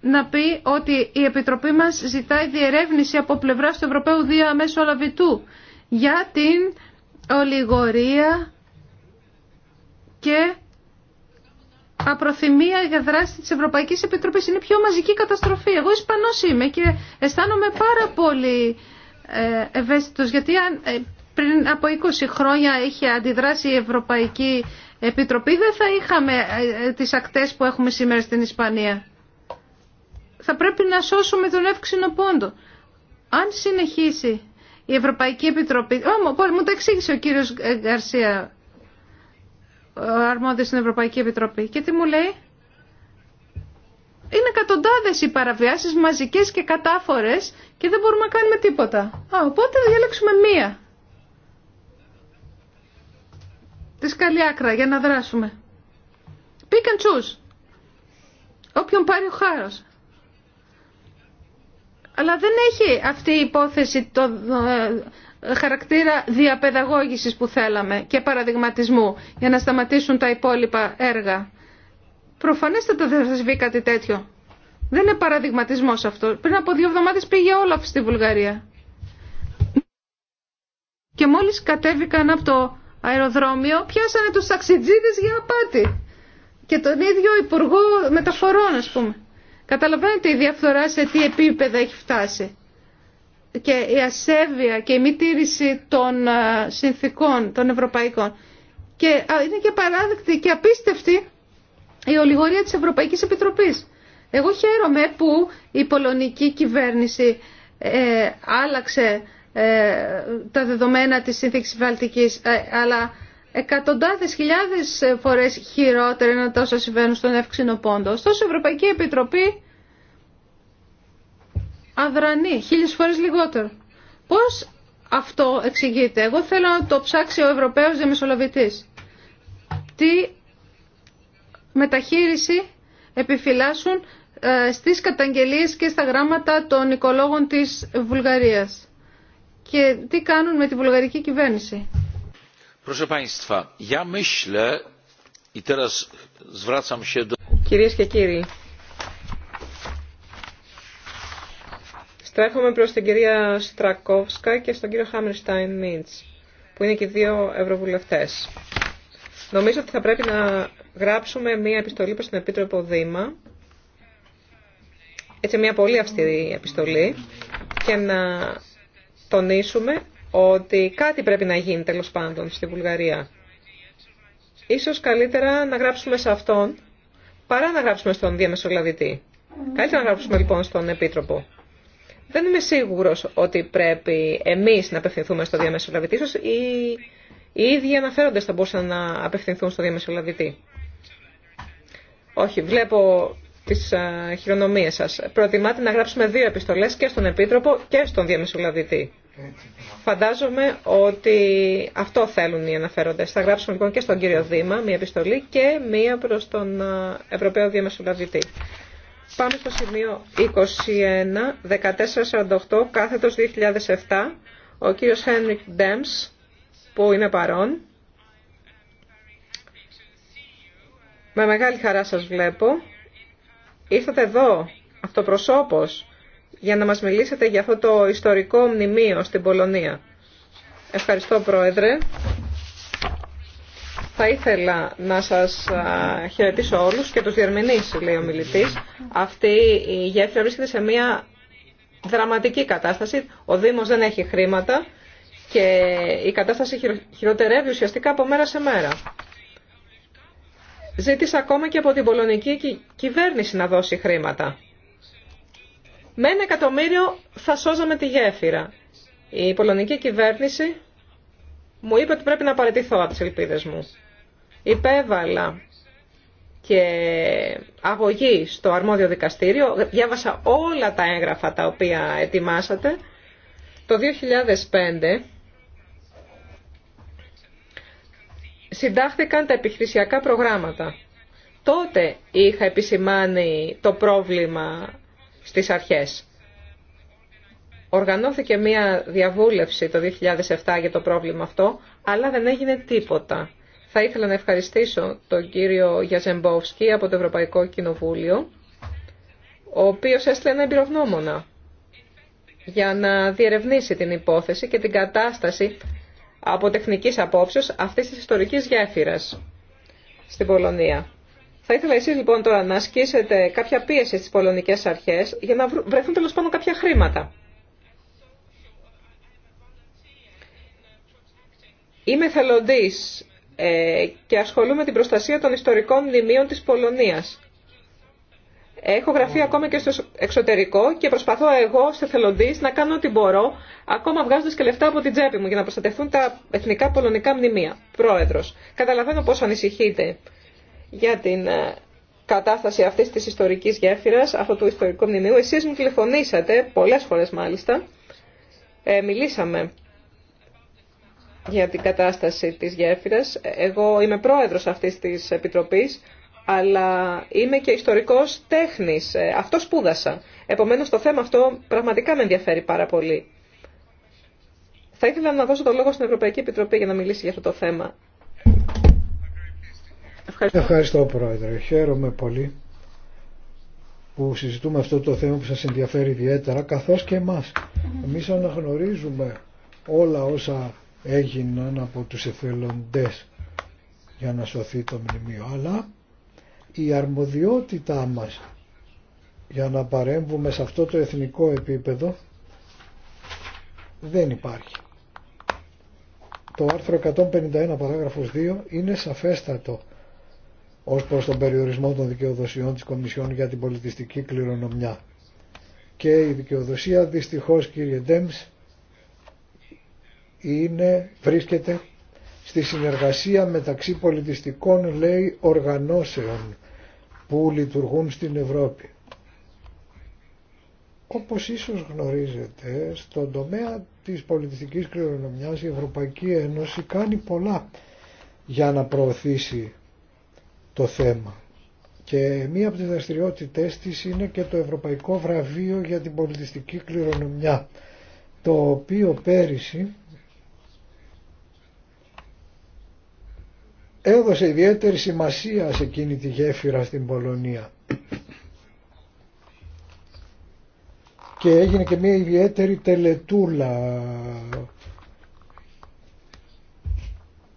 να πει ότι η Επιτροπή μας ζητάει διερεύνηση από πλευρά του Ευρωπαίου Διαμεσολαβητού για την ολιγορία και απροθυμία για δράση της Ευρωπαϊκής Επιτροπής. Είναι πιο μαζική καταστροφή. Εγώ Ισπανός είμαι και αισθάνομαι πάρα πολύ ε, ευαίσθητος γιατί αν ε, πριν από 20 χρόνια είχε αντιδράσει η Ευρωπαϊκή Επιτροπή δεν θα είχαμε ε, ε, τις ακτές που έχουμε σήμερα στην Ισπανία. Θα πρέπει να σώσουμε τον εύξηνο πόντο. Αν συνεχίσει η Ευρωπαϊκή Επιτροπή... Ω, μου το εξήγησε ο κύριος ε, Γκαρσία, ο αρμόδιος στην Ευρωπαϊκή Επιτροπή. Και τι μου λέει. Είναι εκατοντάδε οι παραβιάσεις μαζικές και κατάφορες και δεν μπορούμε να κάνουμε τίποτα. Α, οπότε διαλέξουμε μία. στη άκρα για να δράσουμε. Pick and choose. Όποιον πάρει ο χάρος. Αλλά δεν έχει αυτή η υπόθεση το ε, χαρακτήρα διαπαιδαγώγησης που θέλαμε και παραδειγματισμού για να σταματήσουν τα υπόλοιπα έργα. Προφανέστατα δεν θα συμβεί κάτι τέτοιο. Δεν είναι παραδειγματισμός αυτό. Πριν από δύο εβδομάδες πήγε όλα στη Βουλγαρία. Και μόλις κατέβηκαν από το αεροδρόμιο πιάσανε τους ταξιτζίδες για απάτη και τον ίδιο Υπουργό Μεταφορών ας πούμε. Καταλαβαίνετε η διαφθορά σε τι επίπεδα έχει φτάσει και η ασέβεια και η μη τήρηση των ε, συνθήκων των ευρωπαϊκών. Και είναι και παράδεκτη και απίστευτη η ολιγορία της Ευρωπαϊκής Επιτροπής. Εγώ χαίρομαι που η πολωνική κυβέρνηση ε, άλλαξε ε, τα δεδομένα της σύνθεξης βαλτικής, ε, αλλά εκατοντάδες χιλιάδες ε, φορές χειρότερα είναι τόσο συμβαίνουν στον εύξηνο πόντο. Ωστόσο η Ευρωπαϊκή Επιτροπή αδρανεί, χίλιες φορές λιγότερο. Πώς αυτό εξηγείται. Εγώ θέλω να το ψάξει ο Ευρωπαίος Διαμεσολαβητής. Τι μεταχείριση επιφυλάσσουν στις καταγγελίες και στα γράμματα των οικολόγων της Βουλγαρίας και τι κάνουν με τη βουλγαρική κυβέρνηση. Κυρίες και κύριοι, στρέφομαι προς την κυρία Στρακόφσκα και στον κύριο Χάμερστάιν Μίντς, που είναι και δύο ευρωβουλευτές. Νομίζω ότι θα πρέπει να γράψουμε μία επιστολή προς την Επίτροπο Δήμα, έτσι μία πολύ αυστηρή επιστολή, και να τονίσουμε ότι κάτι πρέπει να γίνει τέλος πάντων στη Βουλγαρία. Ίσως καλύτερα να γράψουμε σε αυτόν παρά να γράψουμε στον διαμεσολαβητή. Καλύτερα να γράψουμε λοιπόν στον Επίτροπο. Δεν είμαι σίγουρος ότι πρέπει εμείς να απευθυνθούμε στο διαμεσολαβητή. Ίσως οι, οι ίδιοι αναφέροντες θα μπορούσαν να απευθυνθούν στο διαμεσολαβητή. Όχι, βλέπω τις χειρονομίες σας. Προτιμάτε να γράψουμε δύο επιστολές και στον Επίτροπο και στον Διαμεσολαβητή. Φαντάζομαι ότι αυτό θέλουν οι αναφέροντες. Θα γράψουμε λοιπόν και στον κύριο Δήμα μία επιστολή και μία προς τον Ευρωπαίο Διαμεσολαβητή. Πάμε στο σημείο 21, 1448, κάθετος 2007. Ο κύριος Χένρικ Ντέμς, που είναι παρόν. Με μεγάλη χαρά σας βλέπω ήρθατε εδώ αυτοπροσώπως για να μας μιλήσετε για αυτό το ιστορικό μνημείο στην Πολωνία. Ευχαριστώ Πρόεδρε. Θα ήθελα να σας χαιρετήσω όλους και τους διερμηνείς, λέει ο μιλητής. Αυτή η γέφυρα βρίσκεται σε μια δραματική κατάσταση. Ο Δήμος δεν έχει χρήματα και η κατάσταση χειροτερεύει ουσιαστικά από μέρα σε μέρα ζήτησε ακόμα και από την πολωνική κυβέρνηση να δώσει χρήματα. Με ένα εκατομμύριο θα σώζαμε τη γέφυρα. Η πολωνική κυβέρνηση μου είπε ότι πρέπει να παραιτηθώ από τις ελπίδες μου. Υπέβαλα και αγωγή στο αρμόδιο δικαστήριο. Διάβασα όλα τα έγγραφα τα οποία ετοιμάσατε. Το 2005 συντάχθηκαν τα επιχειρησιακά προγράμματα. Τότε είχα επισημάνει το πρόβλημα στις αρχές. Οργανώθηκε μία διαβούλευση το 2007 για το πρόβλημα αυτό, αλλά δεν έγινε τίποτα. Θα ήθελα να ευχαριστήσω τον κύριο Γιαζεμπόφσκι από το Ευρωπαϊκό Κοινοβούλιο, ο οποίος έστειλε ένα εμπειρογνώμονα για να διερευνήσει την υπόθεση και την κατάσταση από τεχνική απόψεως αυτή τη ιστορική γέφυρα στην Πολωνία. Θα ήθελα εσεί λοιπόν τώρα να ασκήσετε κάποια πίεση στις πολωνικές αρχές για να βρεθούν τέλο πάντων κάποια χρήματα. Είμαι θελοντής ε, και ασχολούμαι με την προστασία των ιστορικών μνημείων της Πολωνίας. Έχω γραφεί ακόμα και στο εξωτερικό και προσπαθώ εγώ ως εθελοντής να κάνω ό,τι μπορώ, ακόμα βγάζοντα και λεφτά από την τσέπη μου για να προστατευτούν τα εθνικά πολωνικά μνημεία. Πρόεδρος, καταλαβαίνω πόσο ανησυχείτε για την ε, κατάσταση αυτή τη ιστορική γέφυρα, αυτού του ιστορικού μνημείου. Εσεί μου τηλεφωνήσατε, πολλέ φορέ μάλιστα. Ε, μιλήσαμε για την κατάσταση της γέφυρας. Ε, εγώ είμαι πρόεδρος αυτής της επιτροπής, αλλά είμαι και ιστορικός τέχνης, ε, αυτό σπούδασα. Επομένως το θέμα αυτό πραγματικά με ενδιαφέρει πάρα πολύ. Θα ήθελα να δώσω το λόγο στην Ευρωπαϊκή Επιτροπή για να μιλήσει για αυτό το θέμα. Ευχαριστώ, Ευχαριστώ Πρόεδρε. Χαίρομαι πολύ που συζητούμε αυτό το θέμα που σας ενδιαφέρει ιδιαίτερα, καθώς και εμάς. Εμείς αναγνωρίζουμε όλα όσα έγιναν από τους εθελοντές για να σωθεί το μνημείο, αλλά η αρμοδιότητά μας για να παρέμβουμε σε αυτό το εθνικό επίπεδο δεν υπάρχει. Το άρθρο 151 παράγραφος 2 είναι σαφέστατο ως προς τον περιορισμό των δικαιοδοσιών της Κομισιόν για την πολιτιστική κληρονομιά. Και η δικαιοδοσία δυστυχώς κύριε Ντέμς είναι, βρίσκεται στη συνεργασία μεταξύ πολιτιστικών λέει οργανώσεων που λειτουργούν στην Ευρώπη. Όπως ίσως γνωρίζετε, στον τομέα της πολιτιστικής κληρονομιάς η Ευρωπαϊκή Ένωση κάνει πολλά για να προωθήσει το θέμα. Και μία από τις δραστηριότητες της είναι και το Ευρωπαϊκό Βραβείο για την Πολιτιστική Κληρονομιά, το οποίο πέρυσι έδωσε ιδιαίτερη σημασία σε εκείνη τη γέφυρα στην Πολωνία. Και έγινε και μια ιδιαίτερη τελετούλα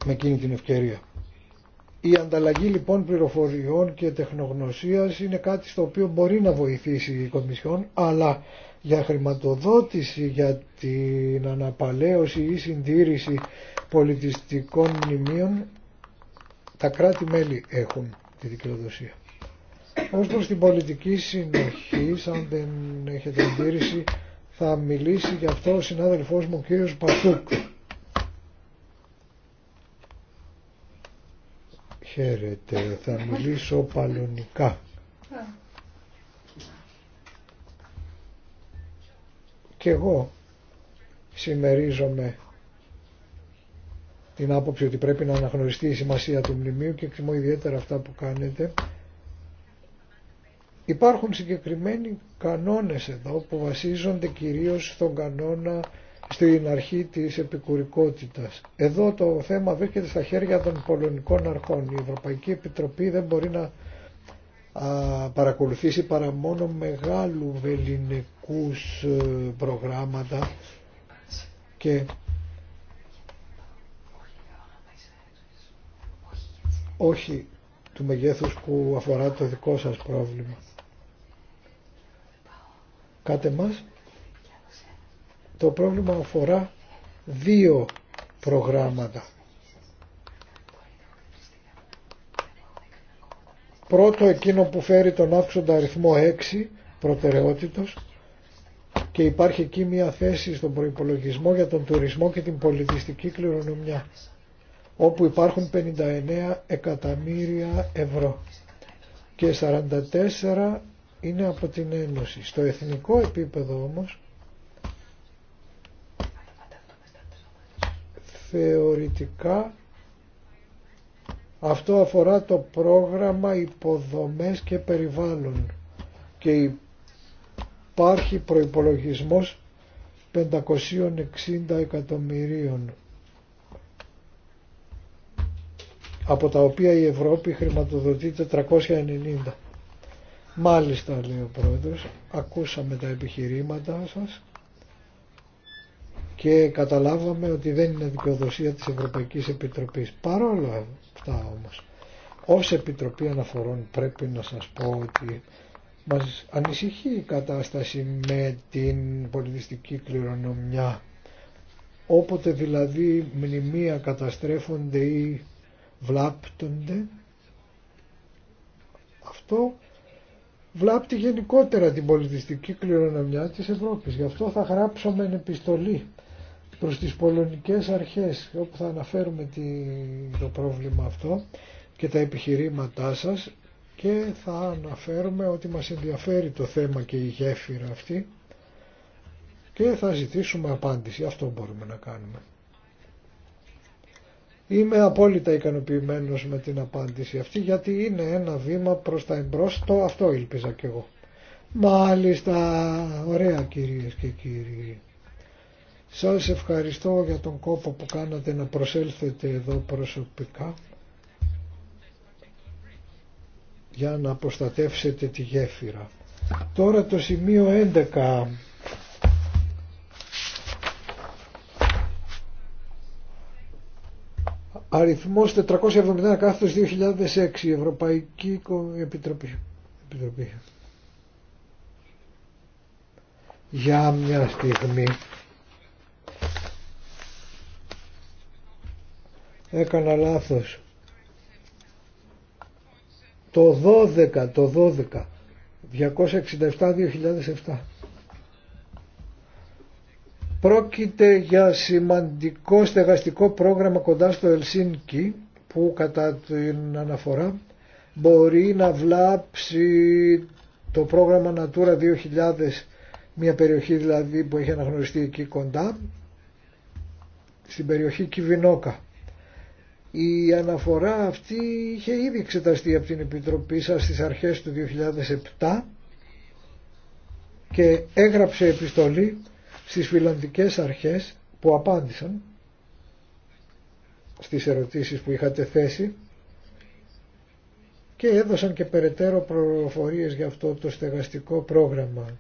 με εκείνη την ευκαιρία. Η ανταλλαγή λοιπόν πληροφοριών και τεχνογνωσίας είναι κάτι στο οποίο μπορεί να βοηθήσει η Κομισιόν, αλλά για χρηματοδότηση, για την αναπαλαίωση ή συντήρηση πολιτιστικών μνημείων τα κράτη-μέλη έχουν τη δικαιοδοσία. Ως προς την πολιτική συνοχή, αν δεν έχετε αντίρρηση, θα μιλήσει γι' αυτό ο συνάδελφός μου, ο κύριος Πασούκ. Χαίρετε, θα μιλήσω παλαιονικά. Και εγώ συμμερίζομαι την άποψη ότι πρέπει να αναγνωριστεί η σημασία του μνημείου και εκτιμώ ιδιαίτερα αυτά που κάνετε. Υπάρχουν συγκεκριμένοι κανόνες εδώ που βασίζονται κυρίως στον κανόνα στην αρχή της επικουρικότητας. Εδώ το θέμα βρίσκεται στα χέρια των πολωνικών αρχών. Η Ευρωπαϊκή Επιτροπή δεν μπορεί να παρακολουθήσει παρά μόνο μεγάλου βεληνικούς ε, προγράμματα και όχι του μεγέθους που αφορά το δικό σας πρόβλημα. Κάτε μας, το πρόβλημα αφορά δύο προγράμματα. Πρώτο εκείνο που φέρει τον αύξοντα αριθμό 6 προτεραιότητος και υπάρχει εκεί μια θέση στον προϋπολογισμό για τον τουρισμό και την πολιτιστική κληρονομιά όπου υπάρχουν 59 εκατομμύρια ευρώ και 44 είναι από την Ένωση. Στο εθνικό επίπεδο όμως θεωρητικά αυτό αφορά το πρόγραμμα υποδομές και περιβάλλον και υπάρχει προϋπολογισμός 560 εκατομμυρίων από τα οποία η Ευρώπη χρηματοδοτεί 490. Μάλιστα, λέει ο πρόεδρος, ακούσαμε τα επιχειρήματά σας και καταλάβαμε ότι δεν είναι δικαιοδοσία της Ευρωπαϊκής Επιτροπής. Παρόλα αυτά όμως, ως Επιτροπή Αναφορών πρέπει να σας πω ότι μας ανησυχεί η κατάσταση με την πολιτιστική κληρονομιά. Όποτε δηλαδή μνημεία καταστρέφονται ή βλάπτονται αυτό βλάπτει γενικότερα την πολιτιστική κληρονομιά της Ευρώπης. Γι' αυτό θα γράψουμε εν επιστολή προς τις πολωνικές αρχές όπου θα αναφέρουμε το πρόβλημα αυτό και τα επιχειρήματά σας και θα αναφέρουμε ότι μας ενδιαφέρει το θέμα και η γέφυρα αυτή και θα ζητήσουμε απάντηση. Αυτό μπορούμε να κάνουμε. Είμαι απόλυτα ικανοποιημένος με την απάντηση αυτή γιατί είναι ένα βήμα προς τα εμπρός, το αυτό ήλπιζα κι εγώ. Μάλιστα, ωραία κυρίες και κύριοι. Σας ευχαριστώ για τον κόπο που κάνατε να προσέλθετε εδώ προσωπικά για να προστατεύσετε τη γέφυρα. Τώρα το σημείο 11. Αριθμός 471 κάθετος 2006 Ευρωπαϊκή Επιτροπή. Επιτροπή. Για μια στιγμή. Έκανα λάθος. Το 12, το 12. 267-2007. Πρόκειται για σημαντικό στεγαστικό πρόγραμμα κοντά στο Ελσίνκι που κατά την αναφορά μπορεί να βλάψει το πρόγραμμα Natura 2000 μια περιοχή δηλαδή που έχει αναγνωριστεί εκεί κοντά στην περιοχή Κιβινόκα. Η αναφορά αυτή είχε ήδη εξεταστεί από την Επιτροπή σας στις αρχές του 2007 και έγραψε επιστολή στις φιλανδικές αρχές που απάντησαν στις ερωτήσεις που είχατε θέσει και έδωσαν και περαιτέρω προφορίες για αυτό το στεγαστικό πρόγραμμα.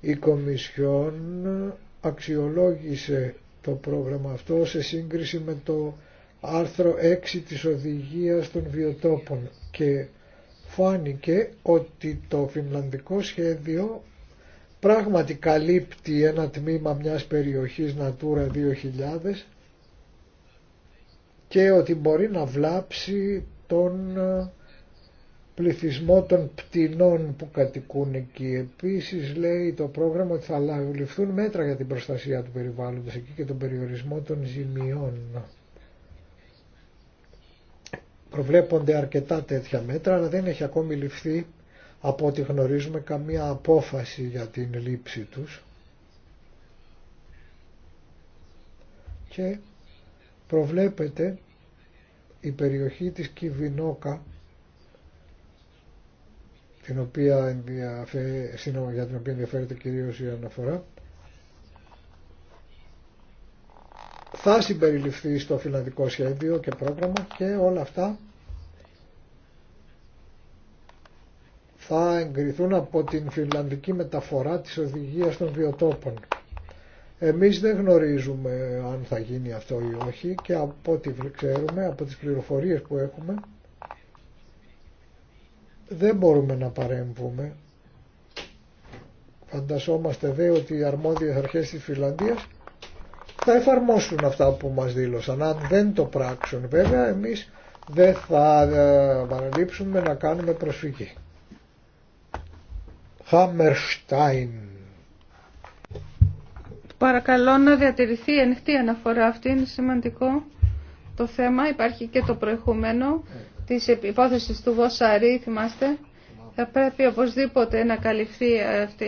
Η Κομισιόν αξιολόγησε το πρόγραμμα αυτό σε σύγκριση με το άρθρο 6 της Οδηγίας των Βιοτόπων και φάνηκε ότι το φινλανδικό σχέδιο πράγματι καλύπτει ένα τμήμα μιας περιοχής Natura 2000 και ότι μπορεί να βλάψει τον ε, πληθυσμό των πτηνών που κατοικούν εκεί. Επίσης λέει το πρόγραμμα ότι θα ληφθούν μέτρα για την προστασία του περιβάλλοντος εκεί και τον περιορισμό των ζημιών. Προβλέπονται αρκετά τέτοια μέτρα αλλά δεν έχει ακόμη ληφθεί από ό,τι γνωρίζουμε καμία απόφαση για την λήψη τους και προβλέπεται η περιοχή της Κιβινόκα την οποία για την οποία ενδιαφέρεται κυρίως η αναφορά θα συμπεριληφθεί στο φιλανδικό σχέδιο και πρόγραμμα και όλα αυτά θα εγκριθούν από την φιλανδική μεταφορά της οδηγίας των βιοτόπων. Εμείς δεν γνωρίζουμε αν θα γίνει αυτό ή όχι και από ό,τι ξέρουμε, από τις πληροφορίες που έχουμε, δεν μπορούμε να παρέμβουμε. Φαντασόμαστε δε ότι οι αρμόδιες αρχές της Φιλανδίας θα εφαρμόσουν αυτά που μας δήλωσαν. Αν δεν το πράξουν βέβαια εμείς δεν θα ε, παραλείψουμε να κάνουμε προσφυγή. Χάμερστάιν. Παρακαλώ να διατηρηθεί η ανοιχτή αναφορά αυτή, είναι σημαντικό το θέμα. Υπάρχει και το προηγούμενο της υπόθεσης του Βοσαρή, θυμάστε. Θα πρέπει οπωσδήποτε να καλυφθεί αυτή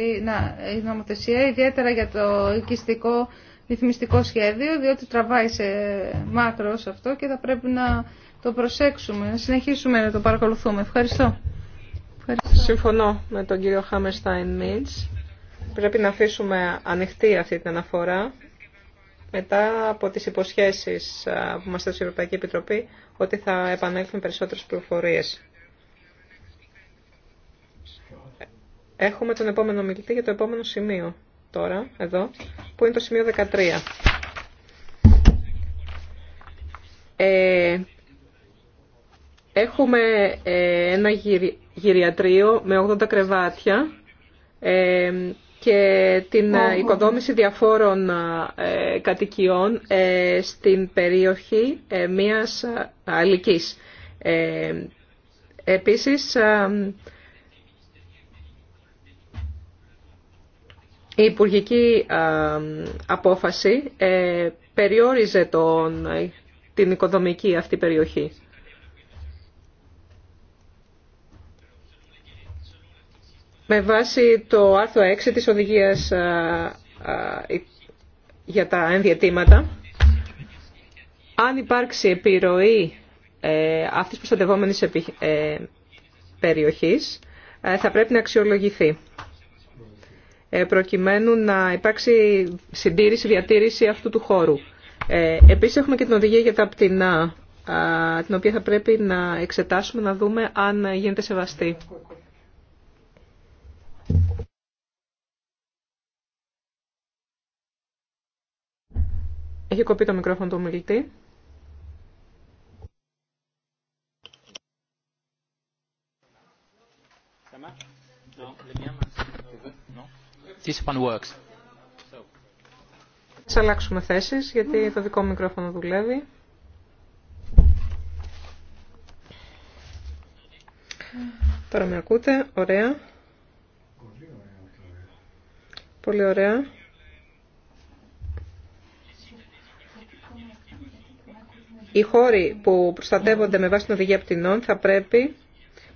η νομοθεσία, ιδιαίτερα για το οικιστικό ρυθμιστικό σχέδιο, διότι τραβάει σε μακρο αυτό και θα πρέπει να το προσέξουμε, να συνεχίσουμε να το παρακολουθούμε. Ευχαριστώ. Συμφωνώ με τον κύριο Χάμερστάιν Μίντς. Πρέπει να αφήσουμε ανοιχτή αυτή την αναφορά μετά από τις υποσχέσεις που μας έδωσε η Ευρωπαϊκή Επιτροπή ότι θα επανέλθουν περισσότερες πληροφορίες. Έχουμε τον επόμενο μιλητή για το επόμενο σημείο τώρα, εδώ, που είναι το σημείο 13. Ε, έχουμε ε, ένα γύρι, γυριατρίο με 80 κρεβάτια ε, και την οικοδόμηση διαφόρων ε, κατοικιών ε, στην περιοχή μίας αλικής. Επίσης, η υπουργική απόφαση περιόριζε τον, την οικοδομική αυτή περιοχή. με βάση το άρθρο 6 της οδηγίας για τα ενδιατήματα. Αν υπάρξει επιρροή ε, αυτής της προστατευόμενης ε, περιοχής, ε, θα πρέπει να αξιολογηθεί προκειμένου να υπάρξει συντήρηση, διατήρηση αυτού του χώρου. Επίσης έχουμε και την οδηγία για τα πτηνά, την οποία θα πρέπει να εξετάσουμε, να δούμε αν γίνεται σεβαστή. Έχει κοπεί το μικρόφωνο του ομιλητή. This one works. Θα αλλάξουμε θέσεις, γιατί το δικό μου μικρόφωνο δουλεύει. Τώρα με ακούτε, ωραία. Πολύ ωραία. Οι χώροι που προστατεύονται με βάση την οδηγία πτηνών θα πρέπει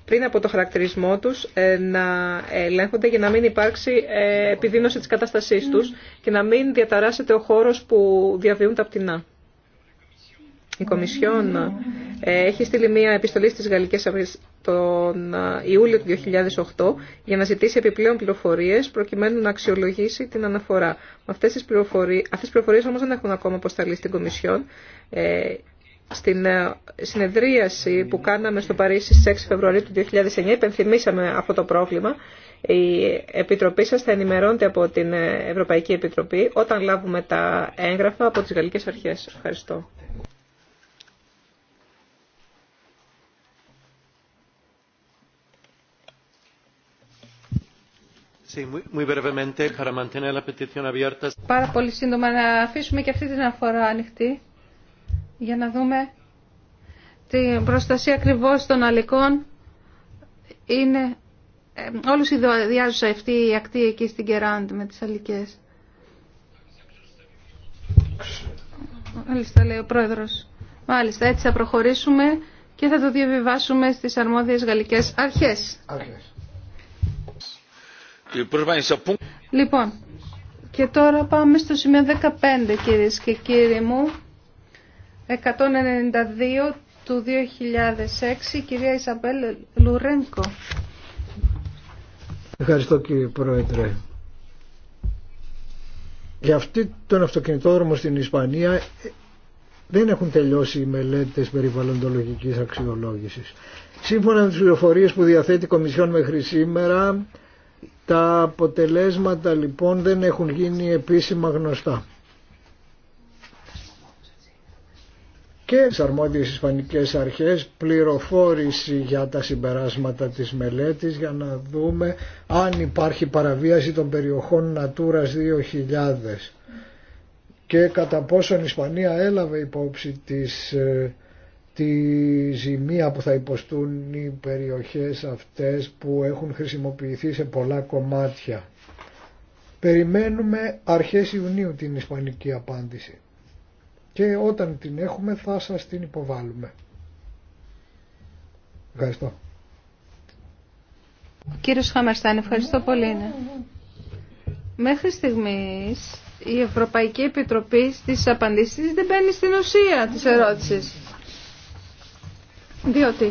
πριν από το χαρακτηρισμό τους ε, να ελέγχονται για να μην υπάρξει ε, επιδείνωση της κατάστασής τους και να μην διαταράσσεται ο χώρος που διαβιούν τα πτηνά. Η Κομισιόν έχει στείλει μία επιστολή στις Γαλλικές Αρχές τον ε, Ιούλιο του 2008 για να ζητήσει επιπλέον πληροφορίες προκειμένου να αξιολογήσει την αναφορά. Αυτές τις πληροφορίες, αυτές πληροφορίες όμως δεν έχουν ακόμα αποσταλεί στην Κομισιόν. Ε, στην ε, συνεδρίαση που κάναμε στο Παρίσι στις 6 Φεβρουαρίου του 2009 υπενθυμίσαμε αυτό το πρόβλημα. Η Επιτροπή σας θα ενημερώνεται από την ε, Ευρωπαϊκή Επιτροπή όταν λάβουμε τα έγγραφα από τις Γαλλικές Αρχές. Ευχαριστώ. Πάρα πολύ σύντομα να αφήσουμε και αυτή την αφορά ανοιχτή για να δούμε την προστασία ακριβώ των αλικών. Είναι ε, όλους διάζουσα αυτή η ακτή εκεί στην Κεράντ με τις αλικές. Μάλιστα λέει ο πρόεδρος. Μάλιστα έτσι θα προχωρήσουμε και θα το διαβιβάσουμε στις αρμόδιες γαλλικές αρχές. αρχές. Λοιπόν, και τώρα πάμε στο σημείο 15 κυρίε και κύριοι μου. 192 του 2006, κυρία Ισαμπέλ Λουρένκο. Ευχαριστώ κύριε Πρόεδρε. Για αυτή τον αυτοκινητόδρομο στην Ισπανία ε, δεν έχουν τελειώσει οι μελέτες περιβαλλοντολογικής αξιολόγησης. Σύμφωνα με τις πληροφορίες που διαθέτει η Κομισιόν μέχρι σήμερα, τα αποτελέσματα λοιπόν δεν έχουν γίνει επίσημα γνωστά. Και στις αρμόδιες ισπανικές αρχές πληροφόρηση για τα συμπεράσματα της μελέτης για να δούμε αν υπάρχει παραβίαση των περιοχών Natura 2000 και κατά πόσον η Ισπανία έλαβε υπόψη τις ε, τη ζημία που θα υποστούν οι περιοχές αυτές που έχουν χρησιμοποιηθεί σε πολλά κομμάτια. Περιμένουμε αρχές Ιουνίου την ισπανική απάντηση και όταν την έχουμε θα σας την υποβάλουμε. Ευχαριστώ. Κύριε Χαμερστάν, ευχαριστώ πολύ. Ναι. Μέχρι στιγμής η Ευρωπαϊκή Επιτροπή στις απαντήσεις δεν μπαίνει στην ουσία της ερώτησης διότι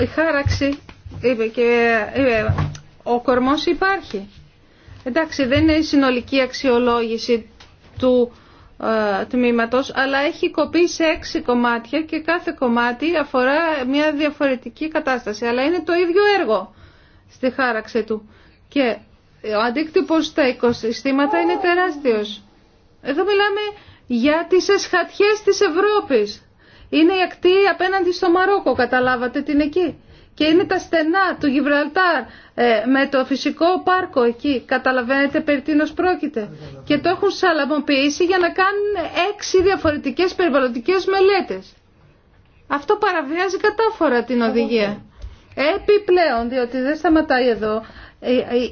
η χάραξη και ο κορμός υπάρχει. Εντάξει, δεν είναι η συνολική αξιολόγηση του ε, τμήματος, αλλά έχει κοπεί σε έξι κομμάτια και κάθε κομμάτι αφορά μια διαφορετική κατάσταση. Αλλά είναι το ίδιο έργο στη χάραξη του. Και ο αντίκτυπος στα οικοσυστήματα είναι τεράστιος. Εδώ μιλάμε για τις εσχατιές της Ευρώπης. Είναι η ακτή απέναντι στο Μαρόκο, καταλάβατε την εκεί. Και είναι τα στενά του Γιβραλτάρ ε, με το φυσικό πάρκο εκεί. Καταλαβαίνετε περί τίνος πρόκειται. Και το έχουν σαλαμοποιήσει για να κάνουν έξι διαφορετικές περιβαλλοντικές μελέτες. Αυτό παραβιάζει κατάφορα την οδηγία. Επιπλέον, διότι δεν σταματάει εδώ,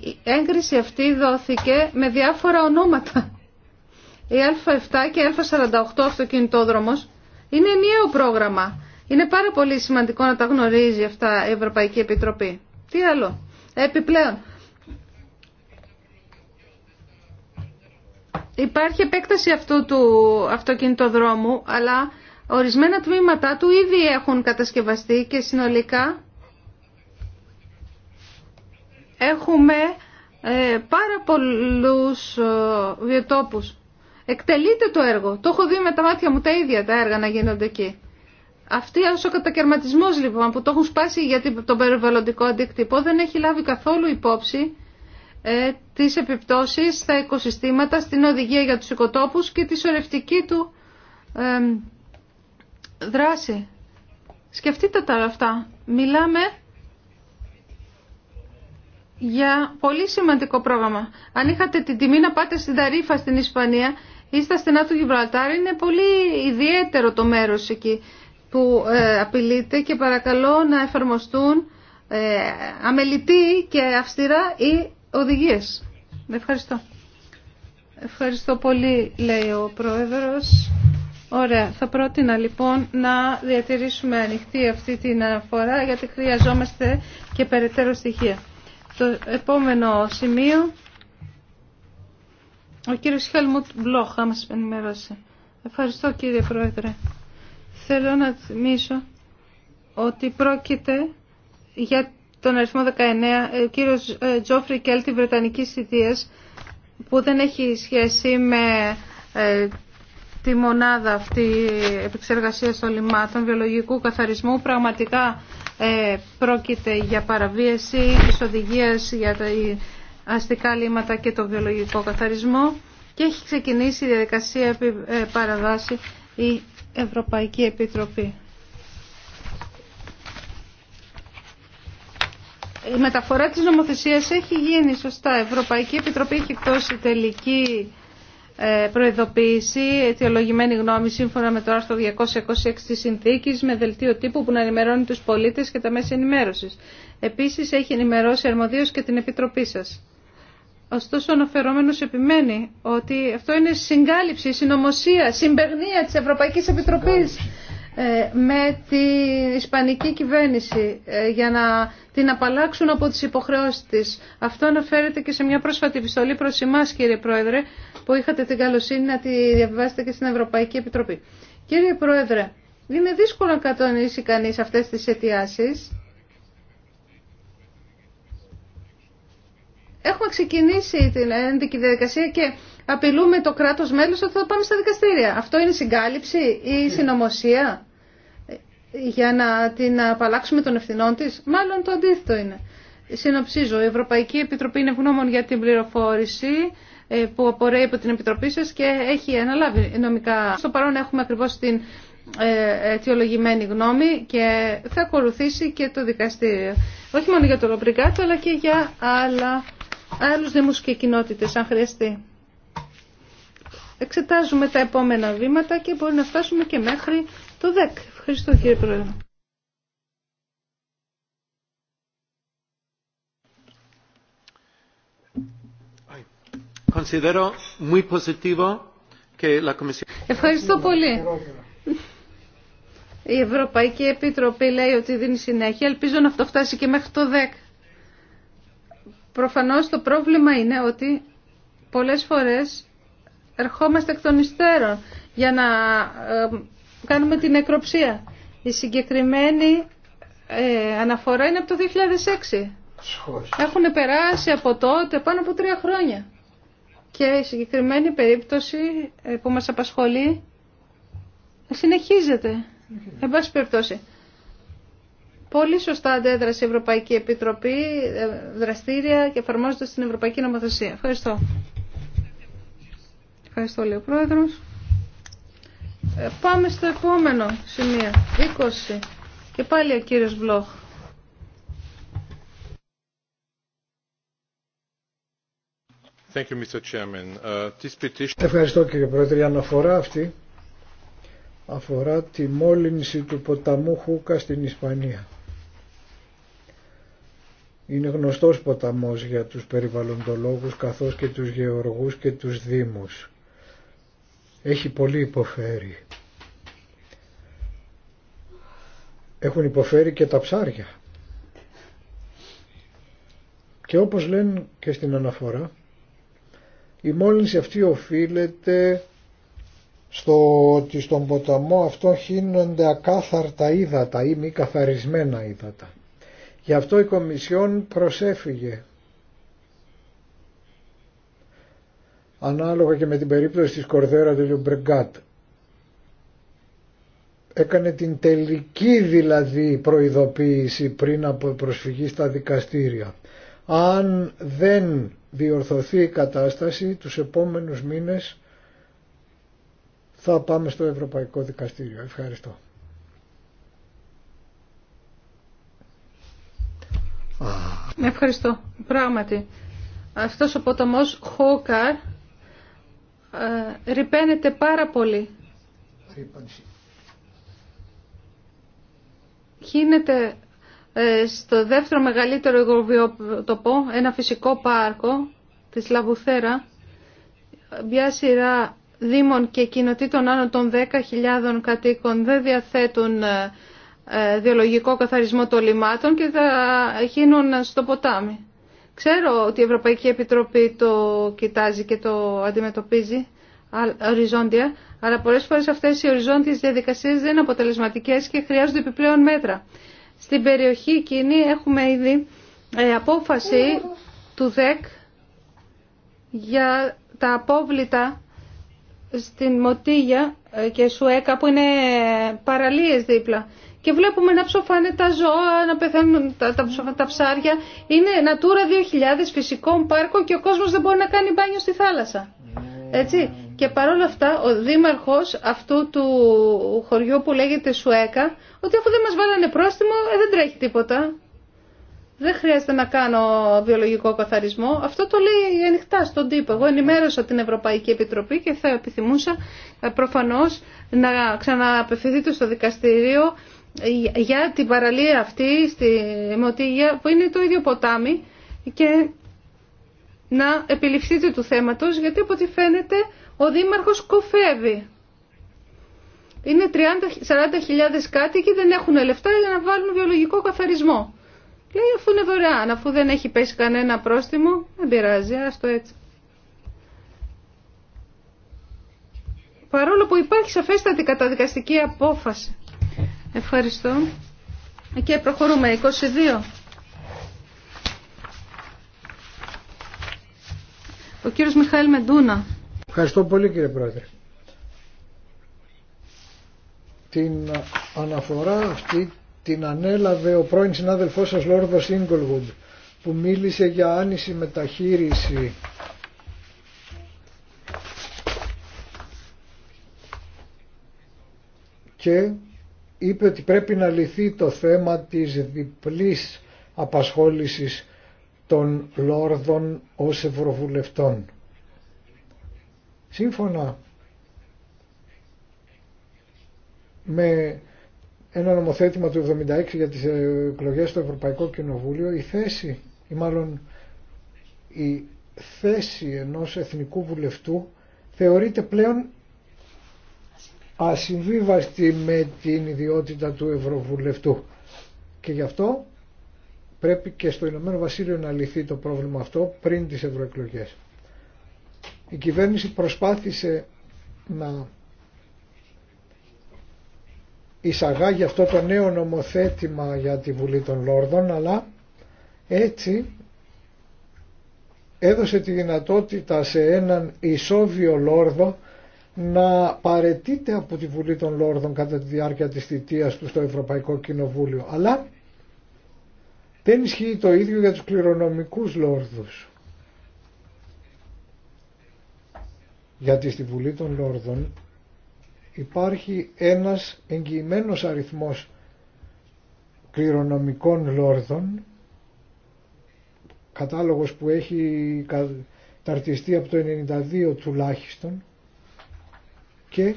η έγκριση αυτή δόθηκε με διάφορα ονόματα. Η Α7 και η Α48 αυτοκινητόδρομος είναι ενιαίο πρόγραμμα. Είναι πάρα πολύ σημαντικό να τα γνωρίζει αυτά η Ευρωπαϊκή Επιτροπή. Τι άλλο. Επιπλέον. Υπάρχει επέκταση αυτού του αυτοκινητοδρόμου, αλλά ορισμένα τμήματα του ήδη έχουν κατασκευαστεί και συνολικά έχουμε ε, πάρα πολλούς ε, βιοτόπους. Εκτελείται το έργο. Το έχω δει με τα μάτια μου τα ίδια τα έργα να γίνονται εκεί. Αυτή ο κατακαιρματισμός λοιπόν που το έχουν σπάσει για τον περιβαλλοντικό αντίκτυπο δεν έχει λάβει καθόλου υπόψη ε, τις επιπτώσεις στα οικοσυστήματα, στην οδηγία για τους οικοτόπους και τη σωρευτική του ε, δράση. Σκεφτείτε τα αυτά. Μιλάμε για πολύ σημαντικό πρόγραμμα. Αν είχατε την τιμή να πάτε στην Ταρίφα στην Ισπανία ή στα στενά του Γιβραλτάρ. Είναι πολύ ιδιαίτερο το μέρος εκεί που ε, απειλείται και παρακαλώ να εφαρμοστούν ε, αμελητή και αυστηρά οι οδηγίες. Ευχαριστώ. Ευχαριστώ πολύ, λέει ο Πρόεδρος. Ωραία, θα πρότεινα λοιπόν να διατηρήσουμε ανοιχτή αυτή την αναφορά γιατί χρειαζόμαστε και περαιτέρω στοιχεία. Το επόμενο σημείο ο κύριος Χέλμουτ Μπλόχ θα μας ενημερώσει. Ευχαριστώ κύριε Πρόεδρε. Θέλω να θυμίσω ότι πρόκειται για τον αριθμό 19, ε, ο κύριος ε, Τζόφρι Κέλτη Βρετανικής Ιδίας που δεν έχει σχέση με ε, τη μονάδα αυτή επεξεργασία των λιμάτων βιολογικού καθαρισμού πραγματικά ε, πρόκειται για παραβίαση της οδηγίας για τα αστικά λίματα και το βιολογικό καθαρισμό και έχει ξεκινήσει η διαδικασία επί ε, παραδάση η Ευρωπαϊκή Επιτροπή. Η μεταφορά της νομοθεσίας έχει γίνει σωστά. Η Ευρωπαϊκή Επιτροπή έχει εκδώσει τελική ε, προειδοποίηση, αιτιολογημένη γνώμη σύμφωνα με το άρθρο 226 της συνθήκης με δελτίο τύπου που να ενημερώνει τους πολίτες και τα μέσα ενημέρωσης. Επίσης έχει ενημερώσει αρμοδίως και την Επιτροπή σας. Ωστόσο, ο αναφερόμενο επιμένει ότι αυτό είναι συγκάλυψη, συνωμοσία, συμπερνία ε, τη Ευρωπαϊκή Επιτροπή με την Ισπανική κυβέρνηση ε, για να την απαλλάξουν από τις υποχρεώσεις τη. Αυτό αναφέρεται και σε μια πρόσφατη επιστολή προ εμάς κύριε Πρόεδρε που είχατε την καλοσύνη να τη διαβιβάσετε και στην Ευρωπαϊκή Επιτροπή. Κύριε Πρόεδρε, είναι δύσκολο να κατονίσει κανεί αυτέ τι αιτιάσει. Έχουμε ξεκινήσει την ένδικη διαδικασία και απειλούμε το κράτος μέλος ότι θα πάμε στα δικαστήρια. Αυτό είναι συγκάλυψη ή ναι. συνωμοσία για να την απαλλάξουμε των ευθυνών της. Μάλλον το αντίθετο είναι. Συνοψίζω, η Ευρωπαϊκή Επιτροπή είναι ευγνώμων για την πληροφόρηση ε, που απορρέει από την Επιτροπή σας και έχει αναλάβει νομικά. Στο παρόν έχουμε ακριβώς την ε, αιτιολογημένη γνώμη και θα ακολουθήσει και το δικαστήριο. Όχι μόνο για το Λομπριγκάτο αλλά και για άλλα άλλους δήμους και κοινότητες αν χρειαστεί. Εξετάζουμε τα επόμενα βήματα και μπορεί να φτάσουμε και μέχρι το 10. Ευχαριστώ κύριε Πρόεδρε. Ευχαριστώ πολύ. Η Ευρωπαϊκή Επιτροπή λέει ότι δίνει συνέχεια. Ελπίζω να αυτό φτάσει και μέχρι το 10. Προφανώς το πρόβλημα είναι ότι πολλές φορές ερχόμαστε εκ των υστέρων για να ε, κάνουμε την νεκροψία. Η συγκεκριμένη ε, αναφορά είναι από το 2006. Έχουν περάσει από τότε πάνω από τρία χρόνια. Και η συγκεκριμένη περίπτωση ε, που μας απασχολεί συνεχίζεται. Εν πάση περιπτώσει. Πολύ σωστά αντέδρασε η Ευρωπαϊκή Επιτροπή, ε, δραστήρια και εφαρμόζοντα την Ευρωπαϊκή Νομοθεσία. Ευχαριστώ. Ευχαριστώ, λέει ο Πρόεδρο. Ε, πάμε στο επόμενο σημείο, 20. Και πάλι ο κύριο Βλόχ. Thank you, Mr. Chairman. Uh, Ευχαριστώ κύριε Πρόεδρε. Η αναφορά αυτή αφορά τη μόλυνση του ποταμού Χούκα στην Ισπανία. Είναι γνωστός ποταμός για τους περιβαλλοντολόγους καθώς και τους γεωργούς και τους δήμους. Έχει πολύ υποφέρει. Έχουν υποφέρει και τα ψάρια. Και όπως λένε και στην αναφορά, η μόλυνση αυτή οφείλεται στο ότι στον ποταμό αυτό χύνονται ακάθαρτα ύδατα ή μη καθαρισμένα ύδατα. Γι' αυτό η Κομισιόν προσέφυγε. Ανάλογα και με την περίπτωση της Κορδέρα του Λιουμπρεγκάτ. Έκανε την τελική δηλαδή προειδοποίηση πριν από προσφυγή στα δικαστήρια. Αν δεν διορθωθεί η κατάσταση τους επόμενους μήνες θα πάμε στο Ευρωπαϊκό Δικαστήριο. Ευχαριστώ. Ναι, ευχαριστώ. Πράγματι, αυτός ο ποταμός Χόκαρ ε, ρηπαίνεται πάρα πολύ. Ρήπανση. Ε, στο δεύτερο μεγαλύτερο υγροβιοτοπό, ένα φυσικό πάρκο της Λαβουθέρα, μια σειρά δήμων και κοινοτήτων άνω των 10.000 κατοίκων δεν διαθέτουν ε, ε, διολογικό καθαρισμό των λιμάτων και θα γίνουν στο ποτάμι. Ξέρω ότι η Ευρωπαϊκή Επιτροπή το κοιτάζει και το αντιμετωπίζει οριζόντια, αλλά πολλές φορές αυτές οι οριζόντιες διαδικασίες δεν είναι αποτελεσματικές και χρειάζονται επιπλέον μέτρα. Στην περιοχή εκείνη έχουμε ήδη ε, απόφαση του ΔΕΚ για τα απόβλητα στην Μωτίγια ε, και Σουέκα που είναι παραλίες δίπλα και βλέπουμε να ψοφάνε τα ζώα, να πεθαίνουν τα, τα, τα ψάρια. Είναι Natura 2000 φυσικών πάρκων και ο κόσμος δεν μπορεί να κάνει μπάνιο στη θάλασσα. Ε. Έτσι. Και παρόλα αυτά ο δήμαρχος αυτού του χωριού που λέγεται Σουέκα, ότι αφού δεν μας βάλανε πρόστιμο ε, δεν τρέχει τίποτα. Δεν χρειάζεται να κάνω βιολογικό καθαρισμό. Αυτό το λέει ανοιχτά στον τύπο. Εγώ ενημέρωσα την Ευρωπαϊκή Επιτροπή και θα επιθυμούσα ε, προφανώς να ξαναπευθυνθείτε στο δικαστήριο για την παραλία αυτή στη Μωτήγια που είναι το ίδιο ποτάμι και να επιληφθείτε του θέματος γιατί από ό,τι φαίνεται ο Δήμαρχος κοφεύει. 40.000 30-40 και κάτοικοι, δεν έχουν λεφτά για να βάλουν βιολογικό καθαρισμό. Λέει αφού είναι δωρεάν, αφού δεν έχει πέσει κανένα πρόστιμο, δεν πειράζει, ας το έτσι. Παρόλο που υπάρχει σαφέστατη καταδικαστική απόφαση. Ευχαριστώ. Και προχωρούμε. 22. Ο κύριος Μιχαήλ Μεντούνα. Ευχαριστώ πολύ κύριε Πρόεδρε. Την αναφορά αυτή την ανέλαβε ο πρώην συνάδελφός σας Λόρδος Ίγκολγουντ που μίλησε για άνηση μεταχείριση και είπε ότι πρέπει να λυθεί το θέμα της διπλής απασχόλησης των Λόρδων ως Ευρωβουλευτών. Σύμφωνα με ένα νομοθέτημα του 76 για τις εκλογέ στο Ευρωπαϊκό Κοινοβούλιο, η θέση, ή μάλλον η θέση ενός εθνικού βουλευτού θεωρείται πλέον ασυμβίβαστη με την ιδιότητα του Ευρωβουλευτού. Και γι' αυτό πρέπει και στο Ηνωμένο Βασίλειο να λυθεί το πρόβλημα αυτό πριν τις ευρωεκλογέ. Η κυβέρνηση προσπάθησε να εισαγάγει αυτό το νέο νομοθέτημα για τη Βουλή των Λόρδων, αλλά έτσι έδωσε τη δυνατότητα σε έναν ισόβιο Λόρδο να παρετείται από τη Βουλή των Λόρδων κατά τη διάρκεια της θητείας του στο Ευρωπαϊκό Κοινοβούλιο. Αλλά δεν ισχύει το ίδιο για τους κληρονομικούς Λόρδους. Γιατί στη Βουλή των Λόρδων υπάρχει ένας εγγυημένος αριθμός κληρονομικών Λόρδων κατάλογος που έχει ταρτιστεί από το 92 τουλάχιστον και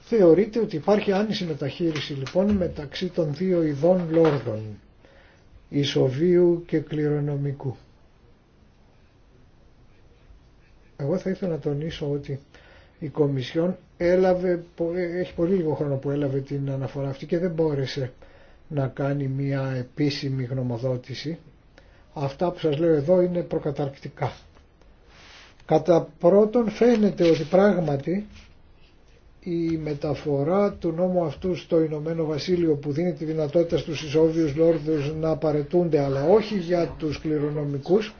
θεωρείται ότι υπάρχει άνηση μεταχείριση λοιπόν μεταξύ των δύο ειδών λόρδων ισοβίου και κληρονομικού. Εγώ θα ήθελα να τονίσω ότι η Κομισιόν έλαβε, έχει πολύ λίγο χρόνο που έλαβε την αναφορά αυτή και δεν μπόρεσε να κάνει μια επίσημη γνωμοδότηση. Αυτά που σας λέω εδώ είναι προκαταρκτικά. Κατά πρώτον φαίνεται ότι πράγματι η μεταφορά του νόμου αυτού στο Ηνωμένο Βασίλειο που δίνει τη δυνατότητα στους ισόβιους λόρδους να παρετούνται αλλά όχι για τους κληρονομικούς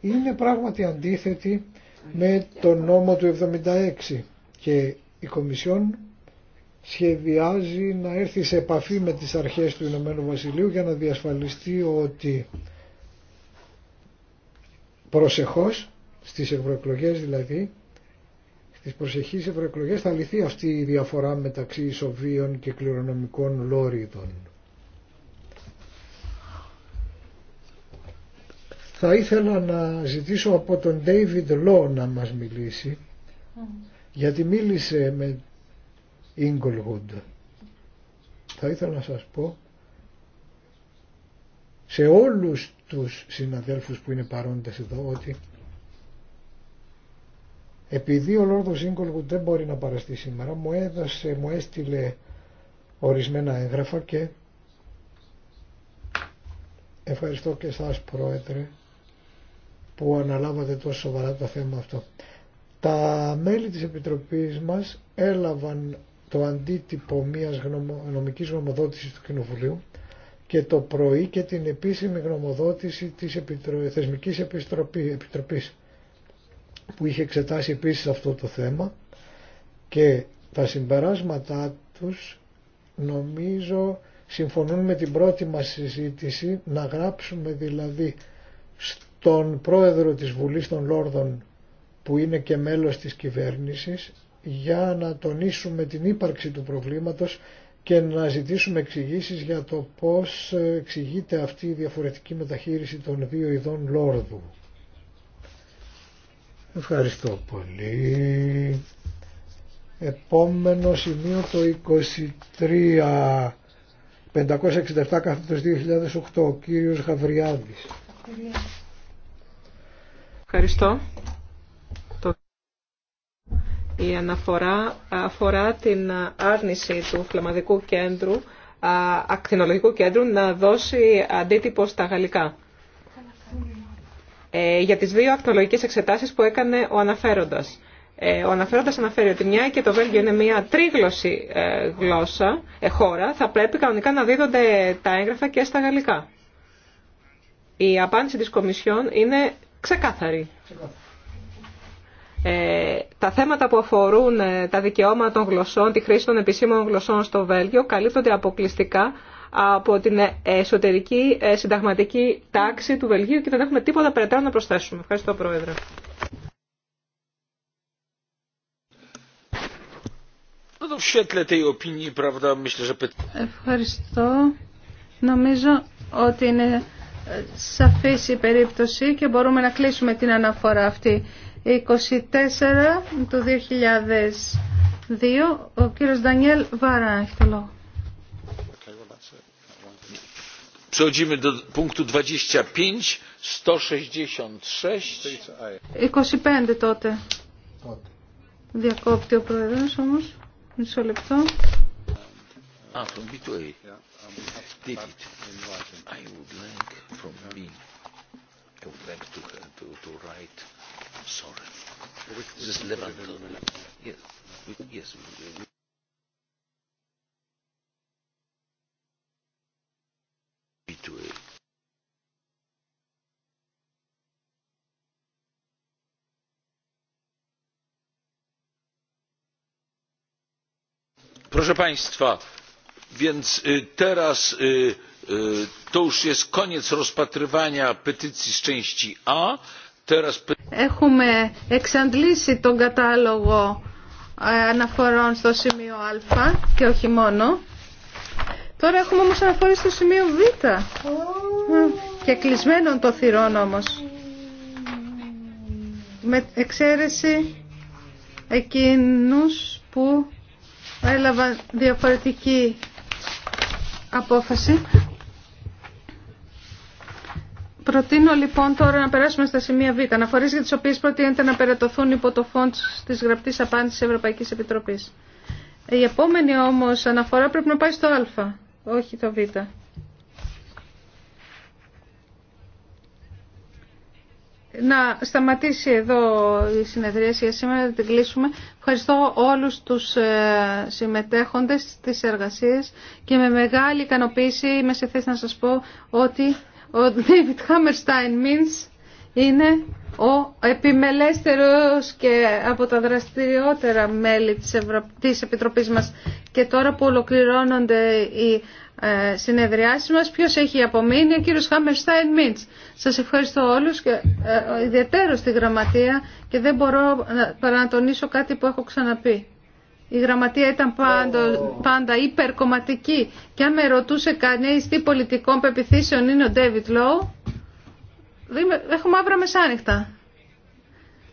είναι πράγματι αντίθετη με τον νόμο του 76 και η Κομισιόν σχεδιάζει να έρθει σε επαφή με τις αρχές του Ηνωμένου Βασιλείου για να διασφαλιστεί ότι προσεχώς στις ευρωεκλογέ δηλαδή, στις προσεχείς ευρωεκλογέ θα λυθεί αυτή η διαφορά μεταξύ ισοβίων και κληρονομικών λόριδων. Θα ήθελα να ζητήσω από τον David Law να μας μιλήσει, γιατί μίλησε με Inglewood. Θα ήθελα να σας πω σε όλους τους συναδέλφους που είναι παρόντες εδώ ότι επειδή ο Λόρδος Ίγκολγου δεν μπορεί να παραστεί σήμερα, μου έδωσε, μου έστειλε ορισμένα έγγραφα και ευχαριστώ και εσάς Πρόεδρε που αναλάβατε τόσο σοβαρά το θέμα αυτό. Τα μέλη της Επιτροπής μας έλαβαν το αντίτυπο μιας νομικής γνωμοδότησης του Κοινοβουλίου και το πρωί και την επίσημη γνωμοδότηση της Επιτρο... Θεσμικής Επιτροπής που είχε εξετάσει επίσης αυτό το θέμα και τα συμπεράσματά τους νομίζω συμφωνούν με την πρώτη μας συζήτηση να γράψουμε δηλαδή στον πρόεδρο της Βουλής των Λόρδων που είναι και μέλος της κυβέρνησης για να τονίσουμε την ύπαρξη του προβλήματος και να ζητήσουμε εξηγήσει για το πώς εξηγείται αυτή η διαφορετική μεταχείριση των δύο ειδών λόρδου. Ευχαριστώ πολύ. Επόμενο σημείο το 23. 567 κάθετος 2008, ο κύριος Γαβριάδης. Ευχαριστώ. Η αναφορά αφορά την άρνηση του φλαμαδικού κέντρου, ακτινολογικού κέντρου να δώσει αντίτυπο στα γαλλικά. Ε, για τις δύο ακτολογικές εξετάσεις που έκανε ο αναφέροντας. Ε, ο αναφέροντας αναφέρει ότι μια και το Βέλγιο είναι μια τρίγλωση ε, γλώσσα, χώρα, θα πρέπει κανονικά να δίδονται τα έγγραφα και στα γαλλικά. Η απάντηση της Κομισιόν είναι ξεκάθαρη. τα θέματα που αφορούν τα δικαιώματα των γλωσσών, τη χρήση των επισήμων γλωσσών στο Βέλγιο καλύπτονται αποκλειστικά από την εσωτερική ε, συνταγματική τάξη του Βελγίου και δεν έχουμε τίποτα περαιτέρω να προσθέσουμε. Ευχαριστώ, Πρόεδρε. Ευχαριστώ. Νομίζω ότι είναι ε, σαφής η περίπτωση και μπορούμε να κλείσουμε την αναφορά αυτή. 24 του 2002, ο κύριος Δανιέλ Βάρα έχει το λόγο. Przechodzimy do punktu 25, 166. 25 τότε. Διακόπτει ο Πρόεδρος όμως. Μισό λεπτό. Ah, from b to a Did it. I would like from B. I would like to, to, to write. Sorry. This is Levanton. Yes. Yes. Proszę Έχουμε εξαντλήσει τον κατάλογο ε, αναφορών στο σημείο Α και όχι μόνο. Τώρα έχουμε όμως αναφορέ στο σημείο Β ε, και κλεισμένων το θυρών όμως. Με εξαίρεση εκείνους που Έλαβα διαφορετική απόφαση. Προτείνω λοιπόν τώρα να περάσουμε στα σημεία Β, αναφορές για τις οποίες προτείνεται να περατωθούν υπό το φόντ της γραπτής απάντησης Ευρωπαϊκής Επιτροπής. Η επόμενη όμως αναφορά πρέπει να πάει στο Α, όχι το Β. να σταματήσει εδώ η συνεδρίαση σήμερα, να την κλείσουμε. Ευχαριστώ όλους τους ε, συμμετέχοντες της εργασίες και με μεγάλη ικανοποίηση είμαι σε θέση να σας πω ότι ο David Hammerstein Mintz είναι ο επιμελέστερος και από τα δραστηριότερα μέλη της, Επιτροπής μας και τώρα που ολοκληρώνονται οι ε, συνεδριάσεις μας. Ποιος έχει απομείνει, ο κύριος Χάμερστάιν Μίντς. Σας ευχαριστώ όλους και ε, ιδιαίτερο στη γραμματεία και δεν μπορώ παρά να τονίσω κάτι που έχω ξαναπεί. Η γραμματεία ήταν πάντα υπερκομματική και αν με ρωτούσε κανείς τι πολιτικών πεπιθήσεων είναι ο Ντέβιτ Λόου, έχουμε μαύρα μεσάνυχτα.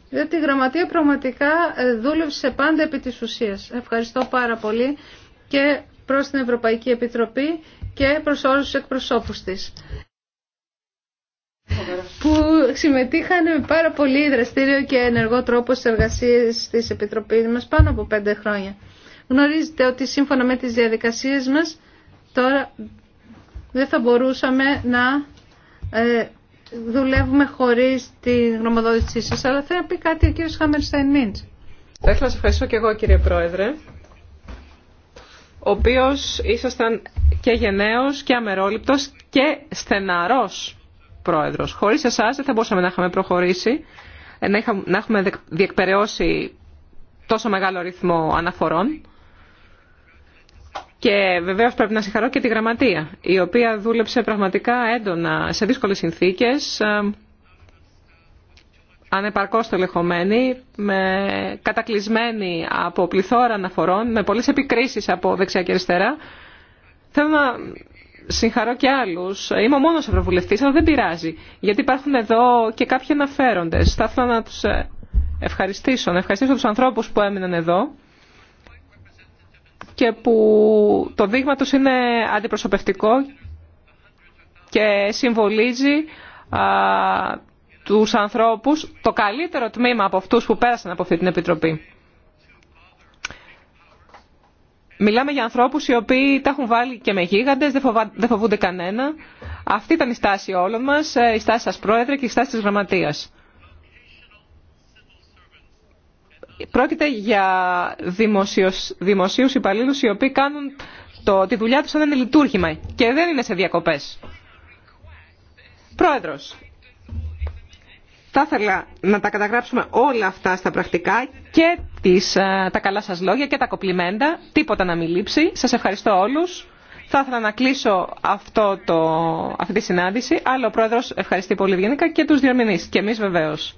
Διότι η γραμματεία πραγματικά ε, δούλευσε πάντα επί της ουσίας. Ευχαριστώ πάρα πολύ και προς την Ευρωπαϊκή Επιτροπή και προς όλους τους εκπροσώπους της που συμμετείχαν με πάρα πολύ δραστήριο και ενεργό τρόπο στις εργασίες της Επιτροπής μας πάνω από πέντε χρόνια. Γνωρίζετε ότι σύμφωνα με τις διαδικασίες μας τώρα δεν θα μπορούσαμε να ε, δουλεύουμε χωρίς τη γνωμοδότησή σας, αλλά θέλω να πει κάτι ο κύριος Χάμερσταϊν Μίντς. Θα ήθελα να σας ευχαριστώ και εγώ κύριε Πρόεδρε ο οποίος ήσασταν και γενναίος και αμερόληπτος και στεναρός πρόεδρος. Χωρίς εσάς δεν θα μπορούσαμε να είχαμε προχωρήσει, ε, να έχουμε διεκπαιρεώσει τόσο μεγάλο ρυθμό αναφορών. Και βεβαίως πρέπει να συγχαρώ και τη γραμματεία, η οποία δούλεψε πραγματικά έντονα σε δύσκολες συνθήκες, ε, ανεπαρκώς τελεχωμένη, με κατακλυσμένη από πληθώρα αναφορών, με πολλές επικρίσεις από δεξιά και αριστερά. Θέλω να συγχαρώ και άλλους. Είμαι ο μόνος ευρωβουλευτής, αλλά δεν πειράζει, γιατί υπάρχουν εδώ και κάποιοι αναφέροντες. Θα ήθελα να τους ε, ευχαριστήσω, να ευχαριστήσω τους ανθρώπους που έμειναν εδώ και που το δείγμα τους είναι αντιπροσωπευτικό και συμβολίζει τους ανθρώπους, το καλύτερο τμήμα από αυτούς που πέρασαν από αυτή την Επιτροπή. Μιλάμε για ανθρώπους οι οποίοι τα έχουν βάλει και με γίγαντες, δεν, φοβούνται κανένα. Αυτή ήταν η στάση όλων μας, ε, η στάση σας πρόεδρε και η στάση της γραμματείας. Πρόκειται για δημοσίους, δημοσίους υπαλλήλους οι οποίοι κάνουν το, τη δουλειά τους σαν ένα λειτουργήμα και δεν είναι σε διακοπές. Πρόεδρος, θα ήθελα να τα καταγράψουμε όλα αυτά στα πρακτικά και τις, ε, τα καλά σας λόγια και τα κοπλιμέντα. Τίποτα να μην λείψει. Σας ευχαριστώ όλους. Θα ήθελα να κλείσω αυτό το, αυτή τη συνάντηση. Άλλο ο Πρόεδρος ευχαριστεί πολύ γενικά και τους διορμηνείς. Και εμείς βεβαίως.